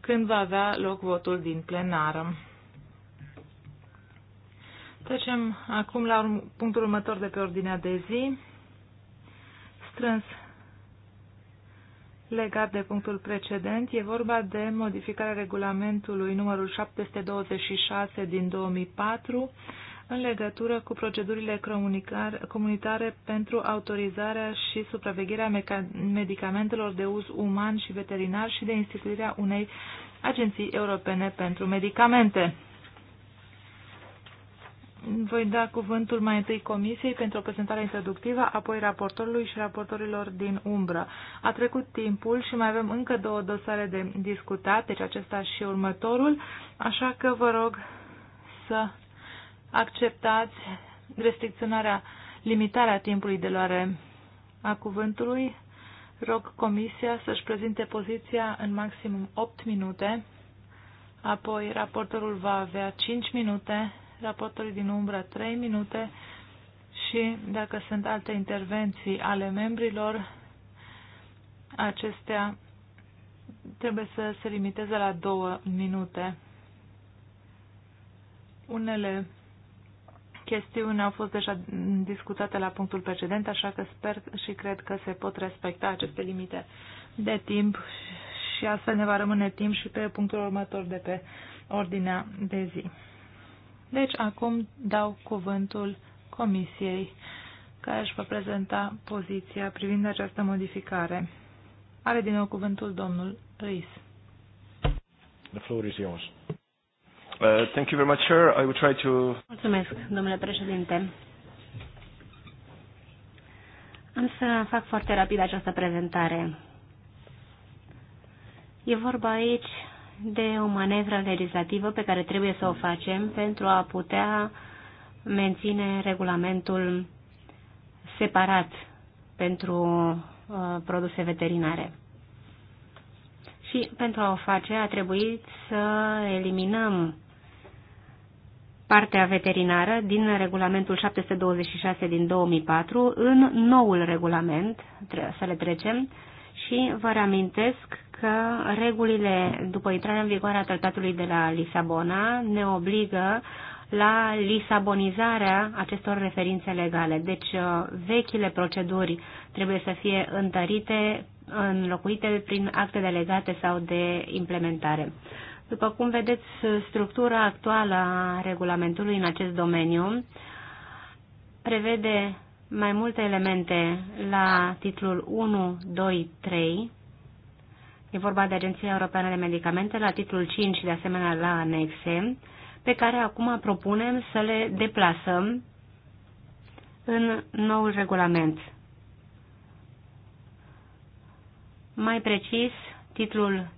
[SPEAKER 2] când va avea loc votul din plenară. Trecem acum la punctul următor de pe ordinea de zi, strâns legat de punctul precedent. E vorba de modificarea regulamentului numărul 726 din 2004 în legătură cu procedurile comunitare pentru autorizarea și supravegherea medicamentelor de uz uman și veterinar și de instituirea unei agenții europene pentru medicamente. Voi da cuvântul mai întâi Comisiei pentru o prezentare introductivă, apoi raportorului și raportorilor din umbră. A trecut timpul și mai avem încă două dosare de discutat, deci acesta și următorul, așa că vă rog să acceptați restricționarea, limitarea timpului de luare a cuvântului. Rog Comisia să-și prezinte poziția în maximum 8 minute, apoi raportorul va avea 5 minute raportului din umbra 3 minute și dacă sunt alte intervenții ale membrilor, acestea trebuie să se limiteze la două minute. Unele chestiuni au fost deja discutate la punctul precedent, așa că sper și cred că se pot respecta aceste limite de timp și astfel ne va rămâne timp și pe punctul următor de pe ordinea de zi. Deci acum dau cuvântul Comisiei care își va prezenta poziția privind această modificare. Are din nou cuvântul domnul Ries.
[SPEAKER 1] The floor is yours. Uh, thank you very much, sir. I will try to...
[SPEAKER 2] Mulțumesc,
[SPEAKER 3] domnule președinte. Am să fac foarte rapid această prezentare. E vorba aici de o manevră legislativă pe care trebuie să o facem pentru a putea menține regulamentul separat pentru uh, produse veterinare. Și pentru a o face a trebuit să eliminăm partea veterinară din regulamentul 726 din 2004 în noul regulament, să le trecem, și vă reamintesc că regulile după intrarea în vigoare a tratatului de la Lisabona ne obligă la lisabonizarea acestor referințe legale. Deci uh, vechile proceduri trebuie să fie întărite, înlocuite prin acte delegate sau de implementare. După cum vedeți, structura actuală a regulamentului în acest domeniu prevede mai multe elemente la titlul 1, 2, 3, E vorba de Agenția Europeană de Medicamente la titlul 5 și de asemenea la anexe, pe care acum propunem să le deplasăm în noul regulament. Mai precis, titlul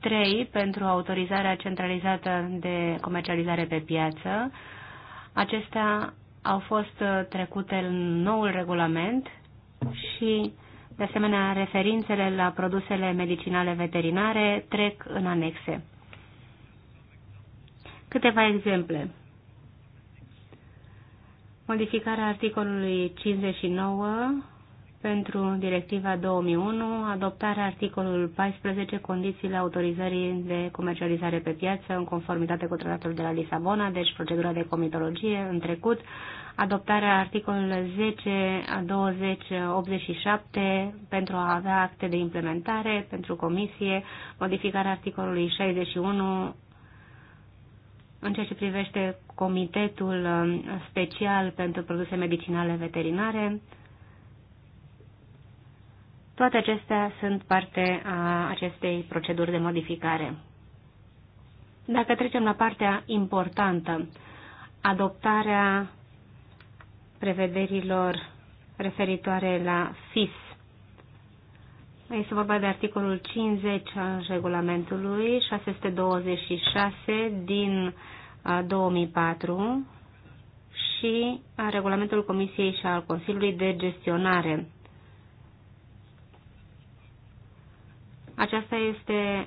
[SPEAKER 3] 3 pentru autorizarea centralizată de comercializare pe piață. Acestea au fost trecute în noul regulament și de asemenea, referințele la produsele medicinale veterinare trec în anexe. Câteva exemple. Modificarea articolului 59 pentru Directiva 2001, adoptarea articolului 14, condițiile autorizării de comercializare pe piață în conformitate cu tratatul de la Lisabona, deci procedura de comitologie în trecut, adoptarea articolului 10, 20, 87 pentru a avea acte de implementare pentru comisie, modificarea articolului 61 în ceea ce privește Comitetul um, Special pentru Produse Medicinale Veterinare. Toate acestea sunt parte a acestei proceduri de modificare. Dacă trecem la partea importantă, adoptarea prevederilor referitoare la FIS. Este vorba de articolul 50 al regulamentului 626 din 2004 și regulamentul Comisiei și al Consiliului de Gestionare. Aceasta este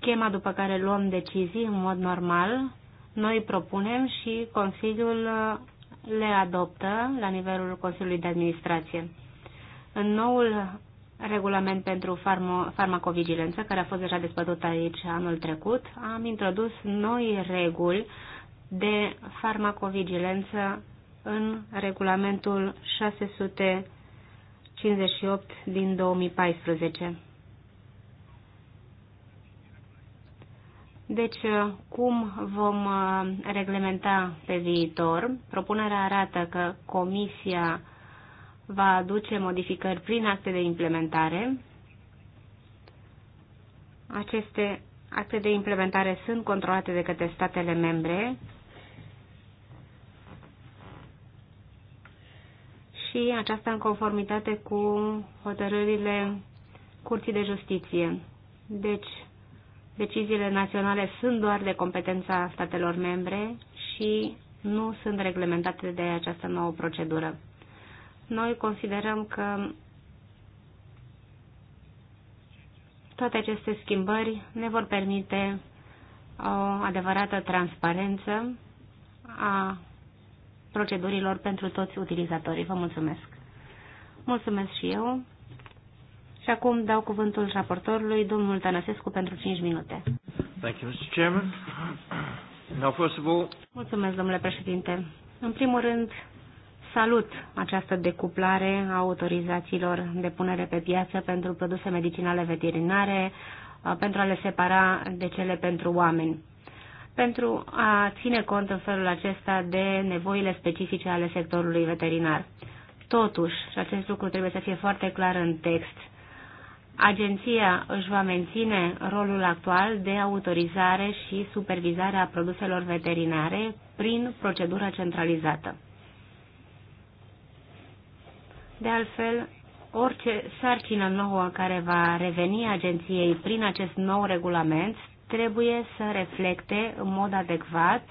[SPEAKER 3] schema după care luăm decizii în mod normal. Noi propunem și Consiliul le adoptă la nivelul Consiliului de Administrație. În noul regulament pentru farmo- farmacovigilență, care a fost deja dezbătut aici anul trecut, am introdus noi reguli de farmacovigilență în regulamentul 658 din 2014. Deci, uh, cum vom uh, reglementa pe viitor? Propunerea arată că Comisia va aduce modificări prin acte de implementare. Aceste acte de implementare sunt controlate de către statele membre și aceasta în conformitate cu hotărârile Curții de Justiție. Deci, deciziile naționale sunt doar de competența statelor membre și nu sunt reglementate de această nouă procedură. Noi considerăm că toate aceste schimbări ne vor permite o adevărată transparență a procedurilor pentru toți utilizatorii. Vă mulțumesc! Mulțumesc și eu! Și acum dau cuvântul raportorului, domnul Tănăsescu, pentru 5 minute.
[SPEAKER 2] Thank you, Mr. Chairman. Now, first of all...
[SPEAKER 3] Mulțumesc, domnule președinte. În primul rând, salut această decuplare a autorizațiilor de punere pe piață pentru produse medicinale veterinare, pentru a le separa de cele pentru oameni pentru a ține cont în felul acesta de nevoile specifice ale sectorului veterinar. Totuși, și acest lucru trebuie să fie foarte clar în text, Agenția își va menține rolul actual de autorizare și supervizare a produselor veterinare prin procedura centralizată.
[SPEAKER 1] De altfel, orice
[SPEAKER 3] sarcină nouă care va reveni agenției prin acest nou regulament trebuie să reflecte în mod adecvat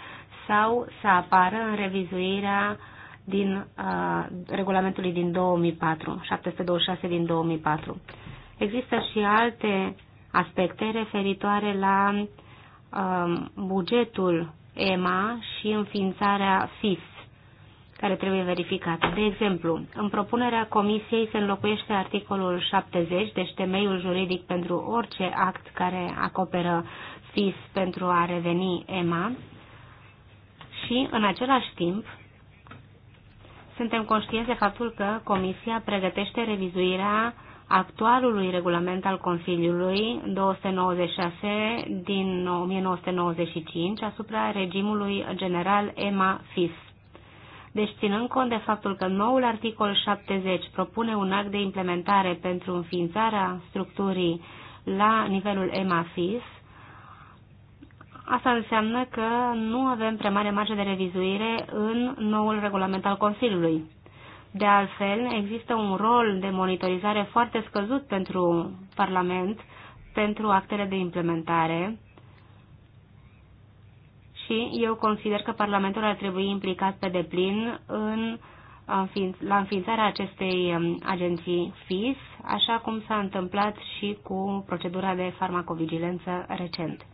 [SPEAKER 3] sau să apară în revizuirea din uh, regulamentului din 2004, 726 din 2004. Există și alte aspecte referitoare la um, bugetul EMA și înființarea FIS, care trebuie verificată. De exemplu, în propunerea Comisiei se înlocuiește articolul 70, deci temeiul juridic pentru orice act care acoperă FIS pentru a reveni EMA și, în același timp, suntem conștienți de faptul că Comisia pregătește revizuirea actualului regulament al Consiliului 296 din 1995 asupra regimului general EMA-FIS. Deci, ținând cont de faptul că noul articol 70 propune un act de implementare pentru înființarea structurii la nivelul EMA-FIS, Asta înseamnă că nu avem prea mare marge de revizuire în noul regulament al Consiliului. De altfel, există un rol de monitorizare foarte scăzut pentru Parlament, pentru actele de implementare și eu consider că Parlamentul ar trebui implicat pe deplin în la înființarea acestei agenții FIS, așa cum s-a întâmplat și cu procedura de farmacovigilență recent.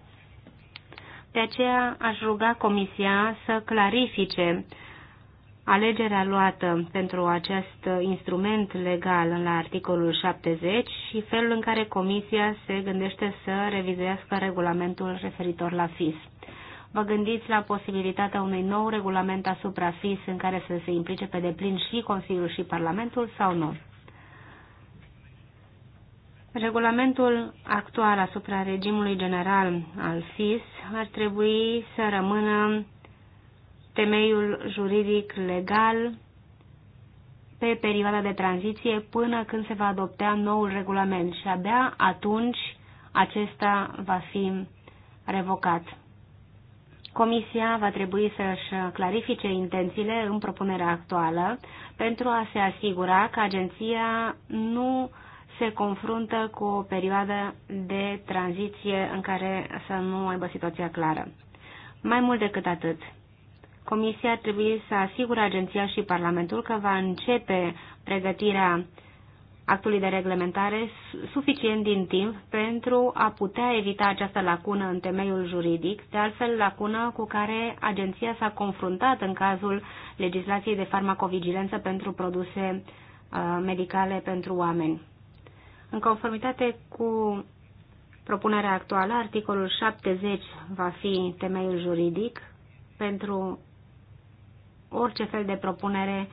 [SPEAKER 3] De aceea aș ruga Comisia să clarifice uh, alegerea luată pentru acest instrument legal la articolul 70 și felul în care Comisia se gândește să revizuiască regulamentul referitor la FIS. Vă gândiți la posibilitatea unui nou regulament asupra FIS în care să se implice pe deplin și Consiliul și Parlamentul sau nu? Regulamentul actual asupra regimului general al FIS ar trebui să rămână temeiul juridic legal pe perioada de tranziție până când se va adopta noul regulament și abia atunci acesta va fi revocat. Comisia va trebui să-și clarifice intențiile în propunerea actuală pentru a se asigura că agenția nu se confruntă cu o perioadă de tranziție în care să nu aibă situația clară. Mai mult decât atât, Comisia trebuie să asigure agenția și Parlamentul că va începe pregătirea actului de reglementare suficient din timp pentru a putea evita această lacună în temeiul juridic, de altfel lacună cu care agenția s-a confruntat în cazul legislației de farmacovigilență pentru produse uh, medicale pentru oameni. În conformitate cu propunerea actuală, articolul 70 va fi temeiul juridic pentru orice fel de propunere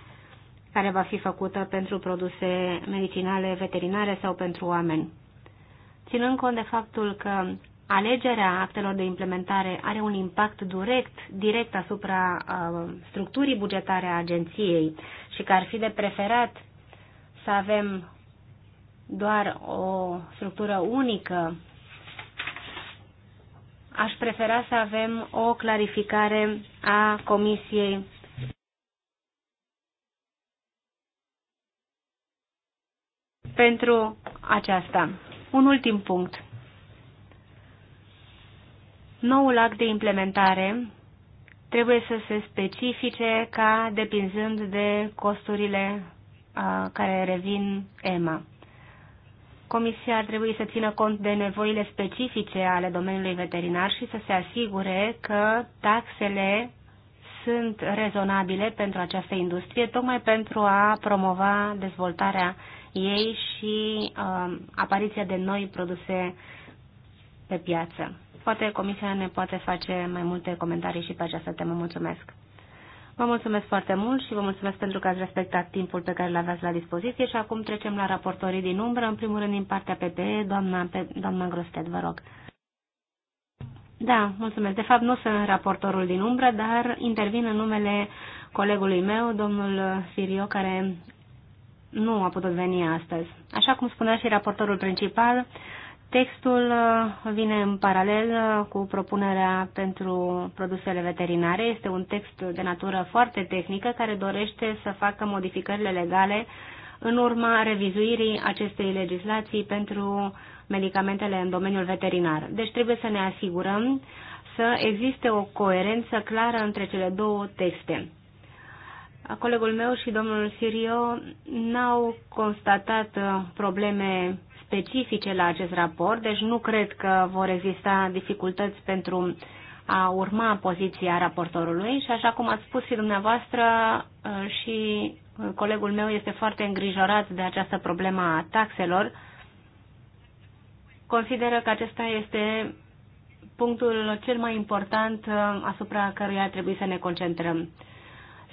[SPEAKER 3] care va fi făcută pentru produse medicinale, veterinare sau pentru oameni. Ținând cont de faptul că alegerea actelor de implementare are un impact direct, direct asupra uh, structurii bugetare a agenției și că ar fi de preferat să avem doar o structură unică, aș prefera să avem o clarificare a Comisiei pentru aceasta. Un ultim punct. Noul act de implementare trebuie să se specifice ca depinzând de costurile uh, care revin EMA. Comisia ar trebui să țină cont de nevoile specifice ale domeniului veterinar și să se asigure că taxele sunt rezonabile pentru această industrie, tocmai pentru a promova dezvoltarea uh, ei și uh, apariția de noi produse pe piață. Poate Comisia ne poate face mai multe comentarii și pe această temă. Mulțumesc! Vă mulțumesc foarte mult și vă mulțumesc pentru că ați respectat timpul pe care l-aveați la dispoziție și acum trecem la raportorii din umbră, în primul rând din partea PPE, doamna, doamna Grosted, vă rog. Da, mulțumesc. De fapt, nu sunt raportorul din umbră, dar intervin în numele colegului meu, domnul Sirio, care nu a putut veni astăzi. Așa cum spunea și raportorul principal, textul uh, vine în paralel uh, cu propunerea pentru produsele veterinare. Este un text de natură foarte tehnică care dorește să facă modificările legale în urma revizuirii acestei legislații pentru medicamentele în domeniul veterinar. Deci trebuie să ne asigurăm să existe o coerență clară între cele două texte colegul meu și domnul Sirio n-au constatat uh, probleme specifice la acest raport, deci nu cred că vor exista dificultăți pentru a urma poziția raportorului și așa cum ați spus și dumneavoastră uh, și colegul meu este foarte îngrijorat de această problemă a taxelor, consideră că acesta este punctul cel mai important uh, asupra căruia trebuie să ne concentrăm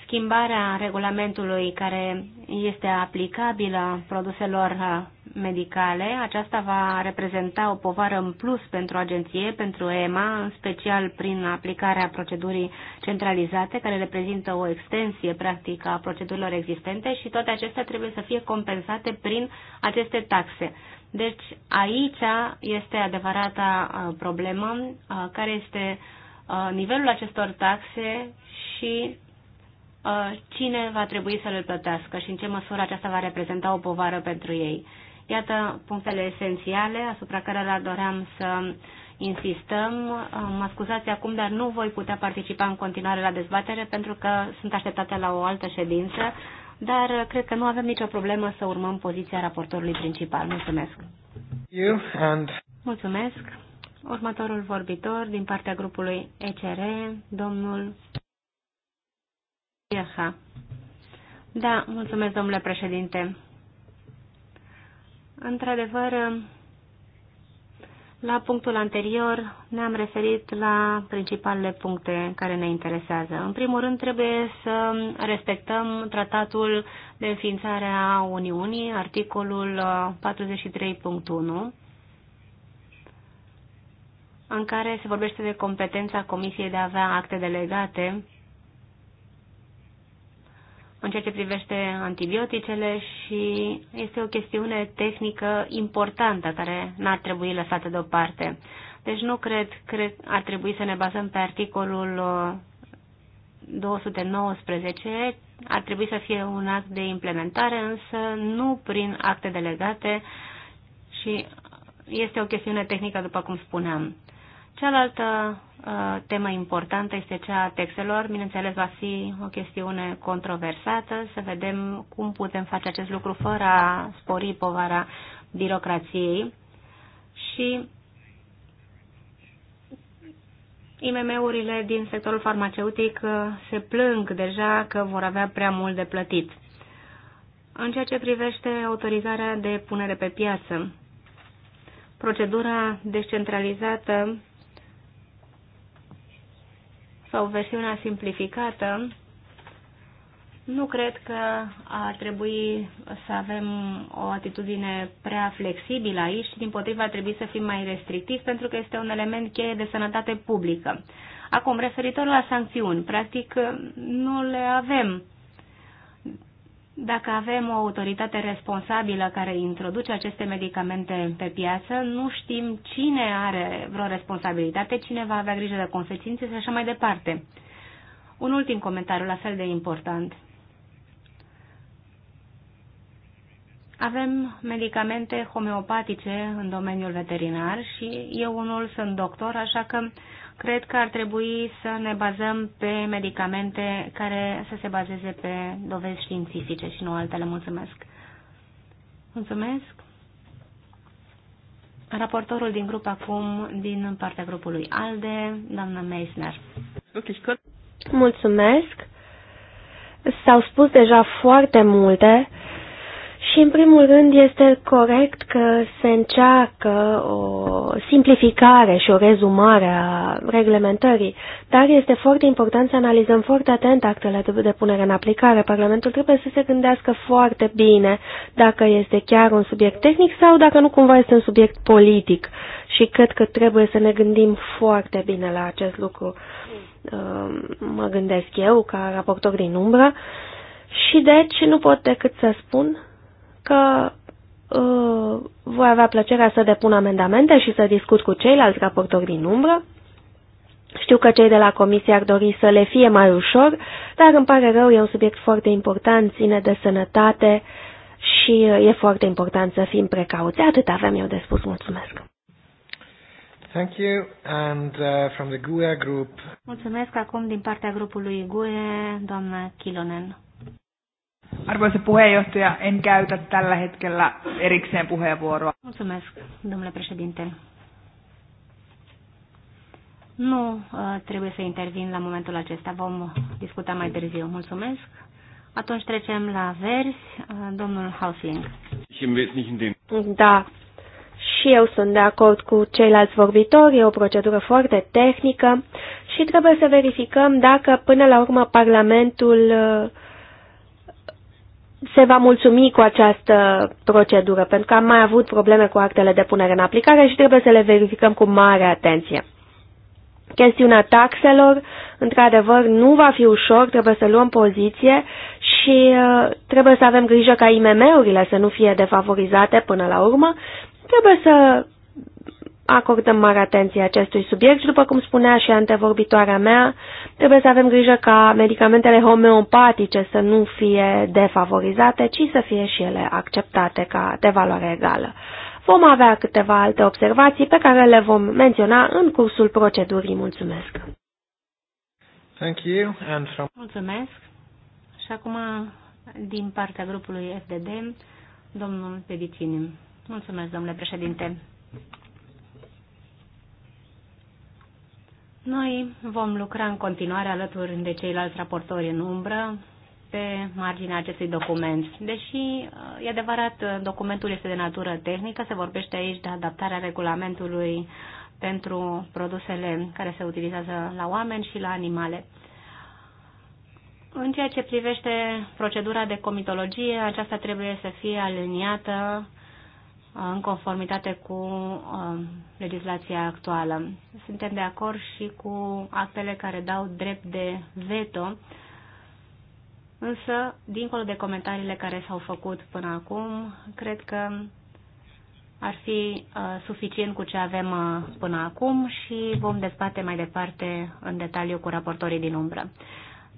[SPEAKER 3] schimbarea regulamentului care este aplicabilă produselor uh, medicale. Aceasta va reprezenta o povară în plus pentru agenție, pentru EMA, în special prin aplicarea procedurii centralizate, care reprezintă o extensie practică a procedurilor existente și toate acestea trebuie să fie compensate prin aceste taxe. Deci aici este adevărata uh, problemă, uh, care este nivelul acestor taxe și Uh, cine va trebui să le plătească și în ce măsură aceasta va reprezenta o povară pentru ei. Iată punctele esențiale asupra cărora doream să insistăm. Uh, mă scuzați acum, dar nu voi putea participa în continuare la dezbatere pentru că sunt așteptate la o altă ședință, dar cred că nu avem nicio problemă să urmăm poziția raportorului principal. Mulțumesc! and... Mulțumesc! Următorul vorbitor din partea grupului ECR, domnul Iaha. Da, mulțumesc, domnule președinte. Într-adevăr, la punctul anterior ne-am referit la principalele puncte care ne interesează. În primul rând, trebuie să respectăm tratatul de înființare a Uniunii, articolul 43.1 în care se vorbește de competența Comisiei de a avea acte delegate în ceea ce privește antibioticele și este o chestiune tehnică importantă care n-ar trebui lăsată deoparte. Deci nu cred că ar trebui să ne bazăm pe articolul 219, uh, ar trebui să fie un act de implementare, însă nu prin acte delegate și este o chestiune tehnică, după cum spuneam. Cealaltă Uh, temă importantă este cea a textelor. Bineînțeles, va fi o chestiune controversată, să vedem cum putem face acest lucru fără a spori povara birocrației. Și IMM-urile din sectorul farmaceutic uh, se plâng deja că vor avea prea mult de plătit. În ceea ce privește autorizarea de punere pe piață, procedura descentralizată sau versiunea simplificată, nu cred că ar trebui să avem o atitudine prea flexibilă aici, și, din potriva ar trebui să fim mai restrictivi pentru că este un element cheie de sănătate publică. Acum, referitor la sancțiuni, practic nu le avem dacă avem o autoritate responsabilă care introduce aceste medicamente pe piață, nu știm cine are vreo responsabilitate, cine va avea grijă de consecințe și așa mai departe. Un ultim comentariu la fel de important. Avem medicamente homeopatice în domeniul veterinar și eu unul sunt doctor, așa că cred că ar trebui să ne bazăm pe medicamente care să se bazeze pe dovezi științifice și nu altele. Mulțumesc! Mulțumesc! Raportorul din grup acum, din partea grupului ALDE, doamna Meisner.
[SPEAKER 1] Mulțumesc! S-au spus deja foarte multe și în primul rând este corect că se încearcă o simplificare și o rezumare a reglementării, dar este foarte important să analizăm foarte atent actele de punere în aplicare. Parlamentul trebuie să se gândească foarte bine dacă este chiar un subiect tehnic sau dacă nu cumva este un subiect politic. Și cred că trebuie să ne gândim foarte bine la acest lucru. Uh, mă gândesc eu ca raportor din umbră. Și deci nu pot decât să spun că uh, voi avea plăcerea să depun amendamente și să discut cu ceilalți raportori din umbră. Știu că cei de la comisie ar dori să le fie mai ușor, dar îmi pare rău, e un subiect foarte important, ține de sănătate și e foarte important să fim precauți. Atât avem eu de spus. Mulțumesc!
[SPEAKER 2] Thank you. And uh, from the GUE group.
[SPEAKER 3] Mulțumesc acum din partea grupului GUE, doamna Kilonen.
[SPEAKER 2] Arvoisa puheenjohtaja, en käytä tällä hetkellä erikseen puheenvuoroa.
[SPEAKER 3] Mulțumesc, domnule președinte. Nu uh, trebuie să intervin la momentul acesta. Vom discuta mai târziu. Mulțumesc.
[SPEAKER 1] Atunci trecem la verzi. Uh, domnul Hausling. Da, și eu sunt de acord cu ceilalți vorbitori, e o procedură foarte tehnică și trebuie să verificăm dacă până la urmă Parlamentul uh, se va mulțumi cu această procedură, pentru că am mai avut probleme cu actele de punere în aplicare și trebuie să le verificăm cu mare atenție. Chestiunea taxelor, într-adevăr, nu va fi ușor, trebuie să luăm poziție și uh, trebuie să avem grijă ca IMM-urile să nu fie defavorizate până la urmă. Trebuie să acordăm mare atenție acestui subiect și, după cum spunea și antevorbitoarea mea, trebuie să avem grijă ca medicamentele homeopatice să nu fie defavorizate, ci să fie și ele acceptate ca de valoare egală. Vom avea câteva alte observații pe care le vom menționa în cursul procedurii. Mulțumesc! Thank you. And from...
[SPEAKER 3] Mulțumesc! Și acum, din partea grupului FDD, domnul Pedicini. Mulțumesc, domnule președinte! Noi vom lucra în continuare alături de ceilalți raportori în umbră pe marginea acestui document. Deși, e adevărat, documentul este de natură tehnică, se vorbește aici de adaptarea regulamentului pentru produsele care se utilizează la oameni și la animale. În ceea ce privește procedura de comitologie, aceasta trebuie să fie aliniată în conformitate cu um, legislația actuală. Suntem de acord și cu actele care dau drept de veto, însă, dincolo de comentariile care s-au făcut până acum, cred că ar fi uh, suficient cu ce avem uh, până acum și vom dezbate mai departe în detaliu cu raportorii din umbră.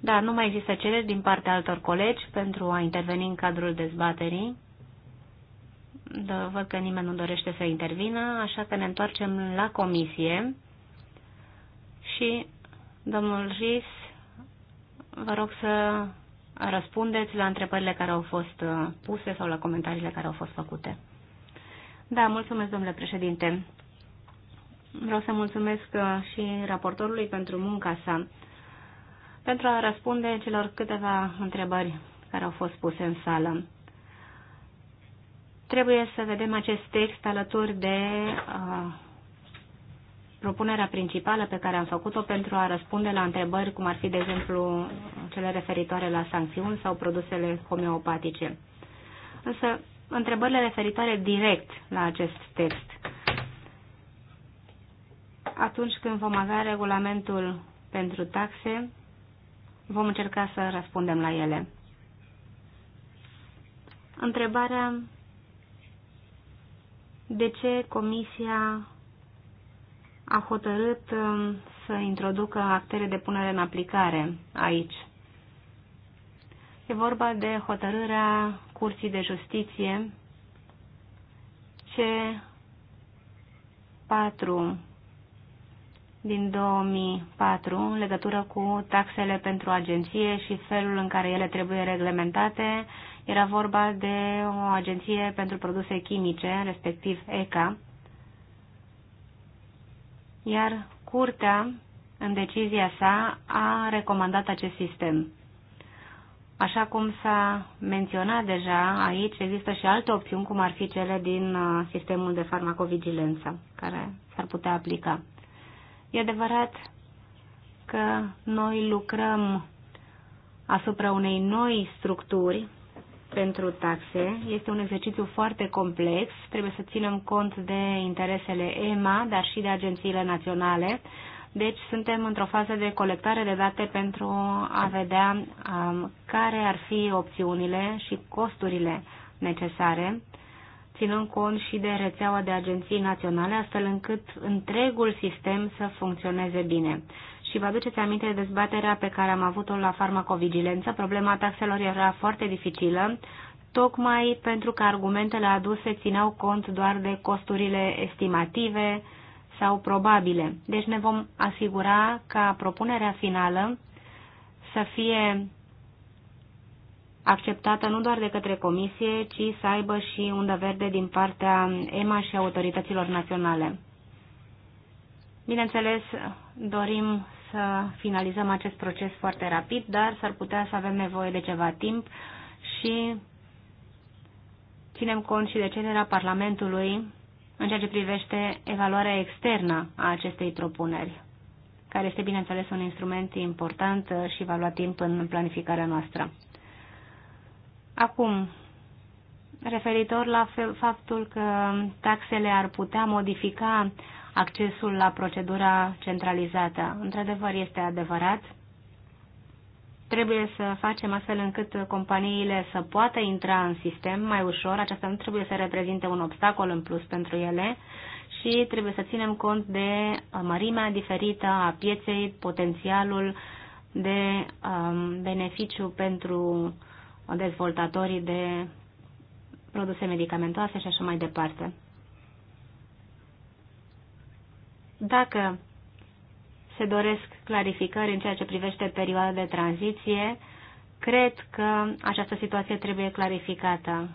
[SPEAKER 3] Da, nu mai există cereri din partea altor colegi pentru a interveni în cadrul dezbaterii da, văd că nimeni nu dorește să intervină, așa că ne întoarcem la comisie și domnul Ris, vă rog să răspundeți la întrebările care au fost uh, puse sau la comentariile care au fost făcute. Da, mulțumesc, domnule președinte. Vreau să mulțumesc uh, și raportorului pentru munca sa, pentru a răspunde celor câteva întrebări care au fost puse în sală. Trebuie să vedem acest text alături de uh, propunerea principală pe care am făcut-o pentru a răspunde la întrebări cum ar fi, de exemplu, cele referitoare la sancțiuni sau produsele homeopatice. Însă, întrebările referitoare direct la acest text. Atunci când vom avea regulamentul pentru taxe, vom încerca să răspundem la ele. Întrebarea de ce Comisia a hotărât um, să introducă actele de punere în aplicare aici. E vorba de hotărârea Curții de Justiție C4 din 2004 în legătură cu taxele pentru agenție și felul în care ele trebuie reglementate era vorba de o agenție pentru produse chimice, respectiv ECA, iar curtea, în decizia sa, a recomandat acest sistem. Așa cum s-a menționat deja aici, există și alte opțiuni, cum ar fi cele din uh, sistemul de farmacovigilență, care s-ar putea aplica. E adevărat că noi lucrăm asupra unei noi structuri pentru taxe. Este un exercițiu foarte complex. Trebuie să ținem cont de interesele EMA, dar și de agențiile naționale. Deci suntem într-o fază de colectare de date pentru a vedea um, care ar fi opțiunile și costurile necesare, ținând cont și de rețeaua de agenții naționale, astfel încât întregul sistem să funcționeze bine și vă aduceți aminte de dezbaterea pe care am avut-o la farmacovigilență. Problema taxelor era foarte dificilă, tocmai pentru că argumentele aduse țineau cont doar de costurile estimative sau probabile. Deci ne vom asigura ca propunerea finală să fie acceptată nu doar de către comisie, ci să aibă și undă verde din partea EMA și autorităților naționale. Bineînțeles, dorim să finalizăm acest proces foarte rapid, dar s-ar putea să avem nevoie de ceva timp și ținem cont și de cererea Parlamentului în ceea ce privește evaluarea externă a acestei propuneri, care este, bineînțeles, un instrument important și va lua timp în planificarea noastră. Acum, referitor la faptul că taxele ar putea modifica uh, accesul la procedura centralizată. Într-adevăr, este adevărat. Trebuie să facem astfel încât companiile să poată intra în sistem mai ușor. Aceasta nu trebuie să reprezinte un obstacol în plus pentru ele și trebuie să ținem cont de mărimea diferită a pieței, potențialul de um, beneficiu pentru dezvoltatorii de produse medicamentoase și așa mai departe. Dacă se doresc clarificări în ceea ce privește perioada de tranziție, cred că această situație trebuie clarificată.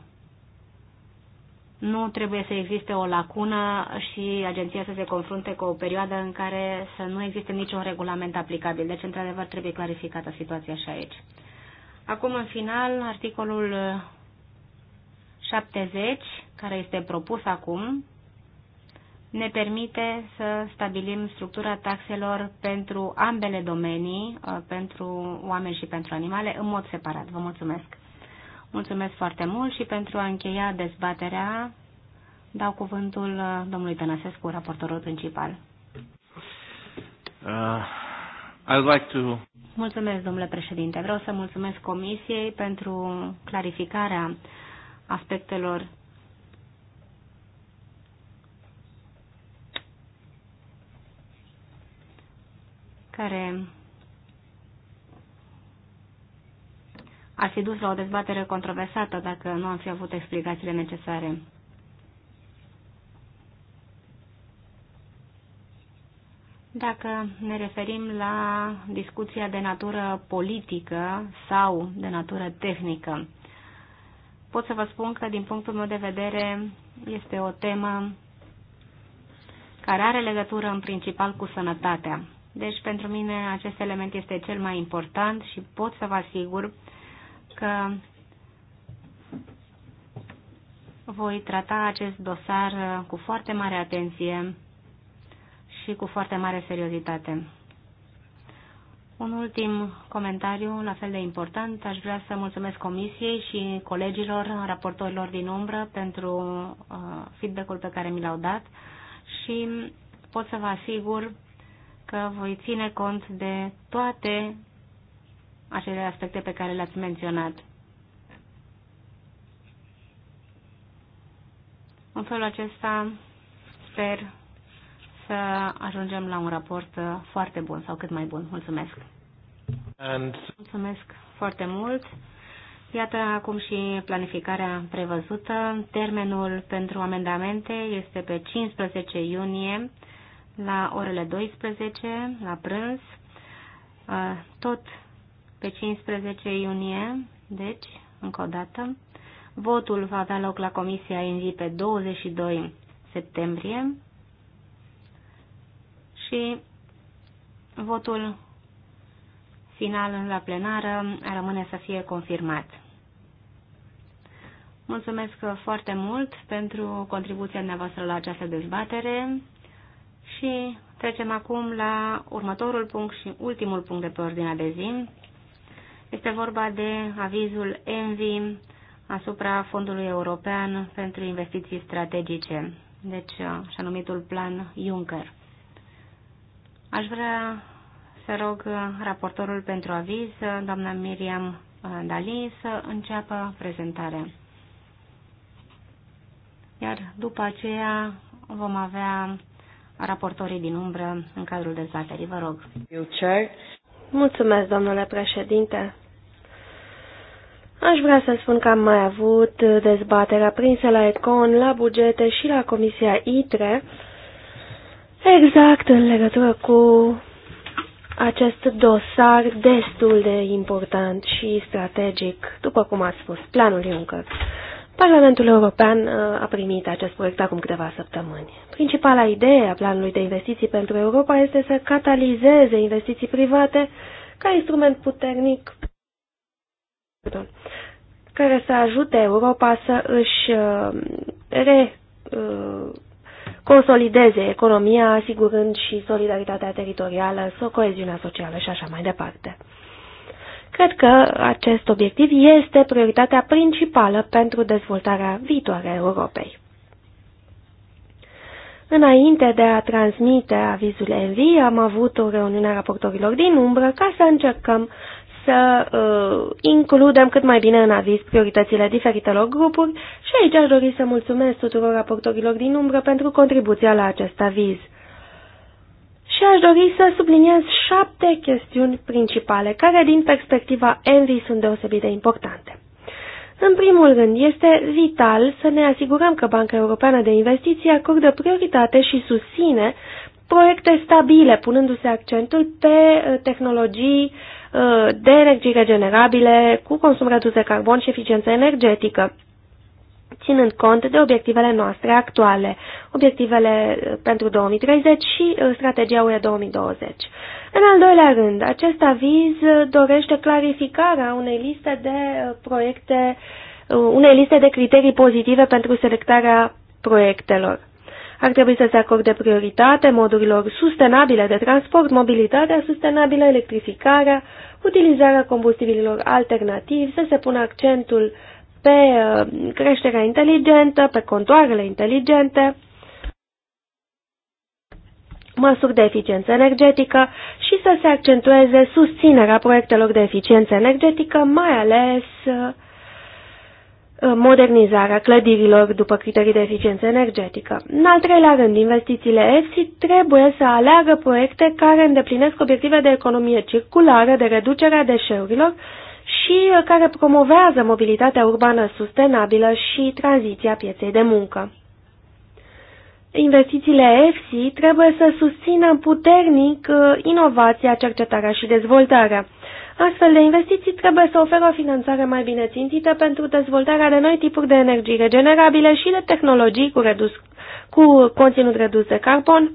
[SPEAKER 3] Nu trebuie să existe o lacună și agenția să se confrunte cu o perioadă în care să nu existe niciun regulament aplicabil. Deci, într-adevăr, trebuie clarificată situația și aici. Acum, în final, articolul 70, care este propus acum, ne permite să stabilim structura taxelor pentru ambele domenii, uh, pentru oameni și pentru animale, în mod separat. Vă mulțumesc! Mulțumesc foarte mult și pentru a încheia dezbaterea dau cuvântul uh, domnului Tănăsescu, raportorul principal.
[SPEAKER 2] Uh, I'd like to...
[SPEAKER 3] Mulțumesc, domnule președinte. Vreau să mulțumesc Comisiei pentru clarificarea aspectelor care ar fi dus la o dezbatere controversată dacă nu am fi avut explicațiile necesare. Dacă ne referim la discuția de natură politică sau de natură tehnică, pot să vă spun că, din punctul meu de vedere, este o temă care are legătură în principal cu sănătatea. Deci, pentru mine, acest element este cel mai important și pot să vă asigur că voi trata acest dosar cu foarte mare atenție și cu foarte mare seriozitate. Un ultim comentariu, la fel de important, aș vrea să mulțumesc comisiei și colegilor, raportorilor din umbră pentru uh, feedback-ul pe care mi l-au dat și pot să vă asigur că voi ține cont de toate acele aspecte pe care le-ați menționat. În felul acesta sper să ajungem la un raport foarte bun sau cât mai bun. Mulțumesc! And... Mulțumesc foarte mult! Iată acum și planificarea prevăzută. Termenul pentru amendamente este pe 15 iunie la orele 12, la prânz, tot pe 15 iunie, deci, încă o dată. Votul va avea loc la Comisia INVI pe 22 septembrie și votul final la plenară rămâne să fie confirmat. Mulțumesc foarte mult pentru contribuția dumneavoastră la această dezbatere. Și trecem acum la următorul punct și ultimul punct de pe ordinea de zi. Este vorba de avizul ENVI asupra Fondului European pentru Investiții Strategice, deci uh, așa numitul Plan Juncker. Aș vrea să rog uh, raportorul pentru aviz, uh, doamna Miriam Dali, să înceapă prezentarea. Iar după aceea vom avea raportorii din umbră în cadrul dezbaterii. Vă rog.
[SPEAKER 1] Mulțumesc, domnule președinte. Aș vrea să spun că am mai avut dezbaterea prinsă la ECON, la bugete și la Comisia ITRE, exact în legătură cu acest dosar destul de important și strategic, după cum ați spus, planul Juncker. Parlamentul European uh, a primit acest proiect acum câteva săptămâni. Principala idee a planului de investiții pentru Europa este să catalizeze investiții private ca instrument puternic care să ajute Europa să își uh, reconsolideze uh, economia, asigurând și solidaritatea teritorială, coeziunea socială și așa mai departe. Cred că acest obiectiv este prioritatea principală pentru dezvoltarea viitoare a Europei. Înainte de a transmite avizul ENVI, am avut o reuniune a raportorilor din umbră ca să încercăm să uh, includem cât mai bine în aviz prioritățile diferitelor grupuri și aici aș dori să mulțumesc tuturor raportorilor din umbră pentru contribuția la acest aviz și aș dori să subliniez șapte chestiuni principale, care din perspectiva Envy sunt deosebit de importante. În primul rând, este vital să ne asigurăm că Banca Europeană de Investiții acordă prioritate și susține proiecte stabile, punându-se accentul pe uh, tehnologii uh, de energii regenerabile, cu consum redus de carbon și eficiență energetică ținând cont de obiectivele noastre actuale, obiectivele uh, pentru 2030 și uh, strategia UE 2020. În al doilea rând, acest aviz uh, dorește clarificarea unei liste de proiecte, unei liste de criterii pozitive pentru selectarea proiectelor. Ar trebui să se acorde prioritate modurilor sustenabile de transport, mobilitatea sustenabilă, electrificarea, utilizarea combustibililor alternativi, să se pună accentul uh, pe uh, creșterea inteligentă, pe contoarele inteligente, măsuri de eficiență energetică și să se accentueze susținerea proiectelor de eficiență energetică, mai ales uh, modernizarea clădirilor după criterii de eficiență energetică. În al treilea rând, investițiile EFSI trebuie să aleagă proiecte care îndeplinesc obiective de economie circulară, de reducerea deșeurilor și uh, care promovează mobilitatea urbană sustenabilă și tranziția pieței de muncă. Investițiile EFSI trebuie să susțină puternic uh, inovația, cercetarea și dezvoltarea. Astfel de investiții trebuie să oferă o finanțare mai bine țintită pentru dezvoltarea de noi tipuri de energii regenerabile și de tehnologii cu, redus, cu conținut redus de carbon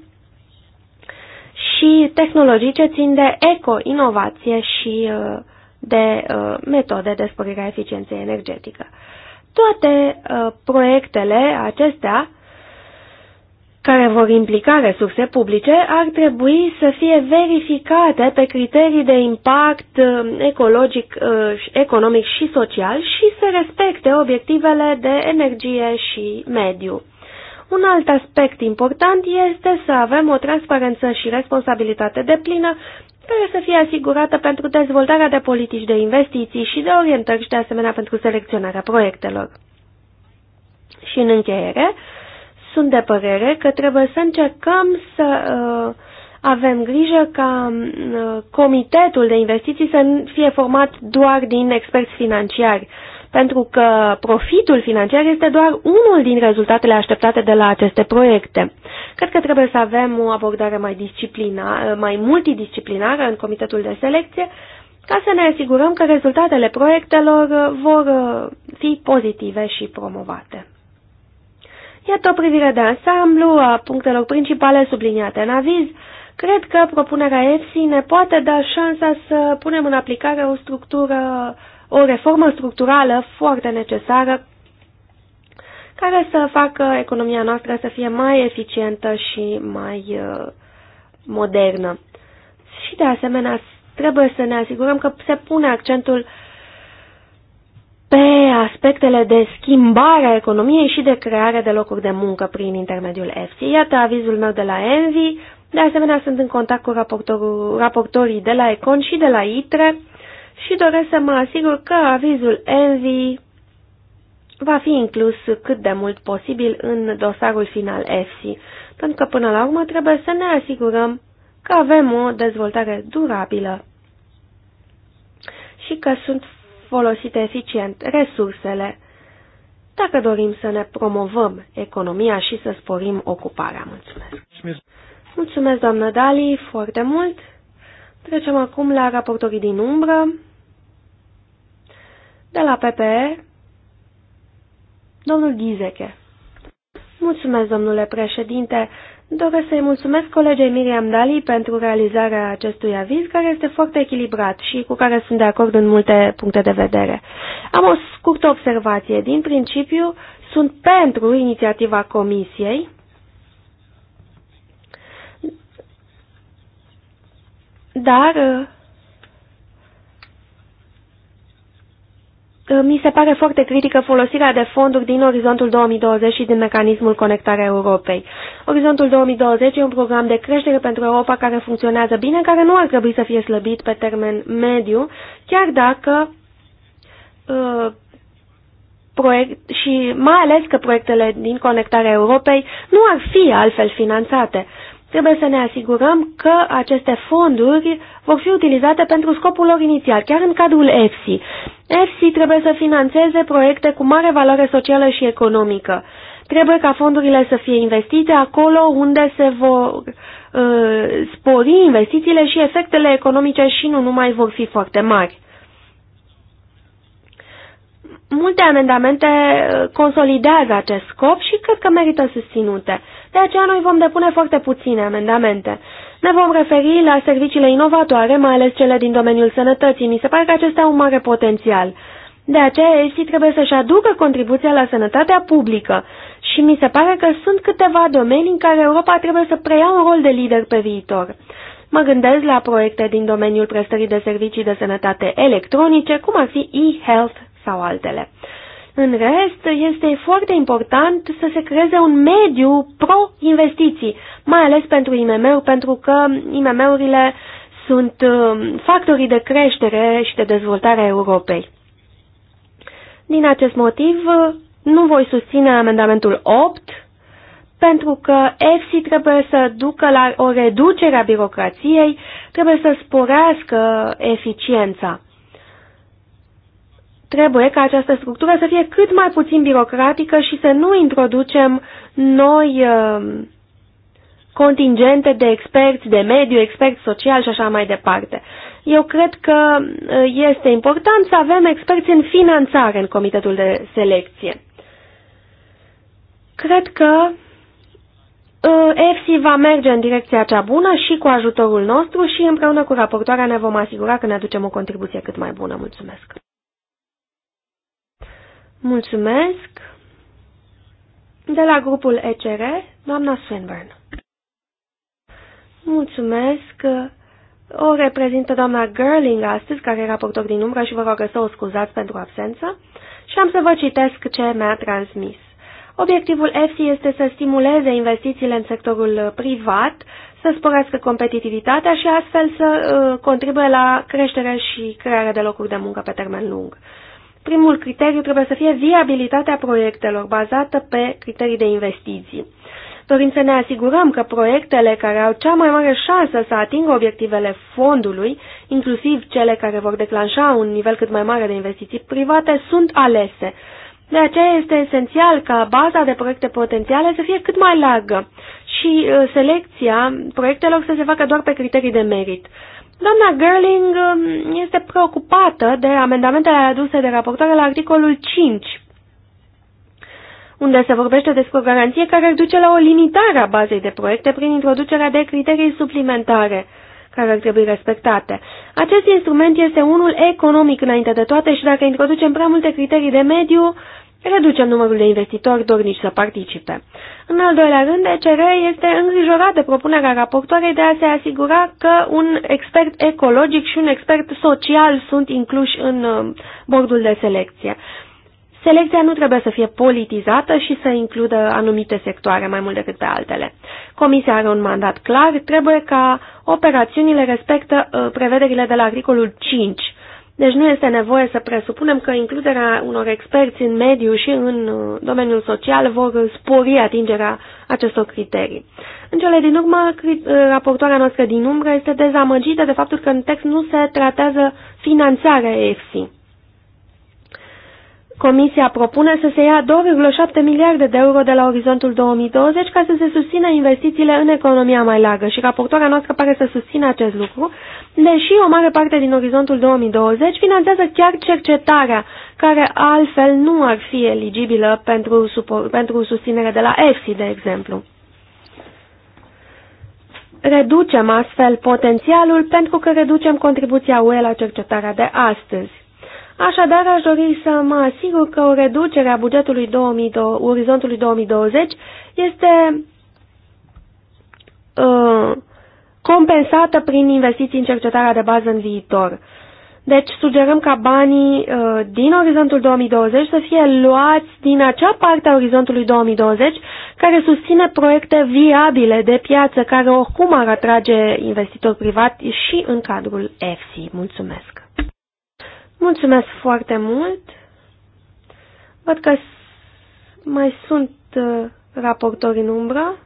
[SPEAKER 1] și tehnologii ce țin de eco-inovație și uh, de uh, metode de sporire a eficienței energetică. Toate uh, proiectele acestea care vor implica resurse publice ar trebui să fie verificate pe criterii de impact uh, ecologic, uh, economic și social și să respecte obiectivele de energie și mediu. Un alt aspect important este să avem o transparență și responsabilitate de plină care să fie asigurată pentru dezvoltarea de politici de investiții și de orientări și de asemenea pentru selecționarea proiectelor. Și în încheiere, sunt de părere că trebuie să încercăm să uh, avem grijă ca uh, comitetul de investiții să fie format doar din experți financiari pentru că profitul financiar este doar unul din rezultatele așteptate de la aceste proiecte. Cred că trebuie să avem o abordare mai, disciplina, mai multidisciplinară în comitetul de selecție ca să ne asigurăm că rezultatele proiectelor vor fi pozitive și promovate. Iată o privire de ansamblu a punctelor principale subliniate în aviz. Cred că propunerea EFSI ne poate da șansa să punem în aplicare o structură uh, o reformă structurală foarte necesară care să facă economia noastră să fie mai eficientă și mai uh, modernă. Și de asemenea, trebuie să ne asigurăm că se pune accentul pe aspectele de schimbare a economiei și de creare de locuri de muncă prin intermediul EFSI. Iată avizul meu de la ENVI. De asemenea, sunt în contact cu raportorii de la ECON și de la ITRE și doresc să mă asigur că avizul Envy va fi inclus cât de mult posibil în dosarul final FC, pentru că până la urmă trebuie să ne asigurăm că avem o dezvoltare durabilă și că sunt folosite eficient resursele dacă dorim să ne promovăm economia și să sporim ocuparea. Mulțumesc! Mulțumesc, Mulțumesc doamnă Dali, foarte mult! Trecem acum la raportorii din umbră. De la PPE, domnul Ghizeche. Mulțumesc, domnule președinte. Doresc să-i mulțumesc colegei Miriam Dali pentru realizarea acestui aviz, care este foarte echilibrat și cu care sunt de acord în multe puncte de vedere. Am o scurtă observație. Din principiu, sunt pentru inițiativa Comisiei, dar Mi se pare foarte critică folosirea de fonduri din Orizontul 2020 și din mecanismul Conectarea Europei. Orizontul 2020 e un program de creștere pentru Europa care funcționează bine, care nu ar trebui să fie slăbit pe termen mediu, chiar dacă uh, proiect, și mai ales că proiectele din Conectarea Europei nu ar fi altfel finanțate. Trebuie să ne asigurăm că aceste fonduri vor fi utilizate pentru scopul lor inițial, chiar în cadrul EFSI. EFSI trebuie să financeze proiecte cu mare valoare socială și economică. Trebuie ca fondurile să fie investite acolo unde se vor uh, spori investițiile și efectele economice și nu numai vor fi foarte mari. Multe amendamente uh, consolidează acest scop și cred că merită susținute. De aceea noi vom depune foarte puține amendamente. Ne vom referi la serviciile inovatoare, mai ales cele din domeniul sănătății. Mi se pare că acestea au un mare potențial. De aceea, ei trebuie să-și aducă contribuția la sănătatea publică și mi se pare că sunt câteva domenii în care Europa trebuie să preia un rol de lider pe viitor. Mă gândesc la proiecte din domeniul prestării de servicii de sănătate electronice, cum ar fi e-health sau altele. În rest, este foarte important să se creeze un mediu pro-investiții, mai ales pentru IMM-uri, pentru că IMM-urile sunt um, factorii de creștere și de dezvoltare a Europei. Din acest motiv, nu voi susține amendamentul 8, pentru că EFSI trebuie să ducă la o reducere a birocrației, trebuie să sporească eficiența. Trebuie ca această structură să fie cât mai puțin birocratică și să nu introducem noi uh, contingente de experți de mediu, experți social și așa mai departe. Eu cred că uh, este important să avem experți în finanțare în comitetul de selecție. Cred că EFSI uh, va merge în direcția cea bună și cu ajutorul nostru și împreună cu raportoarea ne vom asigura că ne aducem o contribuție cât mai bună. Mulțumesc! Mulțumesc. De la grupul ECR, doamna Swinburne. Mulțumesc. O reprezintă doamna Gerling astăzi, care era raportor din umbră și vă rog să o scuzați pentru absență. Și am să vă citesc ce mi-a transmis. Obiectivul EFSI este să stimuleze investițiile în sectorul privat, să sporească competitivitatea și astfel să uh, contribuie la creștere și crearea de locuri de muncă pe termen lung primul criteriu trebuie să fie viabilitatea proiectelor bazată pe criterii de investiții. Dorim să ne asigurăm că proiectele care au cea mai mare șansă să atingă obiectivele fondului, inclusiv cele care vor declanșa un nivel cât mai mare de investiții private, sunt alese. De aceea este esențial ca baza de proiecte potențiale să fie cât mai largă și uh, selecția proiectelor să se facă doar pe criterii de merit. Doamna Gerling um, este preocupată de amendamentele aduse de raportoare la articolul 5, unde se vorbește despre o garanție care ar duce la o limitare a bazei de proiecte prin introducerea de criterii suplimentare care ar trebui respectate. Acest instrument este unul economic înainte de toate și dacă introducem prea multe criterii de mediu, reducem numărul de investitori dornici să participe. În al doilea rând, ECR este îngrijorat de propunerea raportoarei de a se asigura că un expert ecologic și un expert social sunt incluși în uh, bordul de selecție. Selecția nu trebuie să fie politizată și să includă anumite sectoare mai mult decât pe altele. Comisia are un mandat clar, trebuie ca operațiunile respectă uh, prevederile de la articolul 5 deci nu este nevoie să presupunem că includerea unor experți în mediu și în uh, domeniul social vor spori atingerea acestor criterii. În cele din urmă, uh, raportoarea noastră din umbră este dezamăgită de faptul că în text nu se tratează finanțarea EFSI. Comisia propune să se ia 2,7 miliarde de euro de la orizontul 2020 ca să se susțină investițiile în economia mai largă și raportoarea noastră pare să susțină acest lucru, deși o mare parte din orizontul 2020 finanțează chiar cercetarea, care altfel nu ar fi eligibilă pentru, pentru susținere de la EFSI, de exemplu. Reducem astfel potențialul pentru că reducem contribuția UE la cercetarea de astăzi. Așadar, aș dori să mă asigur că o reducere a bugetului 2000, orizontului 2020 este uh, compensată prin investiții în cercetarea de bază în viitor. Deci sugerăm ca banii uh, din orizontul 2020 să fie luați din acea parte a orizontului 2020 care susține proiecte viabile de piață care oricum ar atrage investitori privați și în cadrul EFSI. Mulțumesc! Mulțumesc foarte mult. Văd că mai sunt uh, raportori în umbră.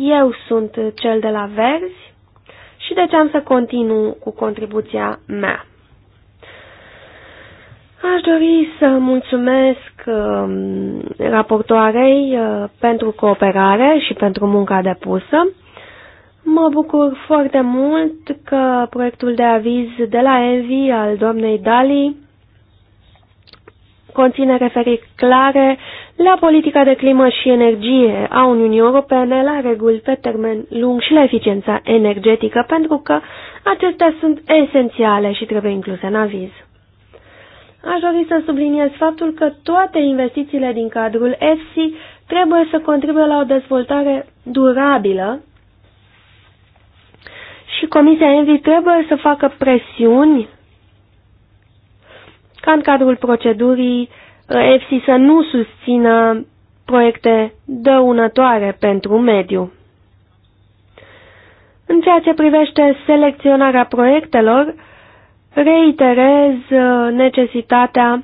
[SPEAKER 1] Eu sunt cel de la Verzi și deci am să continu cu contribuția mea. Aș dori să mulțumesc um, raportoarei uh, pentru cooperare și pentru munca depusă. Mă bucur foarte mult că proiectul de aviz de la Envi al doamnei Dali conține referiri clare la politica de climă și energie a Uniunii Europene, la reguli pe termen lung și la eficiența energetică, pentru că acestea sunt esențiale și trebuie incluse în aviz. Aș dori să subliniez faptul că toate investițiile din cadrul EFSI trebuie să contribuie la o dezvoltare durabilă și Comisia Envi trebuie să facă presiuni ca în cadrul procedurii EFSI uh, să nu susțină proiecte dăunătoare pentru mediu. În ceea ce privește selecționarea proiectelor, reiterez uh, necesitatea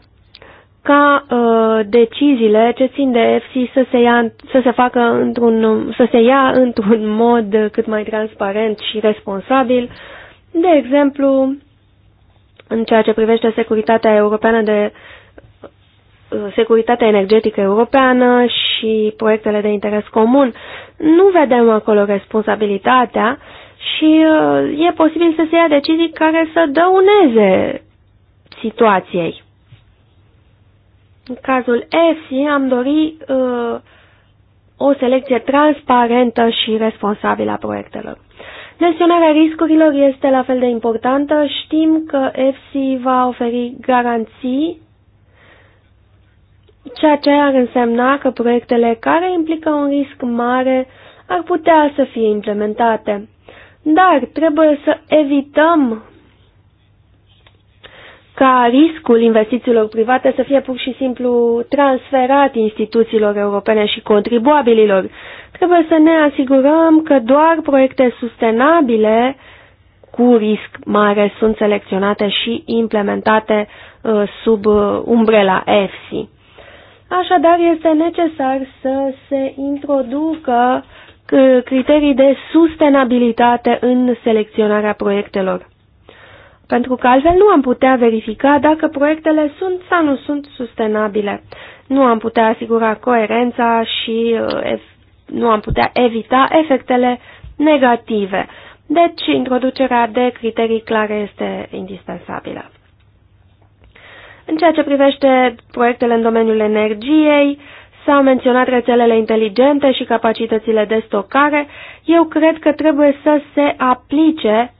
[SPEAKER 1] ca uh, deciziile ce țin de FC să se, ia, să se facă într-un, să se ia într-un mod cât mai transparent și responsabil, de exemplu, în ceea ce privește securitatea europeană de ă, securitatea energetică europeană și proiectele de interes comun. Nu vedem acolo responsabilitatea și uh, e posibil să se ia decizii care să dăuneze situației. În cazul EFSI am dori uh, o selecție transparentă și responsabilă a proiectelor. Gestionarea riscurilor este la fel de importantă. Știm că EFSI va oferi garanții, ceea ce ar însemna că proiectele care implică un risc mare ar putea să fie implementate. Dar trebuie să evităm ca riscul investițiilor private să fie pur și simplu transferat instituțiilor europene și contribuabililor. Trebuie să ne asigurăm că doar proiecte sustenabile cu risc mare sunt selecționate și implementate uh, sub uh, umbrela EFSI. Așadar, este necesar să se introducă uh, criterii de sustenabilitate în selecționarea proiectelor pentru că altfel nu am putea verifica dacă proiectele sunt sau nu sunt sustenabile. Nu am putea asigura coerența și uh, nu am putea evita efectele negative. Deci, introducerea de criterii clare este indispensabilă. În ceea ce privește proiectele în domeniul energiei, s-au menționat rețelele inteligente și capacitățile de stocare. Eu cred că trebuie să se aplice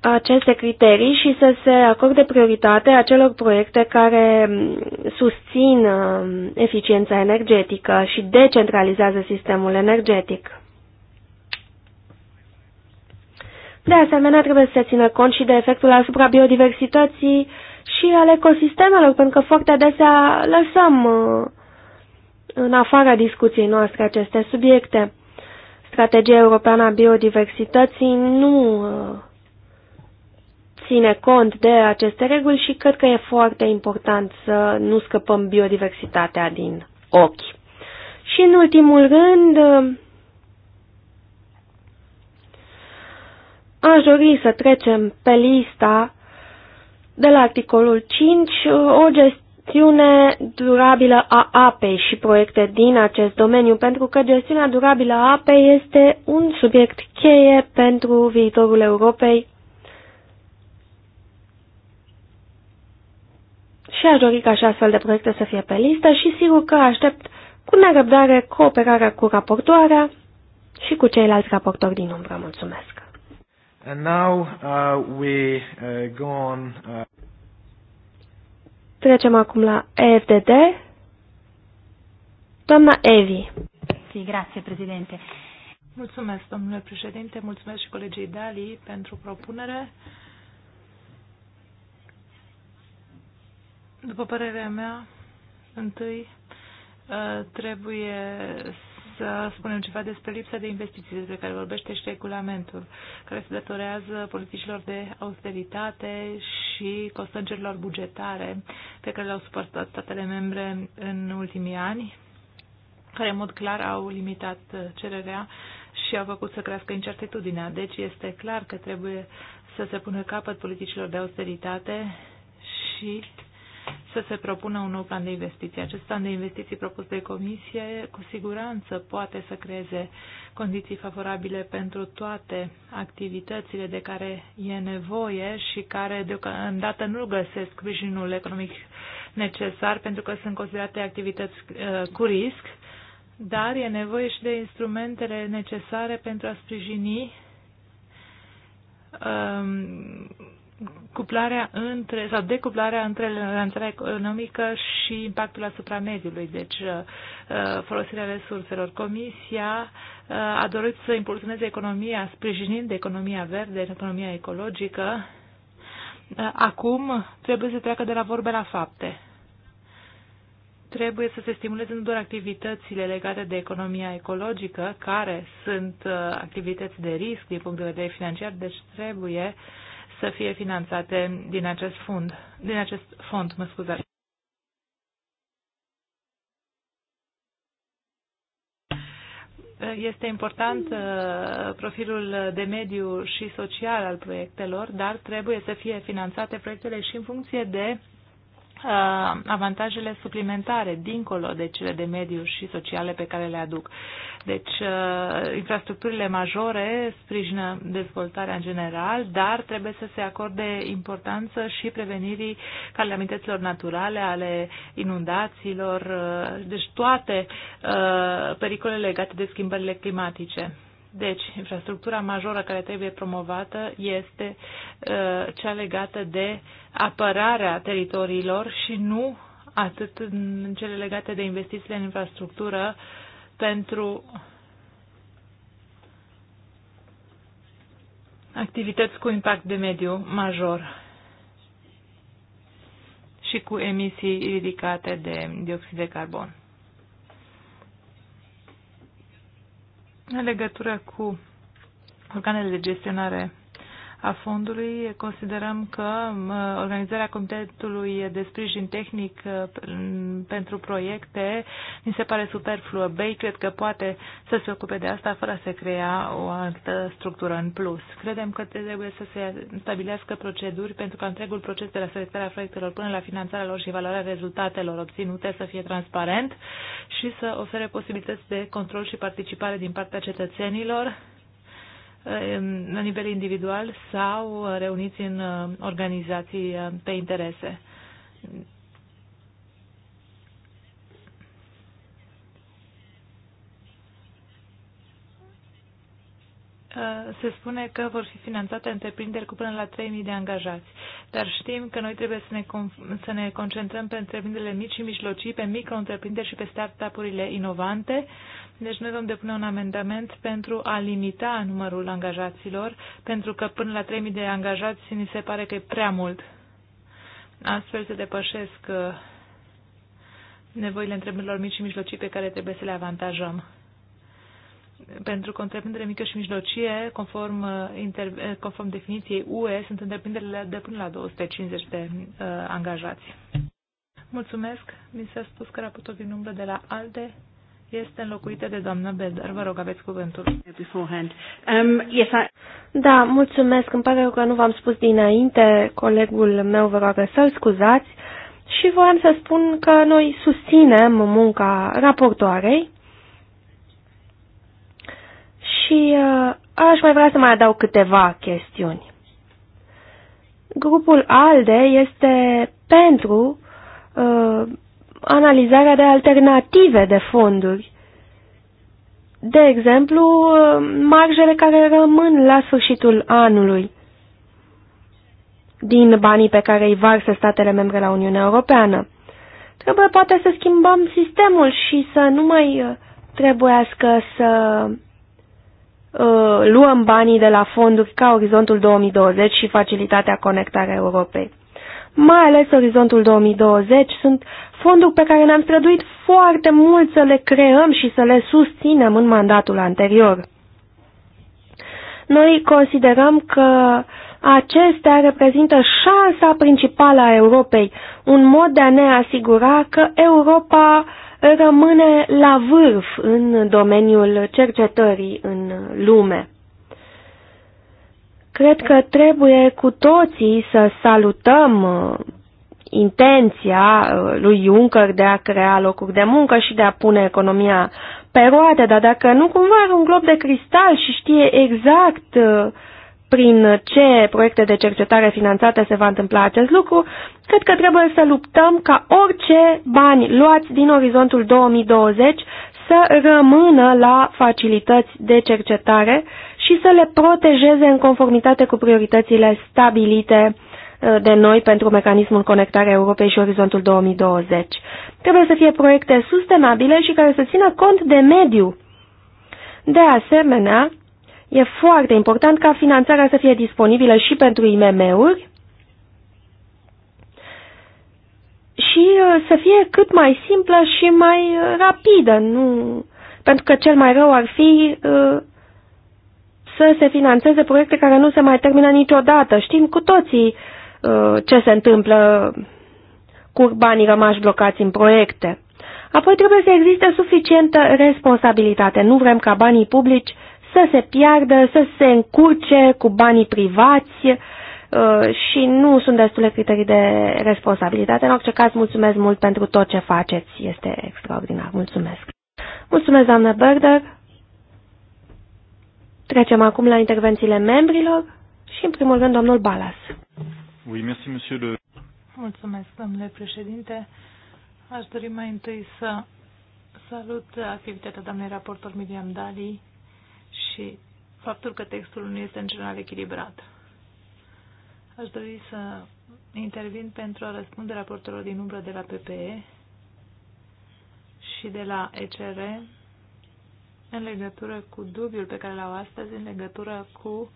[SPEAKER 1] aceste criterii și să se acorde prioritate acelor proiecte care mm, susțin mm, eficiența energetică și decentralizează sistemul energetic. De asemenea, trebuie să se țină cont și de efectul asupra biodiversității și al ecosistemelor, pentru că foarte adesea lăsăm mm, în afara discuției noastre aceste subiecte. Strategia europeană a biodiversității nu ține cont de aceste reguli și cred că e foarte important să nu scăpăm biodiversitatea din ochi. Și în ultimul rând, aș dori să trecem pe lista de la articolul 5, o gestiune durabilă a apei și proiecte din acest domeniu, pentru că gestiunea durabilă a apei este un subiect cheie pentru viitorul Europei și aș dori ca și astfel de proiecte să fie pe listă și sigur că aștept cu nerăbdare cooperarea cu raportoarea și cu ceilalți raportori din umbră. Mulțumesc!
[SPEAKER 2] And now, uh, we, uh, go on, uh...
[SPEAKER 1] Trecem acum la EFDD. Doamna Evi. Sì, grazie Presidente.
[SPEAKER 2] Mulțumesc, domnule președinte, mulțumesc și colegii Dali pentru propunere. Uh, După părerea mea, întâi ă, trebuie să spunem ceva despre lipsa de investiții despre care vorbește și regulamentul, care se datorează politicilor de austeritate și costângerilor bugetare pe care le-au suportat statele membre în ultimii ani, care în mod clar au limitat cererea și au făcut să crească incertitudinea. Deci este clar că trebuie să se pună capăt politicilor de austeritate și să se propună un nou plan de investiții. Acest plan de investiții propus de comisie cu siguranță poate să creeze condiții favorabile pentru toate activitățile de care e nevoie și care deocamdată nu găsesc sprijinul economic necesar pentru că sunt considerate activități uh, cu risc, dar e nevoie și de instrumentele necesare pentru a sprijini um, cuplarea între, sau decuplarea între lanțarea economică și impactul asupra mediului, deci uh, uh, folosirea resurselor. Comisia uh, a dorit să impulsioneze economia, sprijinind economia verde, economia ecologică. Acum trebuie să treacă de la vorbe la fapte. Trebuie să se stimuleze nu doar activitățile legate de economia ecologică, care sunt activități de risc din punct de vedere financiar, deci trebuie uh, să fie finanțate din acest fond. Din acest fond, mă scuzați. Este important uh, profilul de mediu și social al proiectelor, dar trebuie să fie finanțate proiectele și în funcție de Uh, avantajele suplimentare dincolo de cele de mediu și sociale pe care le aduc. Deci, uh, infrastructurile majore sprijină dezvoltarea în general, dar trebuie să se acorde importanță și prevenirii calamităților naturale, ale inundațiilor, uh, deci toate pericolele legate de schimbările climatice. Deci, infrastructura majoră care trebuie promovată este uh, cea legată de apărarea teritoriilor și nu atât în cele legate de investițiile în infrastructură pentru activități cu impact de mediu major și cu emisii ridicate de dioxid de carbon. în legătură cu organele de gestionare a fondului. Considerăm că organizarea Comitetului de Sprijin Tehnic uh, pentru proiecte mi se pare superfluă. BEI cred că poate să se ocupe de asta fără să crea o altă structură în plus. Credem că trebuie să se stabilească proceduri pentru ca întregul proces de la selectarea proiectelor până la finanțarea lor și valoarea rezultatelor obținute să fie transparent și să ofere posibilități de control și participare din partea cetățenilor la nivel individual sau uh, reuniți în uh, organizații uh, pe interese. se spune că vor fi finanțate întreprinderi cu până la 3.000 de angajați. Dar știm că noi trebuie să ne, să ne concentrăm pe întreprinderile mici și mijlocii, pe micro-întreprinderi și pe up urile inovante deci noi vom depune un amendament pentru a limita numărul angajaților, pentru că până la 3.000 de angajați ni se pare că e prea mult. Astfel se depășesc uh, nevoile întreprinderilor mici și mijlocii pe care trebuie să le avantajăm. Pentru că întreprindere mică și mijlocie, conform, uh, inter, uh, conform definiției UE, sunt întreprinderile de până la 250 de uh, angajați. Mulțumesc. Mi s-a spus că raportul din umbră de la ALDE este înlocuită de doamna Bedar. Vă rog, aveți cuvântul. Um, yes, I...
[SPEAKER 1] Da, mulțumesc. Îmi pare că nu v-am spus dinainte. Colegul meu vă rog să-l scuzați. Și voiam să spun că noi susținem munca raportoarei și uh, aș mai vrea să mai adaug câteva chestiuni. Grupul ALDE este pentru uh, analizarea de alternative de fonduri. De exemplu, marjele care rămân la sfârșitul anului din banii pe care îi varsă statele membre la Uniunea Europeană. Trebuie poate să schimbăm sistemul și să nu mai uh, trebuiască să uh, luăm banii de la fonduri ca Orizontul 2020 și Facilitatea Conectarea Europei mai ales Orizontul 2020, sunt fonduri pe care ne-am străduit foarte mult să le creăm și să le susținem în mandatul anterior. Noi considerăm că acestea reprezintă șansa principală a Europei, un mod de a ne asigura că Europa rămâne la vârf în domeniul cercetării în lume. Cred că trebuie cu toții să salutăm uh, intenția uh, lui Juncker de a crea locuri de muncă și de a pune economia pe roate, dar dacă nu cumva are un glob de cristal și știe exact uh, prin ce proiecte de cercetare finanțate se va întâmpla acest lucru, cred că trebuie să luptăm ca orice bani luați din orizontul 2020 să rămână la facilități de cercetare și să le protejeze în conformitate cu prioritățile stabilite uh, de noi pentru mecanismul conectarea Europei și Orizontul 2020. Trebuie să fie proiecte sustenabile și care să țină cont de mediu. De asemenea, e foarte important ca finanțarea să fie disponibilă și pentru IMM-uri și uh, să fie cât mai simplă și mai uh, rapidă, nu... pentru că cel mai rău ar fi să se financeze proiecte care nu se mai termină niciodată. Știm cu toții uh, ce se întâmplă cu banii rămași blocați în proiecte. Apoi trebuie să existe suficientă responsabilitate. Nu vrem ca banii publici să se piardă, să se încurce cu banii privați uh, și nu sunt destule criterii de responsabilitate. În orice caz, mulțumesc mult pentru tot ce faceți. Este extraordinar. Mulțumesc. Mulțumesc, doamnă Berder. Trecem acum la intervențiile membrilor și, în primul rând, domnul Balas.
[SPEAKER 2] Oui, merci, monsieur le... Mulțumesc, domnule președinte. Aș dori mai întâi să salut activitatea doamnei raportor Miriam Dali și faptul că textul nu este în general echilibrat. Aș dori să intervin pentru a răspunde raportorilor din umbră de la PPE și de la ECR în legătură cu dubiul pe care l-au astăzi, în legătură cu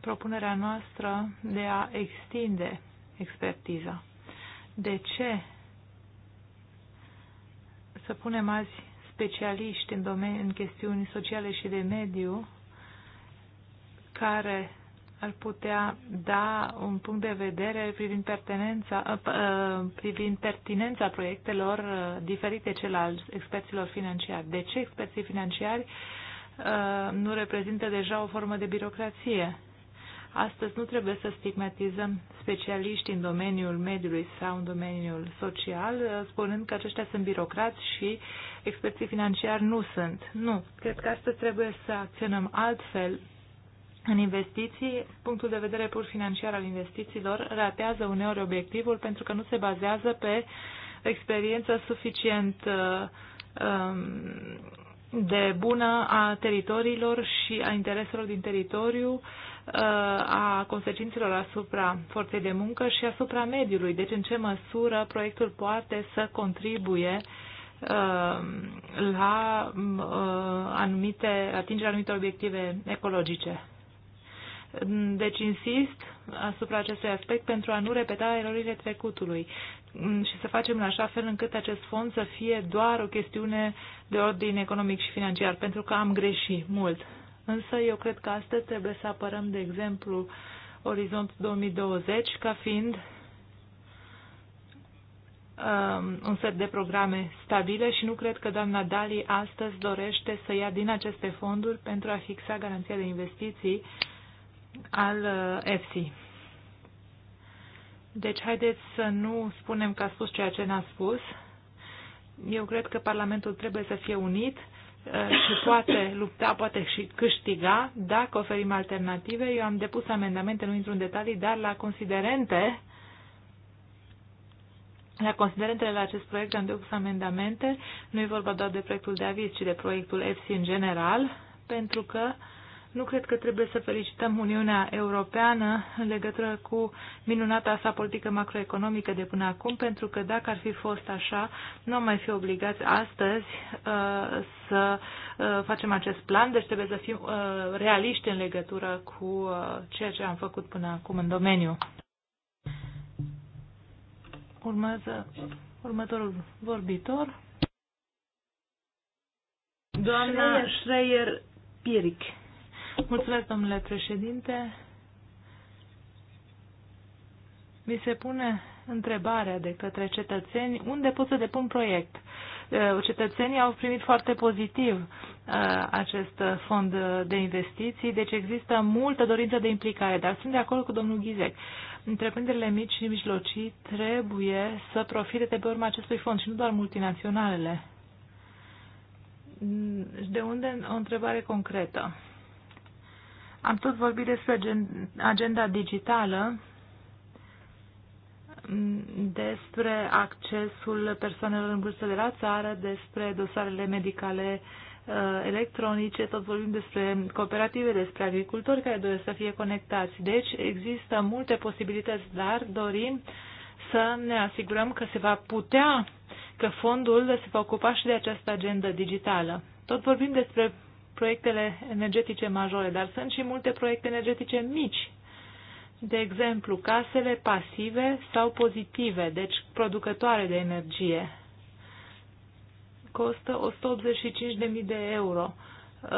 [SPEAKER 2] propunerea noastră de a extinde expertiza. De ce să punem azi specialiști în, domeni, în chestiuni sociale și de mediu care ar putea da un punct de vedere privind pertinența, uh, uh, privind pertinența proiectelor uh, diferite cel al experților financiari. De ce experții financiari nu reprezintă deja o formă de birocrație? Astăzi nu trebuie să stigmatizăm specialiști în domeniul mediului sau în domeniul social, spunând că aceștia sunt birocrați și experții financiari nu sunt. Nu. Cred că astăzi trebuie să acționăm altfel în investiții, punctul de vedere pur financiar al investițiilor ratează uneori obiectivul pentru că nu se bazează pe experiență suficient uh, um, de bună a teritoriilor și a intereselor din teritoriu, uh, a consecințelor asupra forței de muncă și asupra mediului. Deci în ce măsură proiectul poate să contribuie uh, la anumite, atingerea anumite obiective ecologice. Deci insist asupra acestui aspect pentru a nu repeta erorile trecutului și să facem în așa fel încât acest fond să fie doar o chestiune de ordin economic și financiar, pentru că am greșit mult. Însă eu cred că astăzi trebuie să apărăm, de exemplu, Orizont 2020 ca fiind um, un set de programe stabile și nu cred că doamna Dali astăzi dorește să ia din aceste fonduri pentru a fixa garanția de investiții uh, al EFSI. Uh, deci, haideți să nu spunem că a spus ceea ce n-a spus. Eu cred că Parlamentul trebuie să fie unit uh, și poate lupta, poate și câștiga dacă oferim alternative. Eu am depus amendamente, nu intru în detalii, dar la considerente la considerentele la acest proiect am depus amendamente. Nu e vorba doar de proiectul de aviz, ci de proiectul EFSI în general, pentru că uh, nu cred că trebuie să felicităm Uniunea Europeană în legătură cu minunata sa politică macroeconomică de până acum, pentru că dacă ar fi fost așa, nu am mai fi obligați astăzi uh, să uh, facem acest plan, deci trebuie să fim uh, realiști în legătură cu uh, ceea ce am făcut până acum în domeniu. Urmează următorul vorbitor. Doamna Schreier schreier Mulțumesc, domnule președinte. Mi se pune întrebarea de către cetățeni unde pot să depun proiect. Uh, cetățenii au primit foarte pozitiv uh, acest fond de investiții, deci există multă dorință de implicare, dar sunt de acord cu domnul Ghizec. Întreprinderile mici și mijlocii trebuie să profite de pe urma acestui fond și nu doar multinaționalele. Mm, de unde o întrebare concretă? Am tot vorbit despre agenda digitală, despre accesul persoanelor în vârstă de la țară, despre dosarele medicale uh, electronice, tot vorbim despre cooperative, despre agricultori care doresc să fie conectați. Deci există multe posibilități, dar dorim să ne asigurăm că se va putea, că fondul se va ocupa și de această agendă digitală. Tot vorbim despre proiectele energetice majore, dar sunt și multe proiecte energetice mici, de exemplu, casele pasive sau pozitive, deci producătoare de energie. Costă 185.000 de euro uh,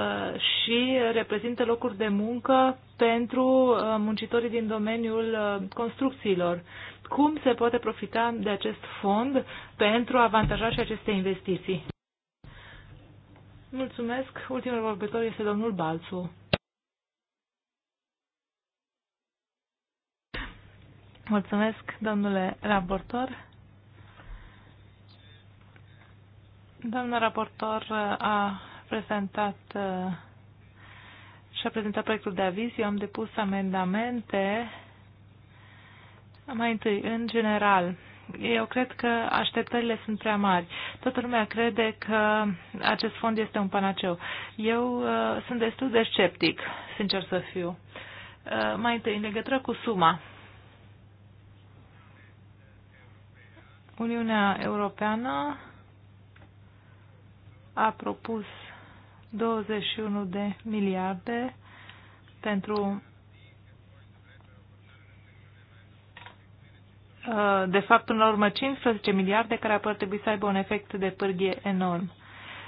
[SPEAKER 2] și reprezintă locuri de muncă pentru uh, muncitorii din domeniul uh, construcțiilor. Cum se poate profita de acest fond pentru a avantaja și aceste investiții? Mulțumesc. Ultimul vorbitor este domnul Balțu. Mulțumesc, domnule raportor. Domnul raportor a prezentat și a prezentat proiectul de aviz. Eu am depus amendamente mai întâi, în general, eu cred că așteptările sunt prea mari. Toată lumea crede că acest fond este un panaceu. Eu uh, sunt destul de sceptic, sincer să fiu. Uh, mai întâi, în legătură cu suma. Uniunea Europeană a propus 21 de miliarde pentru Uh, de fapt, până la urmă, 15 miliarde care ar trebui să aibă un efect de pârghie enorm.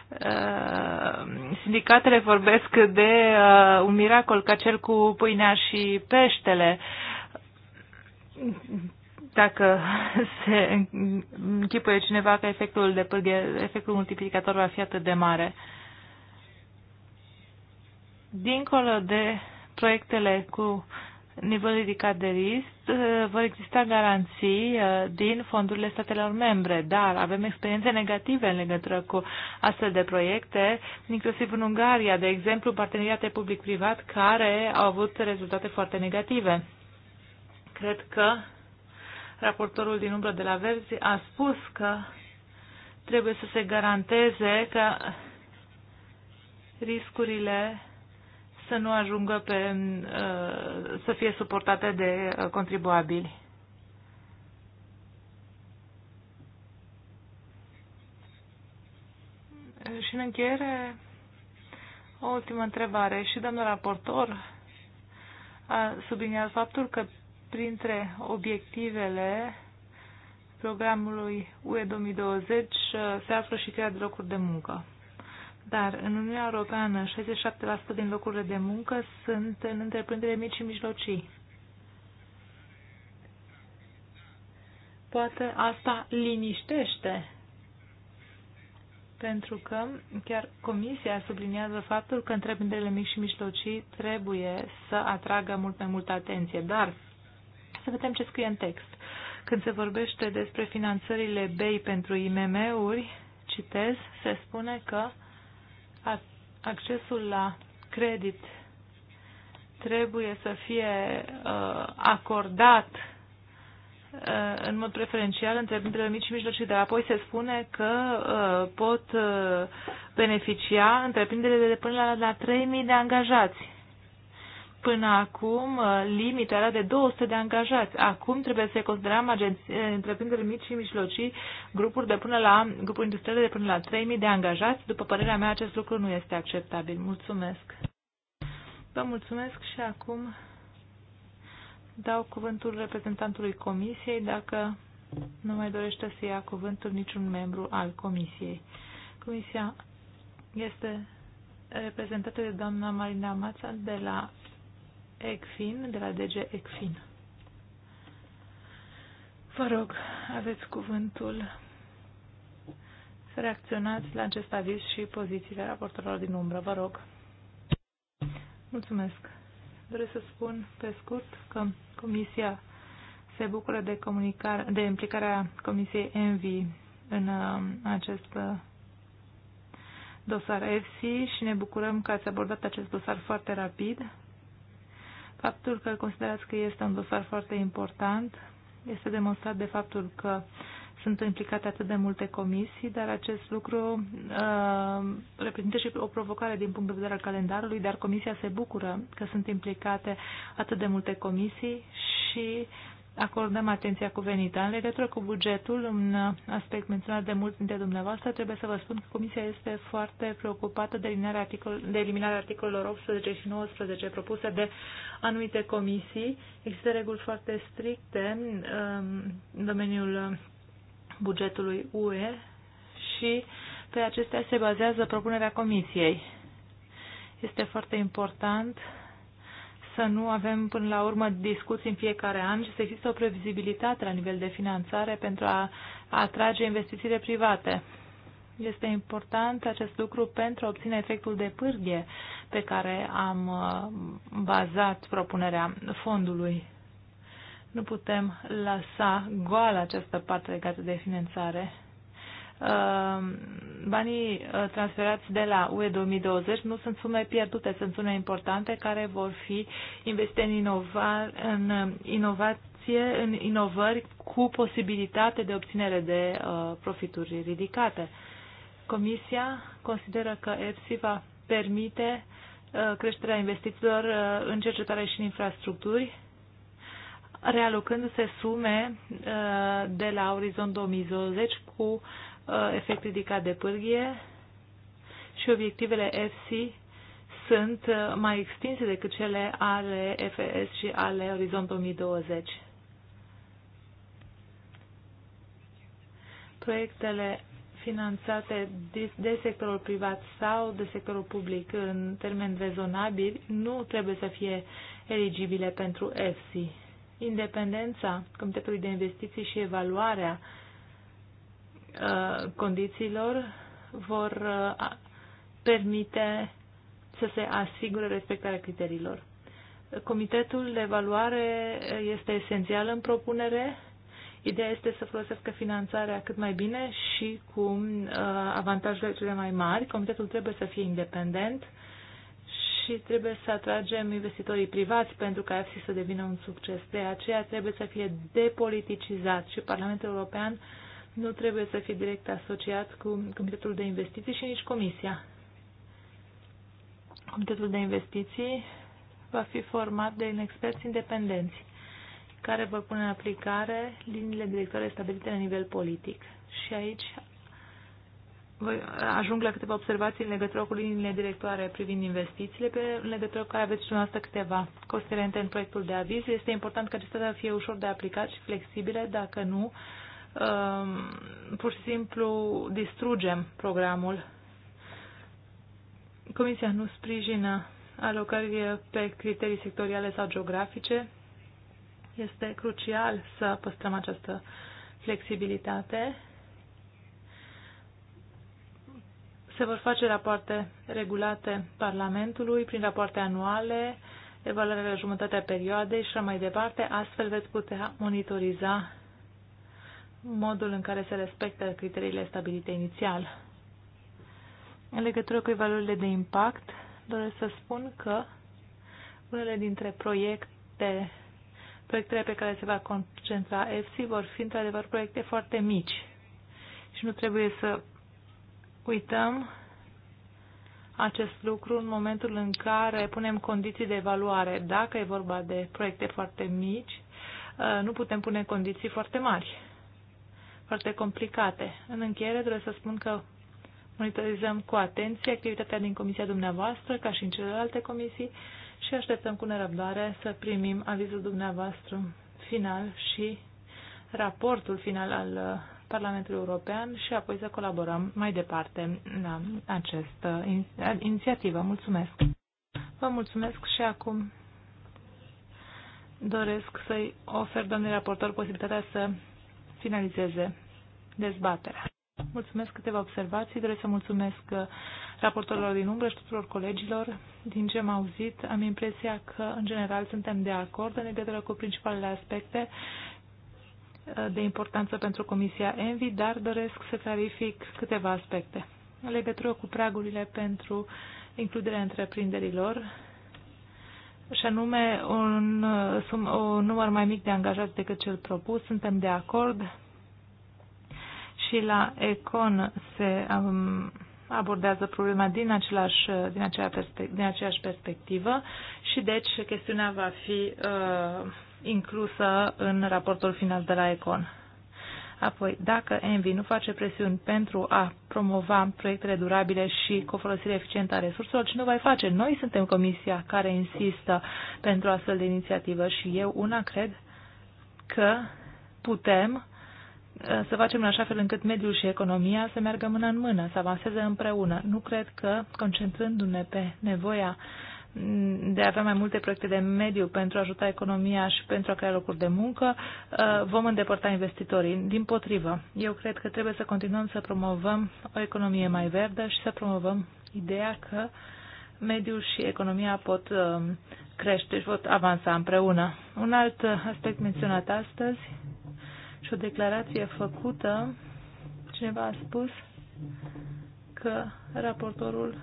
[SPEAKER 2] Uh, sindicatele vorbesc de uh, un miracol ca cel cu pâinea și peștele. Dacă se închipuie cineva că efectul de pârghie, efectul multiplicator va fi atât de mare. Dincolo de proiectele cu nivel ridicat de risc, uh, vor exista garanții uh, din fondurile statelor membre, dar avem experiențe negative în legătură cu astfel de proiecte, inclusiv în Ungaria, de exemplu, parteneriate public-privat care au avut rezultate foarte negative. Cred că raportorul din umbră de la Verzi a spus că trebuie să se garanteze că riscurile să nu ajungă pe, uh, să fie suportate de uh, contribuabili. Și în încheiere, o ultimă întrebare. Și domnul raportor a subliniat faptul că printre obiectivele programului UE 2020 uh, se află și crearea de locuri de muncă. Dar în Uniunea Europeană, 67% din locurile de muncă sunt în întreprindere mici și mijlocii. Poate asta liniștește, pentru că chiar Comisia subliniază faptul că întreprinderile mici și mijlocii trebuie să atragă mult mai multă atenție. Dar să vedem ce scrie în text. Când se vorbește despre finanțările BEI pentru IMM-uri, citez, se spune că accesul la credit trebuie să fie uh, acordat uh, în mod preferențial întreprinderile mici și mijlocii, dar apoi se spune că uh, pot uh, beneficia întreprinderile de până la, la 3.000 de angajați până acum uh, limita era de 200 de angajați. Acum trebuie să considerăm agenții, uh, întreprinderi mici și mijlocii, grupuri de până la grupuri industriale de până la 3000 de angajați. După părerea mea, acest lucru nu este acceptabil. Mulțumesc. Vă mulțumesc și acum dau cuvântul reprezentantului comisiei dacă nu mai dorește să ia cuvântul niciun membru al comisiei. Comisia este reprezentată de doamna Marina Mața de la ECFIN, de la DG ECFIN. Vă rog, aveți cuvântul să reacționați la acest aviz și pozițiile raportorilor din umbră. Vă rog. Mulțumesc. Vreau să spun pe scurt că Comisia se bucură de, de implicarea Comisiei ENVI în um, acest uh, dosar EFSI și ne bucurăm că ați abordat acest dosar foarte rapid Faptul că considerați că este un dosar foarte important este demonstrat de faptul că sunt implicate atât de multe comisii, dar acest lucru uh, reprezintă și o provocare din punct de vedere al calendarului, dar comisia se bucură că sunt implicate atât de multe comisii și uh, acordăm atenția cuvenită. În legătură cu bugetul, un aspect menționat de mulți dintre dumneavoastră, trebuie să vă spun că Comisia este foarte preocupată de eliminarea, articol, de eliminarea articolelor 18 și 19 propuse de anumite comisii. Există reguli foarte stricte um, în domeniul bugetului UE și pe acestea se bazează propunerea Comisiei. Este foarte important să nu avem până la urmă discuții în fiecare an și să există o previzibilitate la nivel de finanțare pentru a atrage investițiile private. Este important acest lucru pentru a obține efectul de pârghie pe care am uh, bazat propunerea fondului. Nu putem lăsa goală această parte legată de finanțare. Ehm, banii eh, transferați de la UE 2020 nu sunt sume pierdute, sunt sume importante care vor fi investite în, inova, în eh, inovație, în inovări cu posibilitate de obținere de eh, profituri ridicate. Comisia consideră că EPSI va permite creșterea investițiilor în cercetare și în infrastructuri, realocându-se sume de la Orizont 2020 cu Uh, efect ridicat de pârghie și obiectivele FC sunt uh, mai extinse decât cele ale FS și ale Orizont 2020. Proiectele finanțate de sectorul privat sau de sectorul public în termen rezonabili nu trebuie să fie eligibile pentru FC. Independența Comitetului de Investiții și evaluarea uh, Uh, condițiilor vor uh, permite să se asigure respectarea criteriilor. Comitetul de evaluare este esențial în propunere. Ideea este să folosească finanțarea cât mai bine și cu uh, avantajele cele mai mari. Comitetul trebuie să fie independent și trebuie să atragem investitorii privați pentru ca EFSI să devină un succes. De aceea trebuie să fie depoliticizat și Parlamentul European uh, nu trebuie să fie direct asociat cu Comitetul de Investiții și nici Comisia. Comitetul de Investiții va fi format de experți independenți care vor pune în aplicare liniile directoare stabilite la nivel politic. Și aici voi ajung la câteva observații în legătură cu liniile directoare privind investițiile, pe, în legătură cu care aveți dumneavoastră câteva costerente în proiectul de aviz. Este important ca acestea să fie ușor de aplicat și flexibile, dacă nu, Ehm, pur și simplu distrugem programul. Comisia nu sprijină alocări pe criterii sectoriale sau geografice. Este crucial să păstrăm această flexibilitate. Se vor face rapoarte regulate Parlamentului prin rapoarte anuale, evaluarea la jumătatea perioadei și mai departe. Astfel veți putea monitoriza modul în care se respectă criteriile stabilite inițial. În legătură cu evaluările de impact, doresc să spun că unele dintre proiecte, proiectele pe care se va concentra EFSI vor fi într-adevăr proiecte foarte mici și nu trebuie să uităm acest lucru în momentul în care punem condiții de evaluare. Dacă e vorba de proiecte foarte mici, uh, nu putem pune condiții foarte mari foarte complicate. În încheiere trebuie să spun că monitorizăm cu atenție activitatea din comisia dumneavoastră, ca și în celelalte comisii, și așteptăm cu nerăbdare să primim avizul dumneavoastră final și raportul final al uh, Parlamentului European și apoi să colaborăm mai departe la această uh, inițiativă. Mulțumesc! Vă mulțumesc și acum doresc să-i ofer, domnului raportor, posibilitatea să finalizeze dezbaterea. Mulțumesc câteva observații. Doresc să mulțumesc uh, raportorilor din umbră și tuturor colegilor. Din ce am auzit, am impresia că, în general, suntem de acord în legătură cu principalele aspecte uh, de importanță pentru Comisia ENVI, dar doresc să clarific câteva aspecte. În legătură cu pragurile pentru includerea întreprinderilor, și anume un, un număr mai mic de angajați decât cel propus. Suntem de acord și la Econ se um, abordează problema din, același, din, acea perspe- din aceeași perspectivă și deci chestiunea va fi uh, inclusă în raportul final de la Econ. Apoi, dacă Envi nu face presiuni pentru a promova proiectele durabile și cu folosire eficientă a resurselor, ce nu va face? Noi suntem comisia care insistă pentru astfel de inițiativă și eu una cred că putem uh, să facem în așa fel încât mediul și economia să meargă mână în mână, să avanseze împreună. Nu cred că, concentrându-ne pe nevoia uh, de a avea mai multe proiecte de mediu pentru a ajuta economia și pentru a crea locuri de muncă, uh, vom îndepărta investitorii. Din potrivă, eu cred că trebuie să continuăm să promovăm o economie mai verde și să promovăm ideea că mediul și economia pot uh, crește și pot avansa împreună. Un alt aspect menționat astăzi și o declarație făcută, cineva a spus că raportorul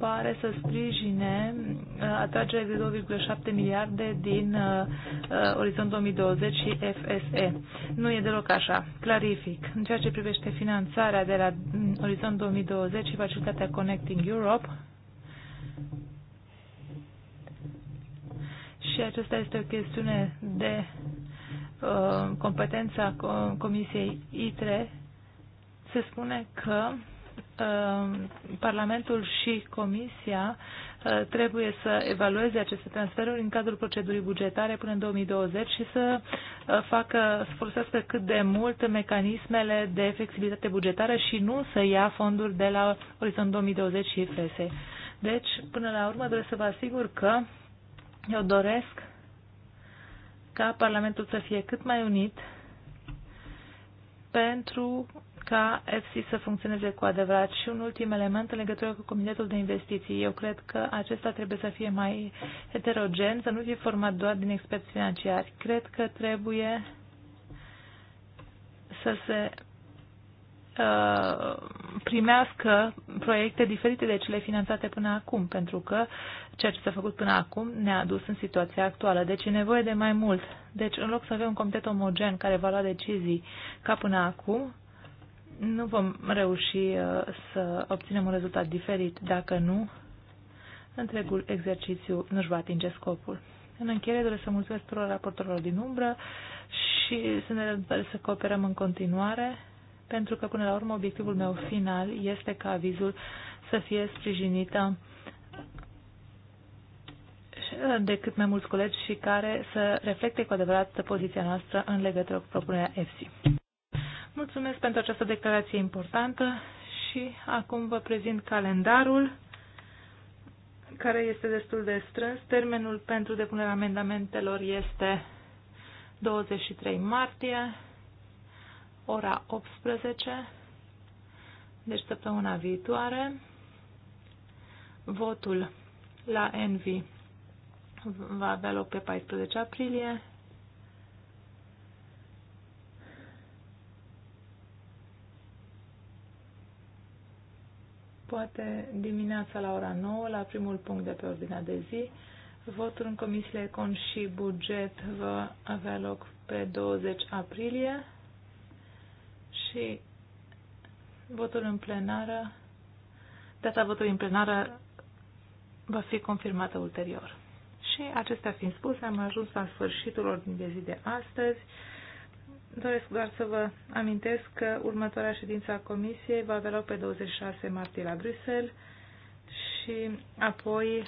[SPEAKER 2] pare să sprijine uh, atragerea de 2,7 miliarde din uh, uh, Orizont 2020 și FSE. Nu e deloc așa. Clarific. În ceea ce privește finanțarea de la mm, Orizont 2020 și facilitatea Connecting Europe, și aceasta este o chestiune de competența Comisiei ITRE, se spune că Uh, Parlamentul și Comisia uh, trebuie să evalueze aceste transferuri în cadrul procedurii bugetare până în 2020 și să uh, facă, să folosească cât de mult mecanismele de flexibilitate bugetară și nu să ia fonduri de la Orizont 2020 și FSE. Deci, până la urmă, trebuie să vă asigur că eu doresc ca Parlamentul să fie cât mai unit pentru ca FC să funcționeze cu adevărat. Și un ultim element în legătură cu Comitetul de Investiții. Eu cred că acesta trebuie să fie mai heterogen, să nu fie format doar din experți financiari. Cred că trebuie să se uh, primească proiecte diferite de cele finanțate până acum, pentru că ceea ce s-a făcut până acum ne-a adus în situația actuală. Deci e nevoie de mai mult. Deci, în loc să avem un comitet omogen care va lua decizii ca până acum, nu vom reuși uh, să obținem un rezultat diferit. Dacă nu, întregul exercițiu nu-și va atinge scopul. În încheiere doresc să mulțumesc tuturor raportorilor din umbră și să ne răbdare să cooperăm în continuare, pentru că până la urmă obiectivul meu final este ca avizul să fie sprijinită uh, de cât mai mulți colegi și care să reflecte cu adevărat poziția noastră în legătură cu propunerea EFSI. Mulțumesc pentru această declarație importantă și acum vă prezint calendarul care este destul de strâns. Termenul pentru depunerea amendamentelor este 23 martie, ora 18, deci săptămâna viitoare. Votul la Envi va avea loc pe 14 aprilie poate dimineața la ora 9, la primul punct de pe ordinea de zi. Votul în comisiile Econ și Buget va avea loc pe 20 aprilie și votul în plenară, data votului în plenară va fi confirmată ulterior. Și acestea fiind spuse, am ajuns la sfârșitul ordinii de zi de astăzi. Doresc doar să vă amintesc că următoarea ședință a Comisiei va avea loc pe 26 martie la Bruxelles și apoi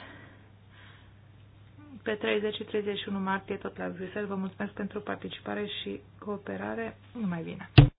[SPEAKER 2] pe 30 și 31 martie tot la Bruxelles. Vă mulțumesc pentru participare și cooperare. Numai bine!